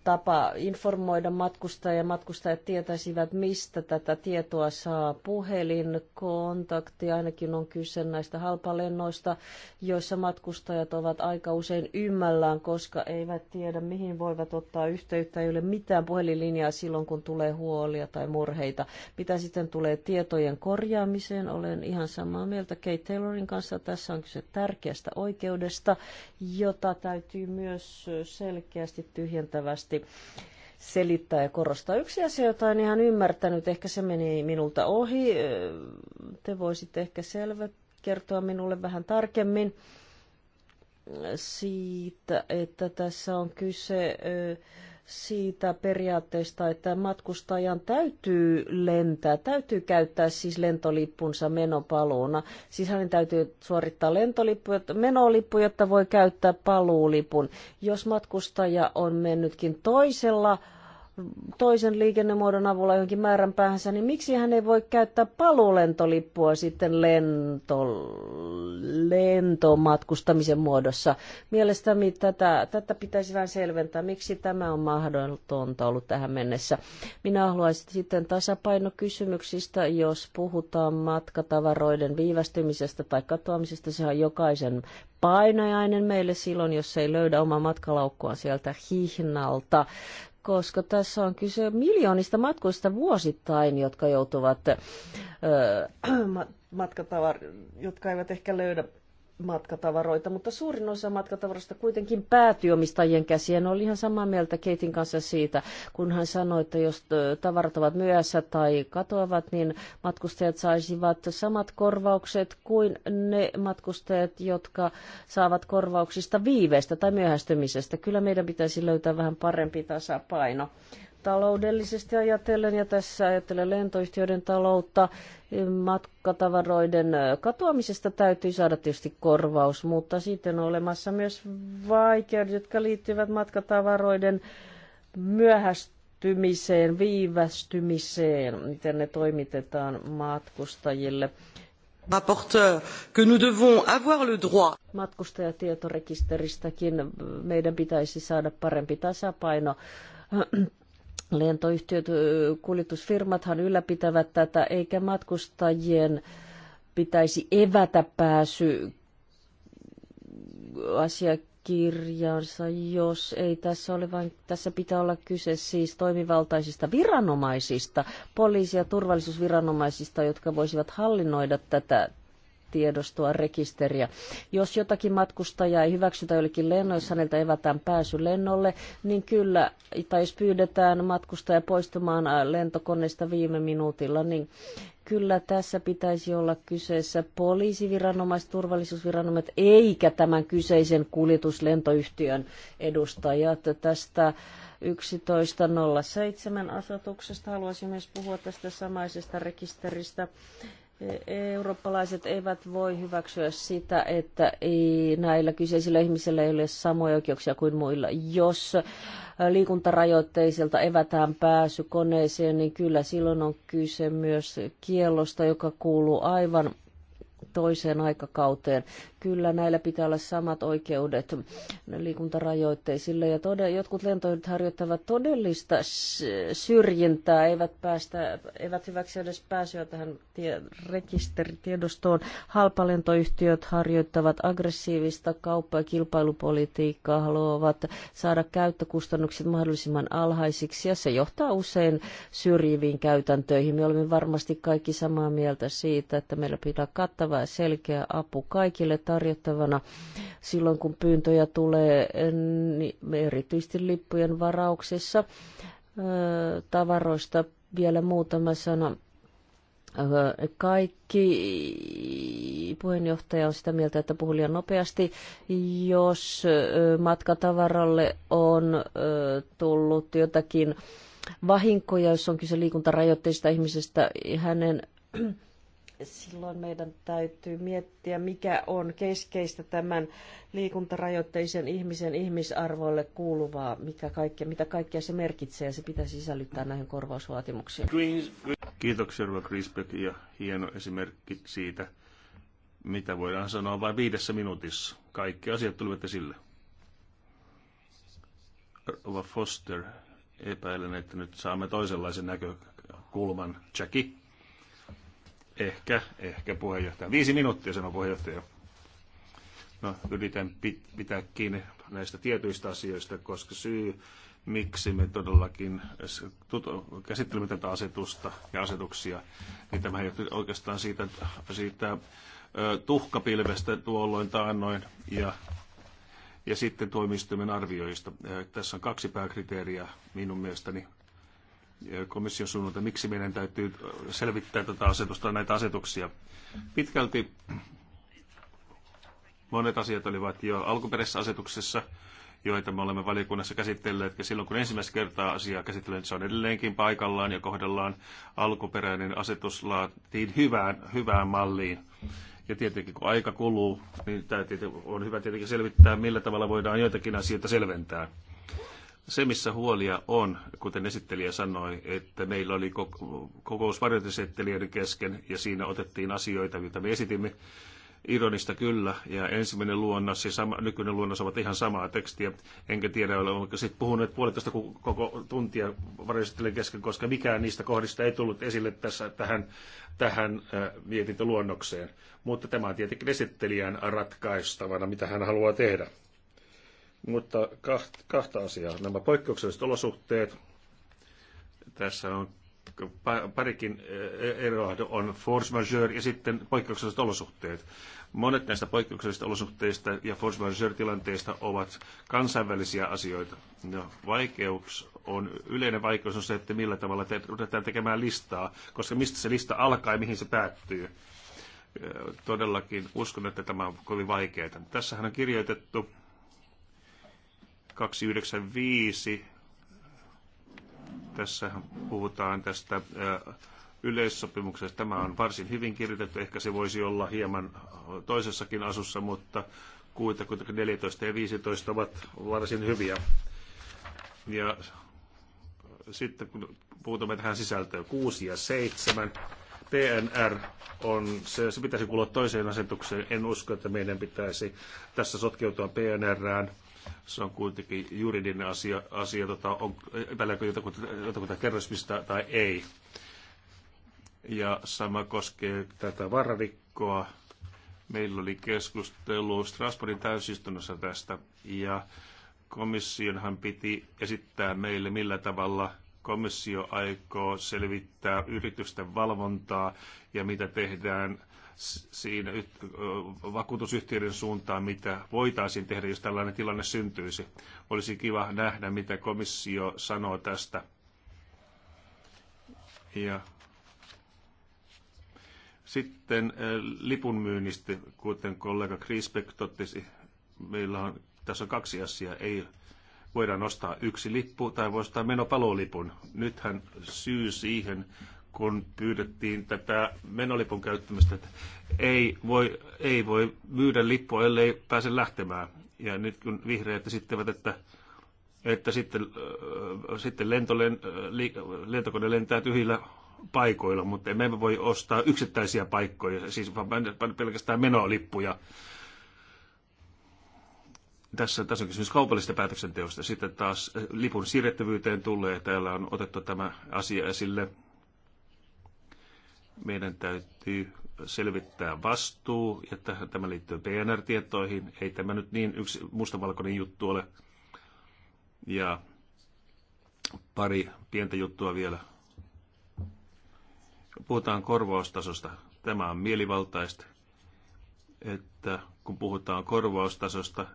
tapa informoida matkustajia. Matkustajat tietäisivät, mistä tätä tietoa saa. puhelin kontakti ainakin on kyse näistä halpalennoista, joissa matkustajat ovat aika usein ymmällään, koska eivät tiedä, mihin voivat ottaa yhteyttä. Ei ole mitään puhelinlinjaa silloin, kun tulee huolia tai murheita. Mitä sitten tulee tietojen korjaamiseen, olen ihan samaa mieltä Kate Taylorin kanssa. Tässä on kyse tärkeästä oikeudesta, jota täytyy myös selkeästi tyhjentävästi kovasti selittää ja korostaa. Yksi asia, jota en ihan ymmärtänyt, ehkä se meni minulta ohi. Te voisitte ehkä selvä kertoa minulle vähän tarkemmin siitä, että tässä on kyse siitä periaatteesta, että matkustajan täytyy lentää, täytyy käyttää siis lentolippunsa menopaluuna. Siis hänen täytyy suorittaa lentolippu, menolippu, jotta voi käyttää paluulipun. Jos matkustaja on mennytkin toisella toisen liikennemuodon avulla johonkin määränpäähänsä, niin miksi hän ei voi käyttää paluulentolippua sitten lento, lentomatkustamisen muodossa? Mielestäni tätä, tätä pitäisi vähän selventää, miksi tämä on mahdotonta ollut tähän mennessä. Minä haluaisin sitten tasapainokysymyksistä, jos puhutaan matkatavaroiden viivästymisestä tai katoamisesta, sehän on jokaisen painajainen meille silloin, jos ei löydä omaa matkalaukkua sieltä hihnalta koska tässä on kyse miljoonista matkoista vuosittain, jotka joutuvat, öö, matkatavar, jotka eivät ehkä löydä matkatavaroita, mutta suurin osa matkatavaroista kuitenkin päätyi omistajien käsiin. Olin ihan samaa mieltä Keitin kanssa siitä, kun hän sanoi, että jos tavarat ovat myöhässä tai katoavat, niin matkustajat saisivat samat korvaukset kuin ne matkustajat, jotka saavat korvauksista viiveestä tai myöhästymisestä. Kyllä meidän pitäisi löytää vähän parempi tasapaino taloudellisesti ajatellen, ja tässä ajatellen lentoyhtiöiden taloutta, matkatavaroiden katoamisesta täytyy saada tietysti korvaus, mutta sitten on olemassa myös vaikeudet, jotka liittyvät matkatavaroiden myöhästymiseen, viivästymiseen, miten ne toimitetaan matkustajille rapporteur que nous devons avoir le droit matkustajatietorekisteristäkin meidän pitäisi saada parempi tasapaino lentoyhtiöt, kuljetusfirmathan ylläpitävät tätä, eikä matkustajien pitäisi evätä pääsy asiakirjansa, jos ei tässä ole, vain tässä pitää olla kyse siis toimivaltaisista viranomaisista, poliisi- ja turvallisuusviranomaisista, jotka voisivat hallinnoida tätä tiedostoa, rekisteriä. Jos jotakin matkustajaa ei hyväksytä jollekin lennolle, jos häneltä evätään pääsy lennolle, niin kyllä, tai jos pyydetään matkustaja poistumaan äh, lentokoneesta viime minuutilla, niin kyllä tässä pitäisi olla kyseessä poliisiviranomaiset, turvallisuusviranomaiset, eikä tämän kyseisen kuljetuslentoyhtiön edustajat. Tästä 11.07 asetuksesta haluaisin myös puhua tästä samaisesta rekisteristä. E, eurooppalaiset eivät voi hyväksyä sitä, että ei, näillä kyseisillä ihmisillä ei ole samoja oikeuksia kuin muilla. Jos liikuntarajoitteisilta evätään pääsy koneeseen, niin kyllä silloin on kyse myös kiellosta, joka kuuluu aivan toiseen aikakauteen. Kyllä näillä pitää olla samat oikeudet liikuntarajoitteisille ja tode, jotkut lentoyhtiöt harjoittavat todellista syrjintää, eivät, päästä, eivät hyväksy edes pääsyä tähän tie, rekisteritiedostoon. Halpalentoyhtiöt harjoittavat aggressiivista kauppa- ja kilpailupolitiikkaa, haluavat saada käyttökustannukset mahdollisimman alhaisiksi ja se johtaa usein syrjiviin käytäntöihin. Me olemme varmasti kaikki samaa mieltä siitä, että meillä pitää kattava selkeä apu kaikille tarjottavana silloin, kun pyyntöjä tulee niin erityisesti lippujen varauksessa tavaroista. Vielä muutama sana kaikki puheenjohtaja on sitä mieltä, että puhuu liian nopeasti. Jos matkatavaralle on tullut jotakin vahinkoja, jos on kyse liikuntarajoitteista ihmisestä, hänen silloin meidän täytyy miettiä, mikä on keskeistä tämän liikuntarajoitteisen ihmisen ihmisarvoille kuuluvaa, mikä kaikkea, mitä kaikkea se merkitsee, ja se pitää sisällyttää näihin korvausvaatimuksiin. Kiitoksia, Rua Grisbeck, ja hieno esimerkki siitä, mitä voidaan sanoa vain viidessä minuutissa. Kaikki asiat tulivat esille. Rova Foster, epäilen, että nyt saamme toisenlaisen näkökulman. Jackie. Ehkä, ehkä puheenjohtaja. Viisi minuuttia, sanoo puheenjohtaja. No, yritän pitää kiinni näistä tietyistä asioista, koska syy, miksi me todellakin käsittelemme tätä asetusta ja asetuksia, niin tämä ei oikeastaan siitä, siitä tuhkapilvestä tuolloin taannoin ja, ja sitten tuomistuimen arvioista. Tässä on kaksi pääkriteeriä minun mielestäni komission suunnalta, miksi meidän täytyy selvittää tätä asetusta, näitä asetuksia. Pitkälti monet asiat olivat jo alkuperäisessä asetuksessa, joita me olemme valiokunnassa käsitelleet. Ja silloin kun ensimmäistä kertaa asiaa käsittelen, niin se on edelleenkin paikallaan ja kohdellaan alkuperäinen asetus laatiin hyvään, hyvään malliin. Ja tietenkin kun aika kuluu, niin tämä on hyvä tietenkin selvittää, millä tavalla voidaan joitakin asioita selventää se, missä huolia on, kuten esittelijä sanoi, että meillä oli kokous varjoitusesittelijöiden kesken ja siinä otettiin asioita, joita me esitimme. Ironista kyllä, ja ensimmäinen luonnos ja sama, nykyinen luonnos ovat ihan samaa tekstiä. Enkä tiedä, olenko sitten puhuneet puolitoista koko tuntia varjoittelijan kesken, koska mikään niistä kohdista ei tullut esille tässä, tähän, tähän äh, mietintöluonnokseen. Mutta tämä on tietenkin esittelijän ratkaistavana, mitä hän haluaa tehdä. Mutta kahta asiaa. Nämä poikkeukselliset olosuhteet. Tässä on parikin e-, e-, eroa on force majeure ja sitten poikkeukselliset olosuhteet. Monet näistä poikkeuksellisista olosuhteista ja force majeure-tilanteista ovat kansainvälisiä asioita. No, vaikeus on, yleinen vaikeus on se, että millä tavalla te ruvetaan tekemään listaa, koska mistä se lista alkaa ja mihin se päättyy. E, todellakin uskon, että tämä on kovin vaikeaa. Tässähän on kirjoitettu 295. Tässähän puhutaan tästä yleissopimuksesta. Tämä on varsin hyvin kirjoitettu. Ehkä se voisi olla hieman toisessakin asussa, mutta kuitenkin 14 ja 15 ovat varsin hyviä. Ja sitten kun puhutaan tähän sisältöön 6 ja 7, PNR on, se, se pitäisi kuulla toiseen asetukseen. En usko, että meidän pitäisi tässä sotkeutua PNRään. Se on kuitenkin juridinen asia, asia tota, on, epäilääkö jotakuta, jotakuta terrorismista tai ei. Ja sama koskee tätä vararikkoa. Meillä oli keskustelu Strasbourgin täysistunnossa tästä ja komissionhan piti esittää meille, millä tavalla komissio aikoo selvittää yritysten valvontaa ja mitä tehdään siinä vakuutusyhtiöiden suuntaan, mitä voitaisiin tehdä, jos tällainen tilanne syntyisi. Olisi kiva nähdä, mitä komissio sanoo tästä. Ja sitten lipunmyynnistä, kuten kollega Kriisbeck totesi, meillä on, tässä on kaksi asiaa. Ei, voidaan ostaa yksi lippu tai voi ostaa menopalolipun. Nythän syy siihen kun pyydettiin tätä menolipun käyttämistä, että ei voi, ei voi myydä lippua, ellei pääse lähtemään. Ja nyt kun vihreät esittävät, että, että sitten, äh, sitten lentolen, äh, lentokone lentää tyhjillä paikoilla, mutta emme voi ostaa yksittäisiä paikkoja, siis vaan pelkästään menolippuja. Tässä, tässä on kysymys kaupallisesta päätöksenteosta. Sitten taas äh, lipun siirrettävyyteen tulee. Täällä on otettu tämä asia esille meidän täytyy selvittää vastuu, ja tämä liittyy PNR-tietoihin. Ei tämä nyt niin yksi mustavalkoinen juttu ole. Ja pari pientä juttua vielä. Puhutaan korvaustasosta. Tämä on mielivaltaista, että kun puhutaan korvaustasosta,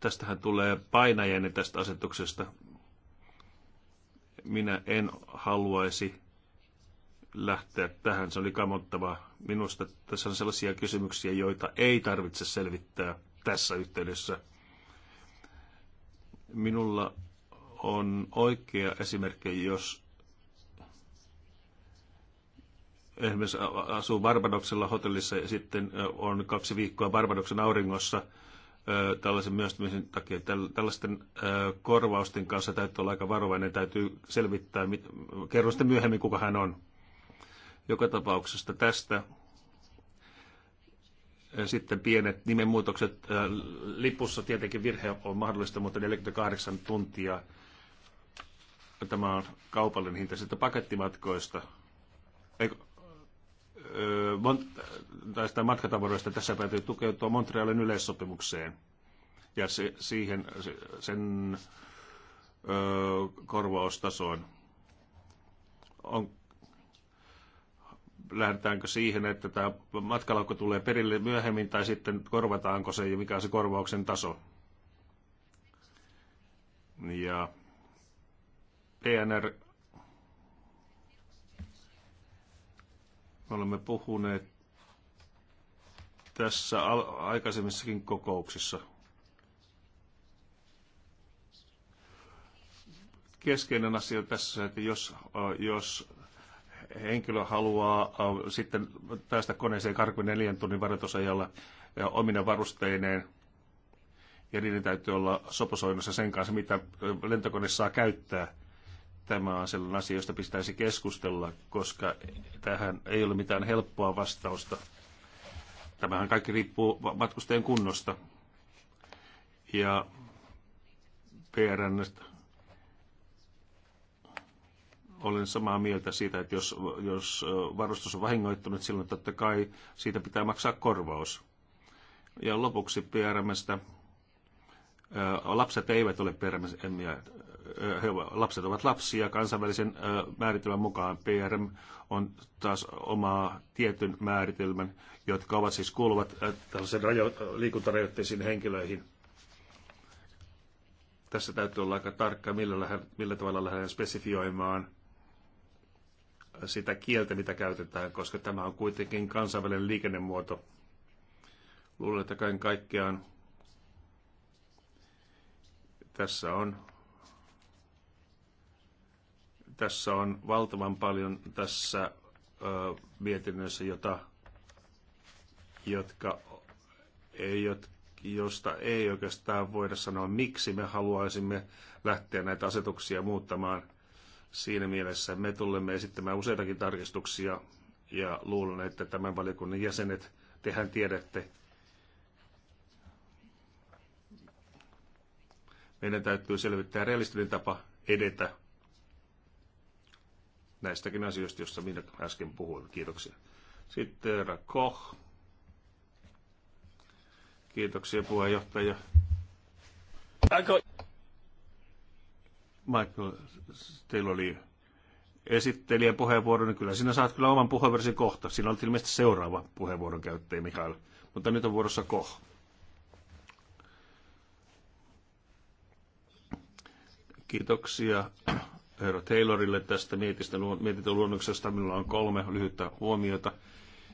tästähän tulee painajainen tästä asetuksesta. Minä en haluaisi lähteä tähän. Se oli kamottava. Minusta tässä on sellaisia kysymyksiä, joita ei tarvitse selvittää tässä yhteydessä. Minulla on oikea esimerkki, jos esimerkiksi asuu Barbadoksella hotellissa ja sitten on kaksi viikkoa Barbadoksen auringossa tällaisen myöstymisen takia. Tällaisten korvausten kanssa täytyy olla aika varovainen, täytyy selvittää, kerro sitten myöhemmin kuka hän on. Joka tapauksessa tästä sitten pienet nimenmuutokset. Lipussa tietenkin virhe on mahdollista, mutta 48 tuntia. Tämä on kaupallinen hinta. Sitten pakettimatkoista. Eikö, tästä matkatavaroista tässä päätyy tukeutua Montrealin yleissopimukseen ja se, siihen, se, sen ö, korvaustasoon. On lähdetäänkö siihen, että tämä matkalaukko tulee perille myöhemmin tai sitten korvataanko se ja mikä on se korvauksen taso. Ja PNR, me olemme puhuneet tässä aikaisemmissakin kokouksissa. Keskeinen asia tässä, että jos, äh, jos henkilö haluaa äh, sitten päästä koneeseen 24 tunnin varoitusajalla ja äh, omina varusteineen, ja niiden täytyy olla soposoinnossa sen kanssa, mitä äh, lentokone saa käyttää. Tämä on sellainen asia, josta pitäisi keskustella, koska tähän ei ole mitään helppoa vastausta. Tämähän kaikki riippuu matkustajien kunnosta ja PRN olen samaa mieltä siitä, että jos, jos varustus on vahingoittunut, silloin totta kai siitä pitää maksaa korvaus. Ja lopuksi PRMstä. Lapset eivät ole PRMiä. Lapset ovat lapsia. Kansainvälisen määritelmän mukaan PRM on taas omaa tietyn määritelmän, jotka ovat siis kuuluvat tällaisen rajo- liikuntarajoitteisiin henkilöihin tässä täytyy olla aika tarkka, millä, lähe, millä tavalla lähdetään spesifioimaan sitä kieltä, mitä käytetään, koska tämä on kuitenkin kansainvälinen liikennemuoto. Luulen, että kaiken kaikkiaan tässä on, tässä on valtavan paljon tässä ö, mietinnössä, jota, jotka, jot, josta ei oikeastaan voida sanoa, miksi me haluaisimme lähteä näitä asetuksia muuttamaan – Siinä mielessä me tulemme esittämään useitakin tarkistuksia ja luulen, että tämän valiokunnan jäsenet, tehän tiedätte, meidän täytyy selvittää realistinen tapa edetä näistäkin asioista, joista minä äsken puhuin. Kiitoksia. Sitten herra Koch. Kiitoksia puheenjohtaja. Michael, teillä oli esittelijän puheenvuoro, niin kyllä sinä saat kyllä oman puheenvuorosi kohta. Sinä olet ilmeisesti seuraava puheenvuoron käyttäjä, Mikael. Mutta nyt on vuorossa Koh. Kiitoksia herra Taylorille tästä mietintöluonnoksesta. Minulla on kolme lyhyttä huomiota.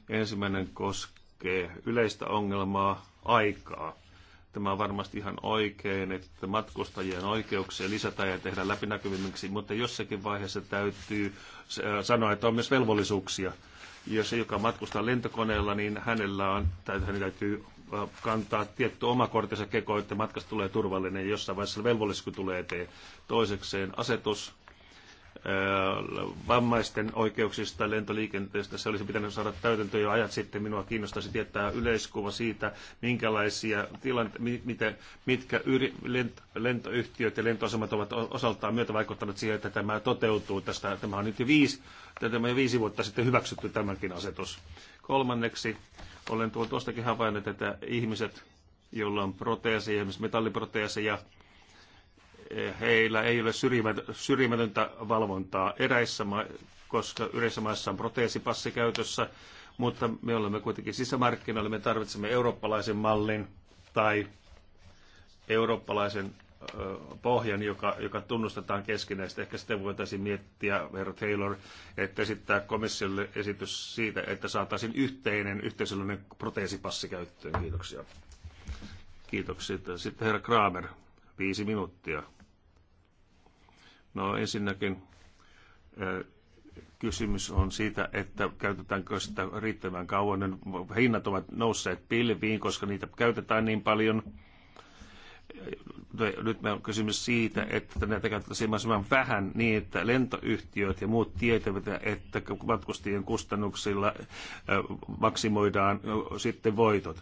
Ensimmäinen koskee yleistä ongelmaa, aikaa. Tämä on varmasti ihan oikein, että matkustajien oikeuksia lisätään ja tehdään läpinäkyvimmiksi, mutta jossakin vaiheessa täytyy äh, sanoa, että on myös velvollisuuksia. Jos se, joka matkustaa lentokoneella, niin hänellä on, tai hän täytyy äh, kantaa tietty oma kortinsa kekoon, että matkasta tulee turvallinen jossain vaiheessa velvollisuus tulee eteen. Toisekseen asetus vammaisten oikeuksista lentoliikenteestä. Se olisi pitänyt saada täytäntöön jo ajat sitten. Minua kiinnostaisi tietää yleiskuva siitä, minkälaisia tilanteita, mitkä yri, lent, lentoyhtiöt ja lentoasemat ovat osaltaan myötä vaikuttaneet siihen, että tämä toteutuu. Tästä, tämä on nyt jo viisi, tämä jo viisi vuotta sitten hyväksytty tämänkin asetus. Kolmanneksi olen tuostakin havainnut, että ihmiset, joilla on proteeseja, esimerkiksi metalliproteeseja, heillä ei ole syrjimätöntä valvontaa eräissä, koska yleisissä maissa on proteesipassi käytössä, mutta me olemme kuitenkin sisämarkkinoilla, me tarvitsemme eurooppalaisen mallin tai eurooppalaisen pohjan, joka, joka tunnustetaan keskinäistä. Ehkä sitten voitaisiin miettiä, herra Taylor, että esittää komissiolle esitys siitä, että saataisiin yhteinen yhteisöllinen proteesipassi käyttöön. Kiitoksia. Kiitoksia. Sitten herra Kramer, viisi minuuttia. No ensinnäkin kysymys on siitä, että käytetäänkö sitä riittävän kauan. Hinnat ovat nousseet pilviin, koska niitä käytetään niin paljon. Nyt me on kysymys siitä, että näitä käytetään mahdollisimman vähän niin, että lentoyhtiöt ja muut tietävät, että matkustajien kustannuksilla maksimoidaan sitten voitot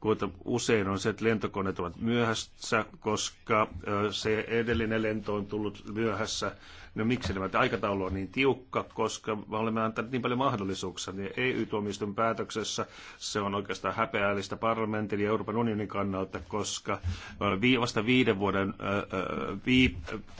kuten usein on se, että lentokoneet ovat myöhässä, koska se edellinen lento on tullut myöhässä No miksi nämä aikataulu on niin tiukka, koska me olemme antaneet niin paljon mahdollisuuksia. Niin EU-tuomioistuin päätöksessä se on oikeastaan häpeällistä parlamentin ja Euroopan unionin kannalta, koska vasta viiden vuoden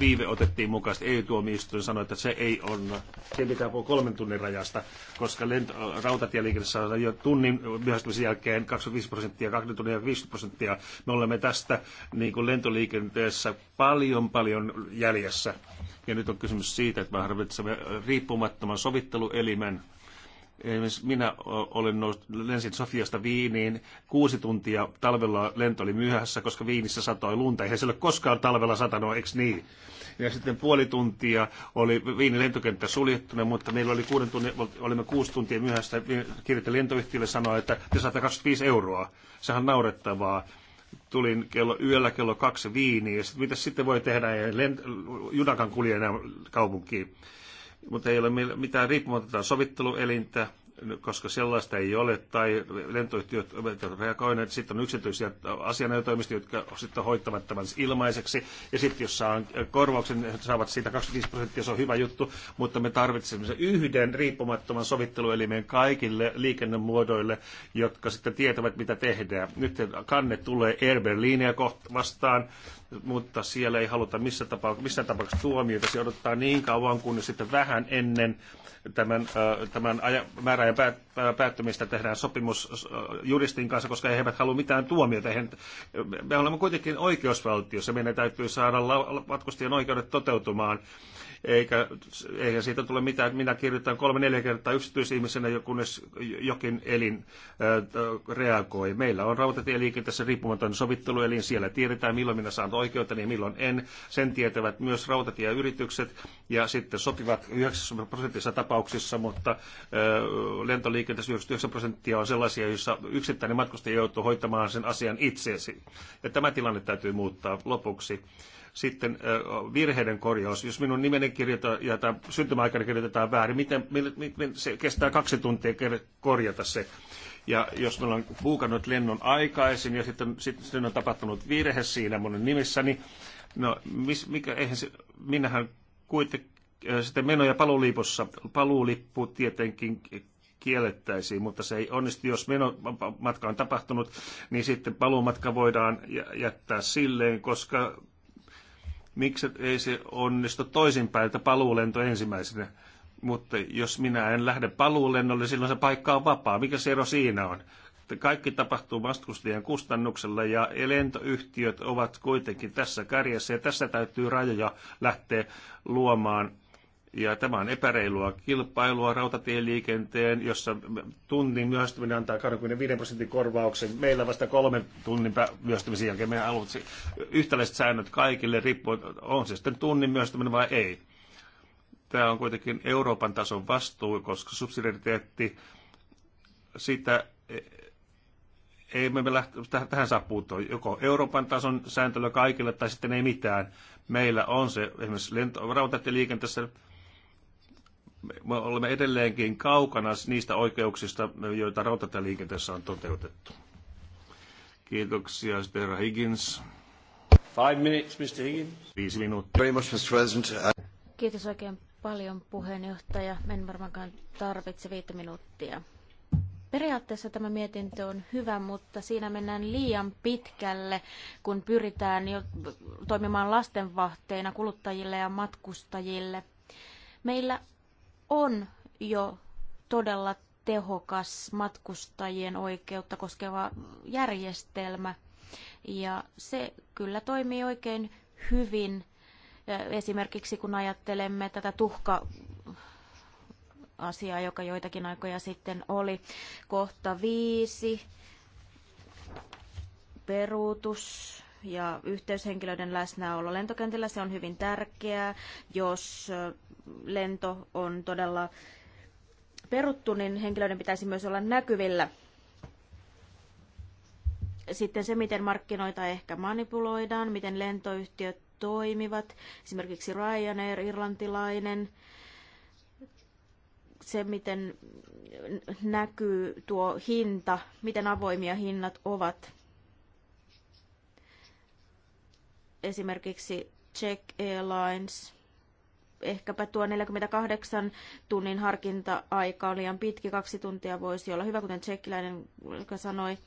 viive otettiin mukaan. EU-tuomioistuin sanoi, että se ei ole sen pitää puhua kolmen tunnin rajasta, koska lent- rautatieliikenne saa jo tunnin myöhästymisen jälkeen 25 prosenttia, 20 tunnin 50 prosenttia. Me olemme tästä niin kuin lentoliikenteessä paljon paljon jäljessä ja nyt on kysymys siitä, että me tarvitsemme riippumattoman sovitteluelimen. Esimerkiksi minä olen nous, lensin Sofiasta Viiniin kuusi tuntia talvella lento oli myöhässä, koska Viinissä satoi lunta. Eihän siellä koskaan talvella satanut, eikö niin? Ja sitten puoli tuntia oli Viinin lentokenttä suljettuna, mutta meillä oli kuuden tunnin, olimme kuusi tuntia myöhässä. kirjoitti lentoyhtiölle sanoa, että te saatte 25 euroa. Sehän on naurettavaa tulin kello, yöllä kello kaksi viiniä. ja sit, mitä sitten voi tehdä, ja lent- junakan kulje enää kaupunkiin. Mutta ei ole mitään riippumatonta sovitteluelintä, koska sellaista ei ole, tai lentoyhtiöt reagoineet, sitten on yksityisiä asianajotoimistoja, jotka sitten hoittavat tämän ilmaiseksi, ja sitten jos saa korvauksen, saavat siitä 25 prosenttia, se on hyvä juttu, mutta me tarvitsemme yhden riippumattoman sovitteluelimen kaikille liikennemuodoille, jotka sitten tietävät, mitä tehdään. Nyt kanne tulee Air Berlinia vastaan, mutta siellä ei haluta missä tapauksessa, missään tapauksessa tuomioita. Se odottaa niin kauan, kuin sitten vähän ennen tämän, tämän aja, määräajan päät, päättymistä tehdään sopimus juristin kanssa, koska he eivät halua mitään tuomiota. He, me olemme kuitenkin oikeusvaltiossa, meidän täytyy saada matkustajien oikeudet toteutumaan. Eikä, eihän siitä tule mitään. Minä kirjoitan kolme-neljä kertaa yksityisihmisenä, kunnes jokin elin äh, reagoi. Meillä on rautatieliikenteessä riippumaton sovitteluelin. Siellä tiedetään, milloin minä saan oikeutta ja niin milloin en. Sen tietävät myös rautatieyritykset ja sitten sopivat 90 prosentissa tapauksessa tapauksissa, mutta lentoliikenteessä 99 prosenttia on sellaisia, joissa yksittäinen matkustaja joutuu hoitamaan sen asian itseesi. Ja tämä tilanne täytyy muuttaa lopuksi sitten virheiden korjaus. Jos minun nimeni kirjoitetaan ja tämä syntymäaikana kirjoitetaan väärin, miten, miten se kestää kaksi tuntia korjata se? Ja jos minulla on puukannut lennon aikaisin ja sitten, sitten on tapahtunut virhe siinä monen nimissäni, niin no mis, mikä, eihän se, minähän kuitenkin sitten meno- ja paluuliipussa Paluulippu tietenkin kiellettäisiin, mutta se ei onnistu. Jos menomatka on tapahtunut, niin sitten paluumatka voidaan jättää silleen, koska miksi ei se onnistu toisinpäin, että paluulento ensimmäisenä. Mutta jos minä en lähde paluulennolle, silloin se paikka on vapaa. Mikä se ero siinä on? Kaikki tapahtuu vastustajan kustannuksella ja lentoyhtiöt ovat kuitenkin tässä kärjessä ja tässä täytyy rajoja lähteä luomaan ja tämä on epäreilua kilpailua rautatieliikenteen, jossa tunnin myöhästyminen antaa 25 prosentin korvauksen. Meillä vasta kolmen tunnin myöhästymisen jälkeen me haluamme yhtäläiset säännöt kaikille, riippuen on se sitten tunnin myöhästyminen vai ei. Tämä on kuitenkin Euroopan tason vastuu, koska subsidiariteetti sitä e- ei me lähteä, tähän saa puuttua. Joko Euroopan tason sääntelyä kaikille tai sitten ei mitään. Meillä on se esimerkiksi lento- rautatieliikenteessä me olemme edelleenkin kaukana niistä oikeuksista, joita rautatieliikenteessä on toteutettu. Kiitoksia, herra Higgins. Five minutes, Mr. Higgins. Viisi minuuttia. Very much, Mr. President. Uh, Kiitos oikein paljon puheenjohtaja. En varmaankaan tarvitse viittä minuuttia. Periaatteessa tämä mietintö on hyvä, mutta siinä mennään liian pitkälle, kun pyritään jo toimimaan lastenvahteina kuluttajille ja matkustajille. Meillä on jo todella tehokas matkustajien oikeutta koskeva järjestelmä. Ja se kyllä toimii oikein hyvin. Esimerkiksi kun ajattelemme tätä tuhka asiaa, joka joitakin aikoja sitten oli. Kohta viisi, peruutus ja yhteyshenkilöiden läsnäolo lentokentillä, se on hyvin tärkeää. Jos lento on todella peruttu, niin henkilöiden pitäisi myös olla näkyvillä. Sitten se, miten markkinoita ehkä manipuloidaan, miten lentoyhtiöt toimivat, esimerkiksi Ryanair, irlantilainen, se, miten näkyy tuo hinta, miten avoimia hinnat ovat. Esimerkiksi Czech Airlines ehkäpä tuo 48 tunnin harkinta-aika on liian pitki, kaksi tuntia voisi olla hyvä, kuten tsekkiläinen joka sanoi.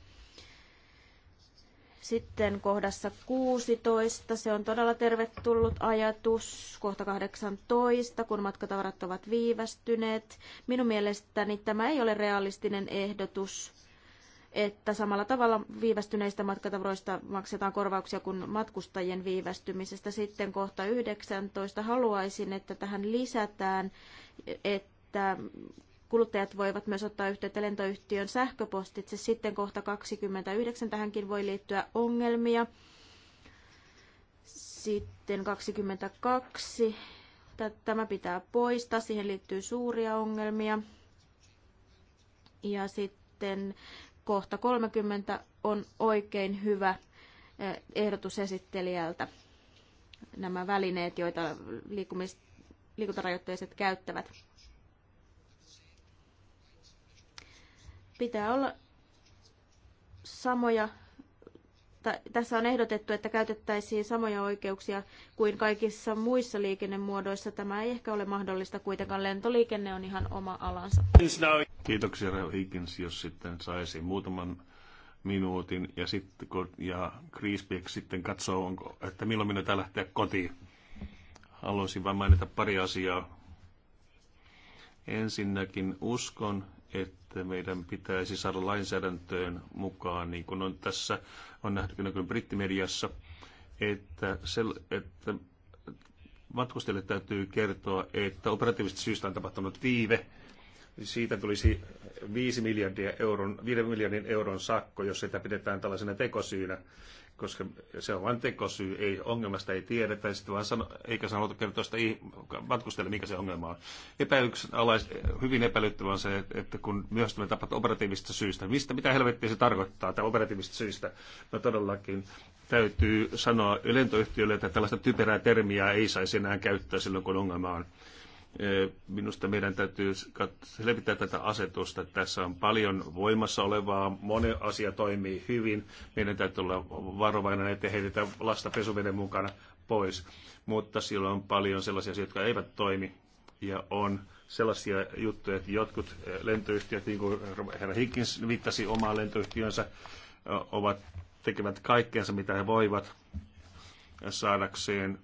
Sitten kohdassa 16, se on todella tervetullut ajatus. Kohta 18, kun matkatavarat ovat viivästyneet. Minun mielestäni tämä ei ole realistinen ehdotus että samalla tavalla viivästyneistä matkatavaroista maksetaan korvauksia kuin matkustajien viivästymisestä. Sitten kohta 19 haluaisin, että tähän lisätään, että kuluttajat voivat myös ottaa yhteyttä lentoyhtiön sähköpostitse. Sitten kohta 29 tähänkin voi liittyä ongelmia. Sitten 22. Tämä pitää poistaa, siihen liittyy suuria ongelmia. Ja sitten kohta 30 on oikein hyvä eh, ehdotus esittelijältä. Nämä välineet, joita liikumis, liikuntarajoitteiset käyttävät. Pitää olla samoja tässä on ehdotettu, että käytettäisiin samoja oikeuksia kuin kaikissa muissa liikennemuodoissa. Tämä ei ehkä ole mahdollista, kuitenkaan lentoliikenne on ihan oma alansa. Kiitoksia Reo Higgins, jos sitten saisi muutaman minuutin ja sitten ja Kriisbeck sitten katsoo, onko, että milloin minä tää lähteä kotiin. Haluaisin vain mainita pari asiaa. Ensinnäkin uskon, että meidän pitäisi saada lainsäädäntöön mukaan, niin kuin on tässä on nähty näkyy brittimediassa, että, se, että matkustajille täytyy kertoa, että operatiivisesti syystä on tapahtunut viive. Siitä tulisi 5 miljardia euron, 5 miljardin euron sakko, jos sitä pidetään tällaisena tekosyynä koska se on vain tekosyy, ei, ongelmasta ei tiedetä, ja sitten vaan sano, eikä sanota kertoa sitä matkustajalle, mikä se ongelma on. Epäilyksen alais, hyvin epäilyttävä on se, että kun tulee tapat operatiivista syistä, mistä, mitä helvettiä se tarkoittaa, tämä operatiivista syistä, no todellakin täytyy sanoa lentoyhtiölle, että tällaista typerää termiä ei saisi enää käyttää silloin, kun ongelma on. Minusta meidän täytyy selvittää tätä asetusta. Tässä on paljon voimassa olevaa, moni asia toimii hyvin. Meidän täytyy olla varovainen, ettei heitetään lasta pesuveden mukana pois. Mutta siellä on paljon sellaisia asioita, jotka eivät toimi ja on sellaisia juttuja, että jotkut eh, lentoyhtiöt, niin kuin herra Higgins viittasi omaan lentoyhtiönsä, eh, ovat tekevät kaikkeensa, mitä he voivat eh, saadakseen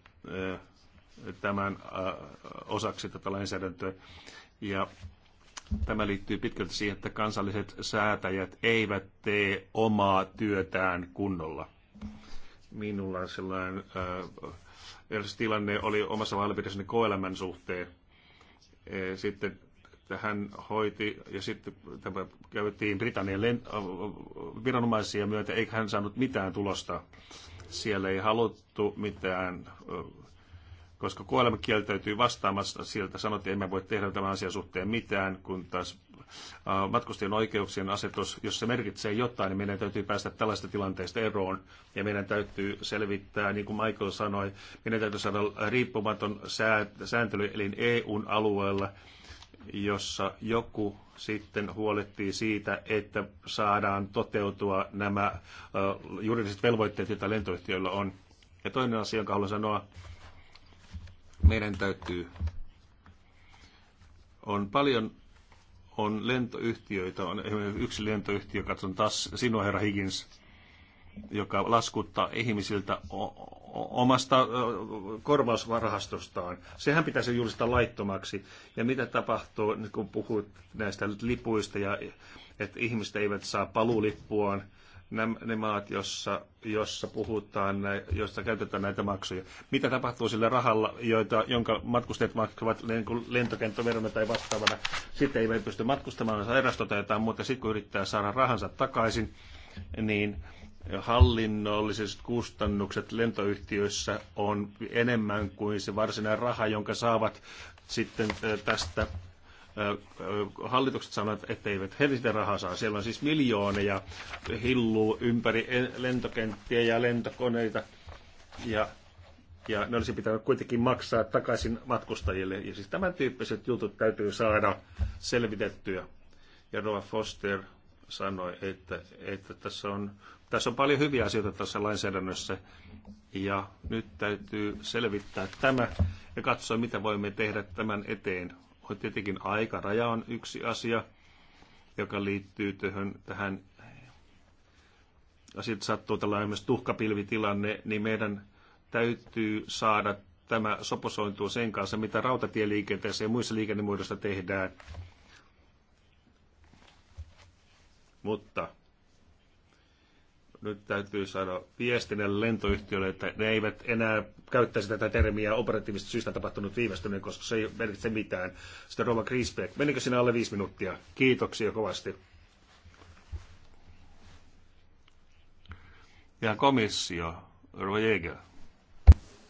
tämän äh, osaksi tätä lainsäädäntöä. Ja tämä liittyy pitkälti siihen, että kansalliset säätäjät eivät tee omaa työtään kunnolla. Minulla sellainen äh, tilanne oli omassa vaalipiirissäni koelämän suhteen. E, sitten hän hoiti ja sitten tämä käytiin Britannian len- äh, viranomaisia myötä, eikä hän saanut mitään tulosta. Siellä ei haluttu mitään koska kuolema kieltäytyy vastaamasta siltä, sanottiin, että emme voi tehdä tämän asian suhteen mitään, kun taas matkustajien oikeuksien asetus, jos se merkitsee jotain, niin meidän täytyy päästä tällaista tilanteesta eroon. Ja meidän täytyy selvittää, niin kuin Michael sanoi, meidän täytyy saada riippumaton sääntely, eli EUn alueella, jossa joku sitten huolehtii siitä, että saadaan toteutua nämä juridiset velvoitteet, joita lentoyhtiöillä on. Ja toinen asia, jonka haluan sanoa, meidän täytyy, on paljon on lentoyhtiöitä, on yksi lentoyhtiö, katson taas sinua herra Higgins, joka laskuttaa ihmisiltä omasta korvausvarastostaan. Sehän pitäisi julistaa laittomaksi. Ja mitä tapahtuu, kun puhut näistä lipuista ja että ihmiset eivät saa paluulippuaan, nämä, ne maat, jossa, jossa puhutaan, josta käytetään näitä maksuja. Mitä tapahtuu sillä rahalla, joita, jonka matkustajat maksavat lentokenttoverona tai vastaavana? Sitten ei pysty matkustamaan, jos tai jotain muuta. Sitten kun yrittää saada rahansa takaisin, niin hallinnolliset kustannukset lentoyhtiöissä on enemmän kuin se varsinainen raha, jonka saavat sitten tästä hallitukset sanovat, että eivät he sitä rahaa saa. Siellä on siis miljooneja hilluu ympäri e, lentokenttiä ja lentokoneita. Ja, ja ne olisi pitänyt kuitenkin maksaa takaisin matkustajille. Ja siis tämän tyyppiset jutut täytyy saada selvitettyä. Ja Roa Foster sanoi, että, että tässä, on, tässä on paljon hyviä asioita tässä lainsäädännössä. Ja nyt täytyy selvittää tämä ja katsoa, mitä voimme tehdä tämän eteen on Tietenkin aikaraja on yksi asia, joka liittyy tähän, tähän sitten sattuu tällainen myös tuhkapilvitilanne, niin meidän täytyy saada tämä soposointua sen kanssa, mitä rautatieliikenteessä ja muissa liikennemuodoissa tehdään. Mutta nyt täytyy saada viestinen lentoyhtiölle, että ne eivät enää käyttäisi tätä termiä operatiivisesta syystä tapahtunut viivästyminen, koska se ei merkitse mitään. Sitten Roma Griesbeck. Menikö sinä alle viisi minuuttia? Kiitoksia kovasti. Ja komissio, Roger.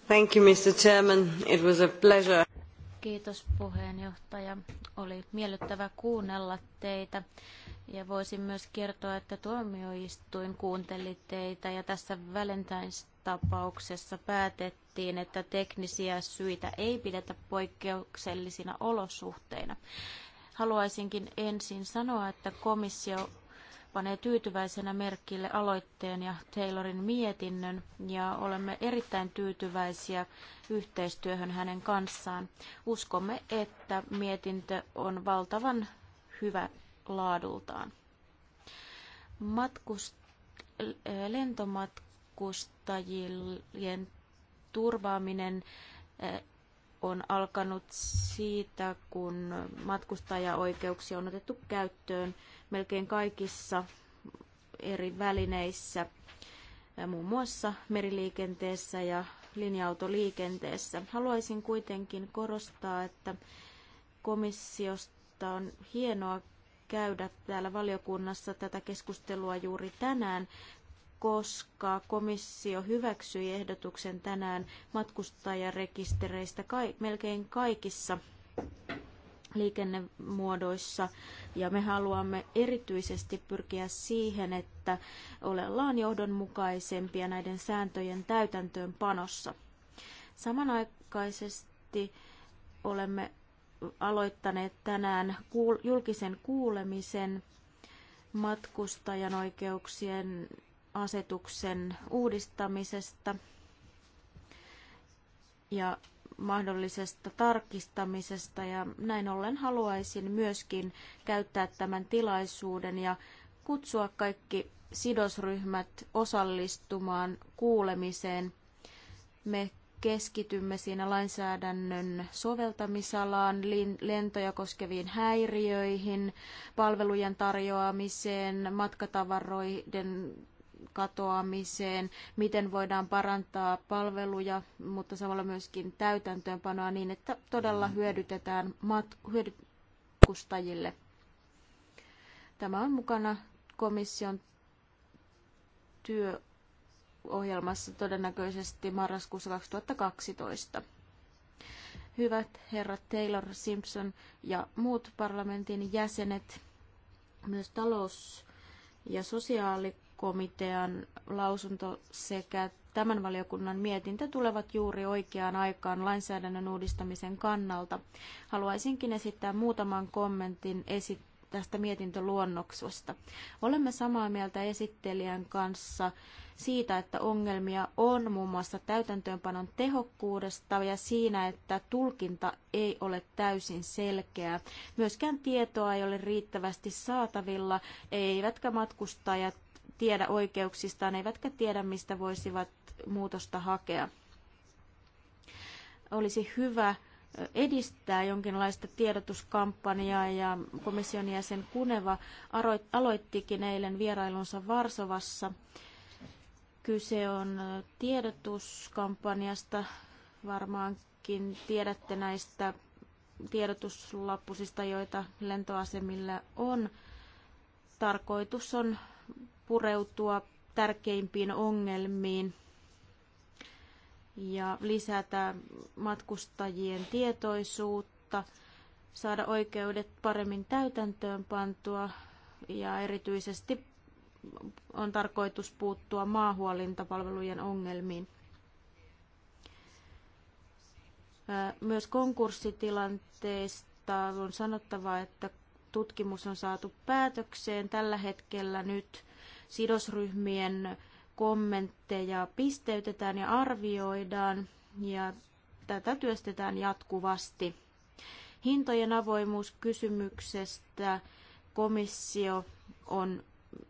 Thank you, Mr. Chairman. It was a pleasure. Kiitos puheenjohtaja. Oli miellyttävä kuunnella teitä. Ja voisin myös kertoa, että tuomioistuin kuunteli teitä ja tässä Valentine's-tapauksessa päätettiin, että teknisiä syitä ei pidetä poikkeuksellisina olosuhteina. Haluaisinkin ensin sanoa, että komissio panee tyytyväisenä merkille aloitteen ja Taylorin mietinnön ja olemme erittäin tyytyväisiä yhteistyöhön hänen kanssaan. Uskomme, että mietintö on valtavan hyvä laadultaan. Matkust- lentomatkustajien turvaaminen eh, on alkanut siitä, kun matkustajaoikeuksia on otettu käyttöön melkein kaikissa eri välineissä, muun muassa meriliikenteessä ja linja-autoliikenteessä. Haluaisin kuitenkin korostaa, että komissiosta on hienoa käydä täällä valiokunnassa tätä keskustelua juuri tänään, koska komissio hyväksyi ehdotuksen tänään matkustajarekistereistä melkein kaikissa liikennemuodoissa ja me haluamme erityisesti pyrkiä siihen, että ollaan johdonmukaisempia näiden sääntöjen täytäntöönpanossa. Samanaikaisesti olemme aloittaneet tänään julkisen kuulemisen matkustajan oikeuksien asetuksen uudistamisesta ja mahdollisesta tarkistamisesta ja näin ollen haluaisin myöskin käyttää tämän tilaisuuden ja kutsua kaikki sidosryhmät osallistumaan kuulemiseen. Me keskitymme siinä lainsäädännön soveltamisalaan, lentoja koskeviin häiriöihin, palvelujen tarjoamiseen, matkatavaroiden katoamiseen, miten voidaan parantaa palveluja, mutta samalla myöskin täytäntöönpanoa niin, että todella hyödytetään mat- hyödykustajille. Tämä on mukana komission työohjelmassa todennäköisesti marraskuussa 2012. Hyvät herrat Taylor Simpson ja muut parlamentin jäsenet, myös talous- ja sosiaali komitean lausunto sekä tämän valiokunnan mietintö tulevat juuri oikeaan aikaan lainsäädännön uudistamisen kannalta. Haluaisinkin esittää muutaman kommentin esi- tästä mietintöluonnoksesta. Olemme samaa mieltä esittelijän kanssa siitä, että ongelmia on muun muassa täytäntöönpanon tehokkuudesta ja siinä, että tulkinta ei ole täysin selkeää. Myöskään tietoa ei ole riittävästi saatavilla, eivätkä matkustajat tiedä oikeuksistaan, eivätkä tiedä, mistä voisivat muutosta hakea. Olisi hyvä edistää jonkinlaista tiedotuskampanjaa ja komission jäsen Kuneva aloittikin eilen vierailunsa Varsovassa. Kyse on tiedotuskampanjasta. Varmaankin tiedätte näistä tiedotuslappusista, joita lentoasemilla on. Tarkoitus on pureutua tärkeimpiin ongelmiin ja lisätä matkustajien tietoisuutta, saada oikeudet paremmin täytäntöön pantua ja erityisesti on tarkoitus puuttua maahuolintapalvelujen ongelmiin. Myös konkurssitilanteista on sanottava, että tutkimus on saatu päätökseen tällä hetkellä nyt sidosryhmien kommentteja pisteytetään ja arvioidaan ja tätä työstetään jatkuvasti. Hintojen avoimuuskysymyksestä komissio on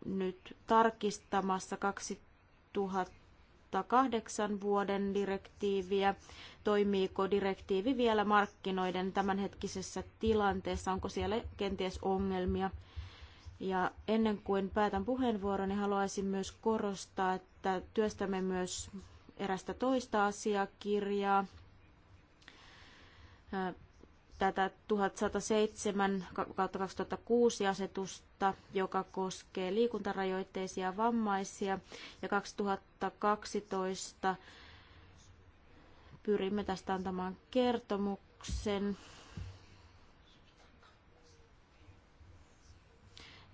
nyt tarkistamassa 2008 vuoden direktiiviä. Toimiiko direktiivi vielä markkinoiden tämänhetkisessä tilanteessa? Onko siellä kenties ongelmia? Ja ennen kuin päätän puheenvuoroni, niin haluaisin myös korostaa, että työstämme myös erästä toista asiakirjaa, tätä 1107-2006 asetusta, joka koskee liikuntarajoitteisia vammaisia, ja 2012 pyrimme tästä antamaan kertomuksen.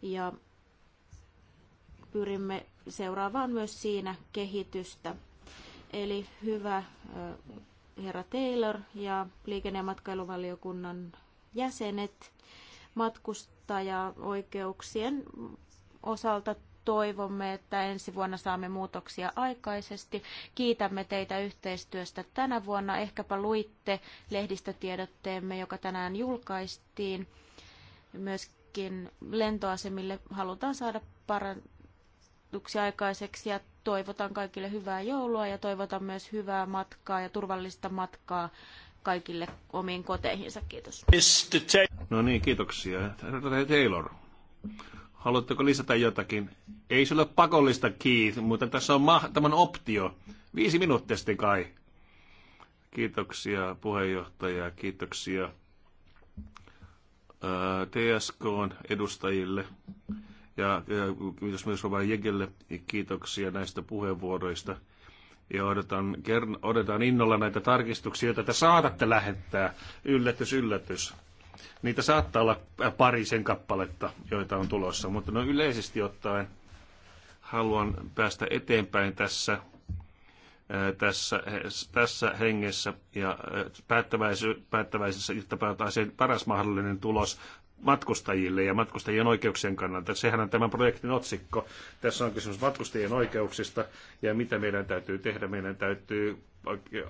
ja pyrimme seuraavaan myös siinä kehitystä. Eli hyvä herra Taylor ja liikenne- ja matkailuvaliokunnan jäsenet matkustajaoikeuksien osalta toivomme, että ensi vuonna saamme muutoksia aikaisesti. Kiitämme teitä yhteistyöstä tänä vuonna. Ehkäpä luitte lehdistötiedotteemme, joka tänään julkaistiin. Myös Turkin lentoasemille halutaan saada parannuksia aikaiseksi ja toivotan kaikille hyvää joulua ja toivotan myös hyvää matkaa ja turvallista matkaa kaikille omiin koteihinsa. Kiitos. No niin, kiitoksia. Taylor, haluatteko lisätä jotakin? Ei se ole pakollista, Keith, mutta tässä on ma- tämän optio. Viisi minuuttia sitten kai. Kiitoksia puheenjohtaja, kiitoksia TSKn edustajille ja kiitos myös Rova Jegelle kiitoksia näistä puheenvuoroista. Ja odotan, odotan innolla näitä tarkistuksia, joita te saatatte lähettää. Yllätys, yllätys. Niitä saattaa olla parisen kappaletta, joita on tulossa, mutta no yleisesti ottaen haluan päästä eteenpäin tässä tässä, tässä hengessä ja päättäväisy, päättäväisessä, jotta päätäisiin paras mahdollinen tulos matkustajille ja matkustajien oikeuksien kannalta. Sehän on tämän projektin otsikko. Tässä on kysymys matkustajien oikeuksista ja mitä meidän täytyy tehdä. Meidän täytyy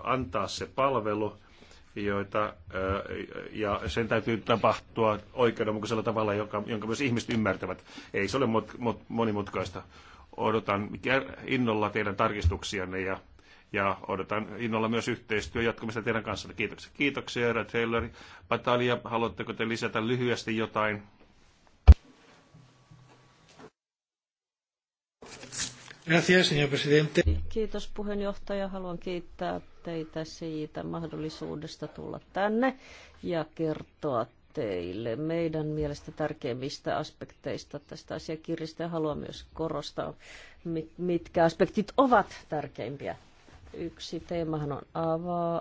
antaa se palvelu, joita, ja sen täytyy tapahtua oikeudenmukaisella tavalla, jonka, jonka myös ihmiset ymmärtävät. Ei se ole monimutkaista. Odotan innolla teidän tarkistuksianne ja ja odotan innolla myös yhteistyön jatkumista teidän kanssa. Kiitoksia. Kiitoksia, herra Taylor. Patalia, haluatteko te lisätä lyhyesti jotain? Gracias, señor presidente. Kiitos puheenjohtaja. Haluan kiittää teitä siitä mahdollisuudesta tulla tänne ja kertoa teille meidän mielestä tärkeimmistä aspekteista tästä asiakirjasta. Haluan myös korostaa, mitkä aspektit ovat tärkeimpiä Yksi teemahan on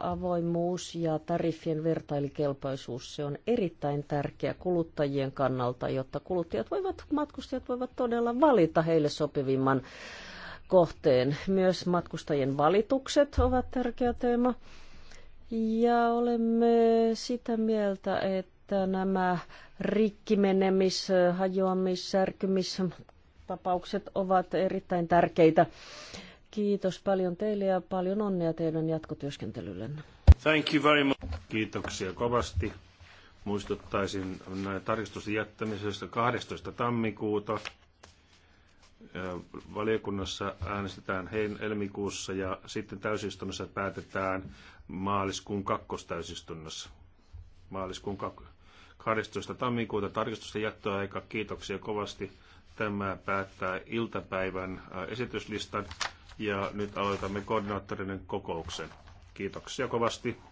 avoimuus ja tariffien vertailikelpoisuus. Se on erittäin tärkeä kuluttajien kannalta, jotta kuluttajat voivat, matkustajat voivat todella valita heille sopivimman kohteen. Myös matkustajien valitukset ovat tärkeä teema. Ja olemme sitä mieltä, että nämä rikkimenemis, hajoamis, särkymistapaukset ovat erittäin tärkeitä Kiitos paljon teille ja paljon onnea teidän jatkotyöskentelyllenne. Thank you very much. Kiitoksia kovasti. Muistuttaisin tarkistusten jättämisestä kahdestoista tammikuuta. Valiokunnassa äänestetään hein helmikuussa ja sitten täysistunnossa päätetään maaliskuun kakkostäysistunnossa. Maaliskuun 12. tammikuuta tarkistusten jättöaika. Kiitoksia kovasti. Tämä päättää iltapäivän esityslistan ja nyt aloitamme koordinaattorinen kokouksen. Kiitoksia kovasti.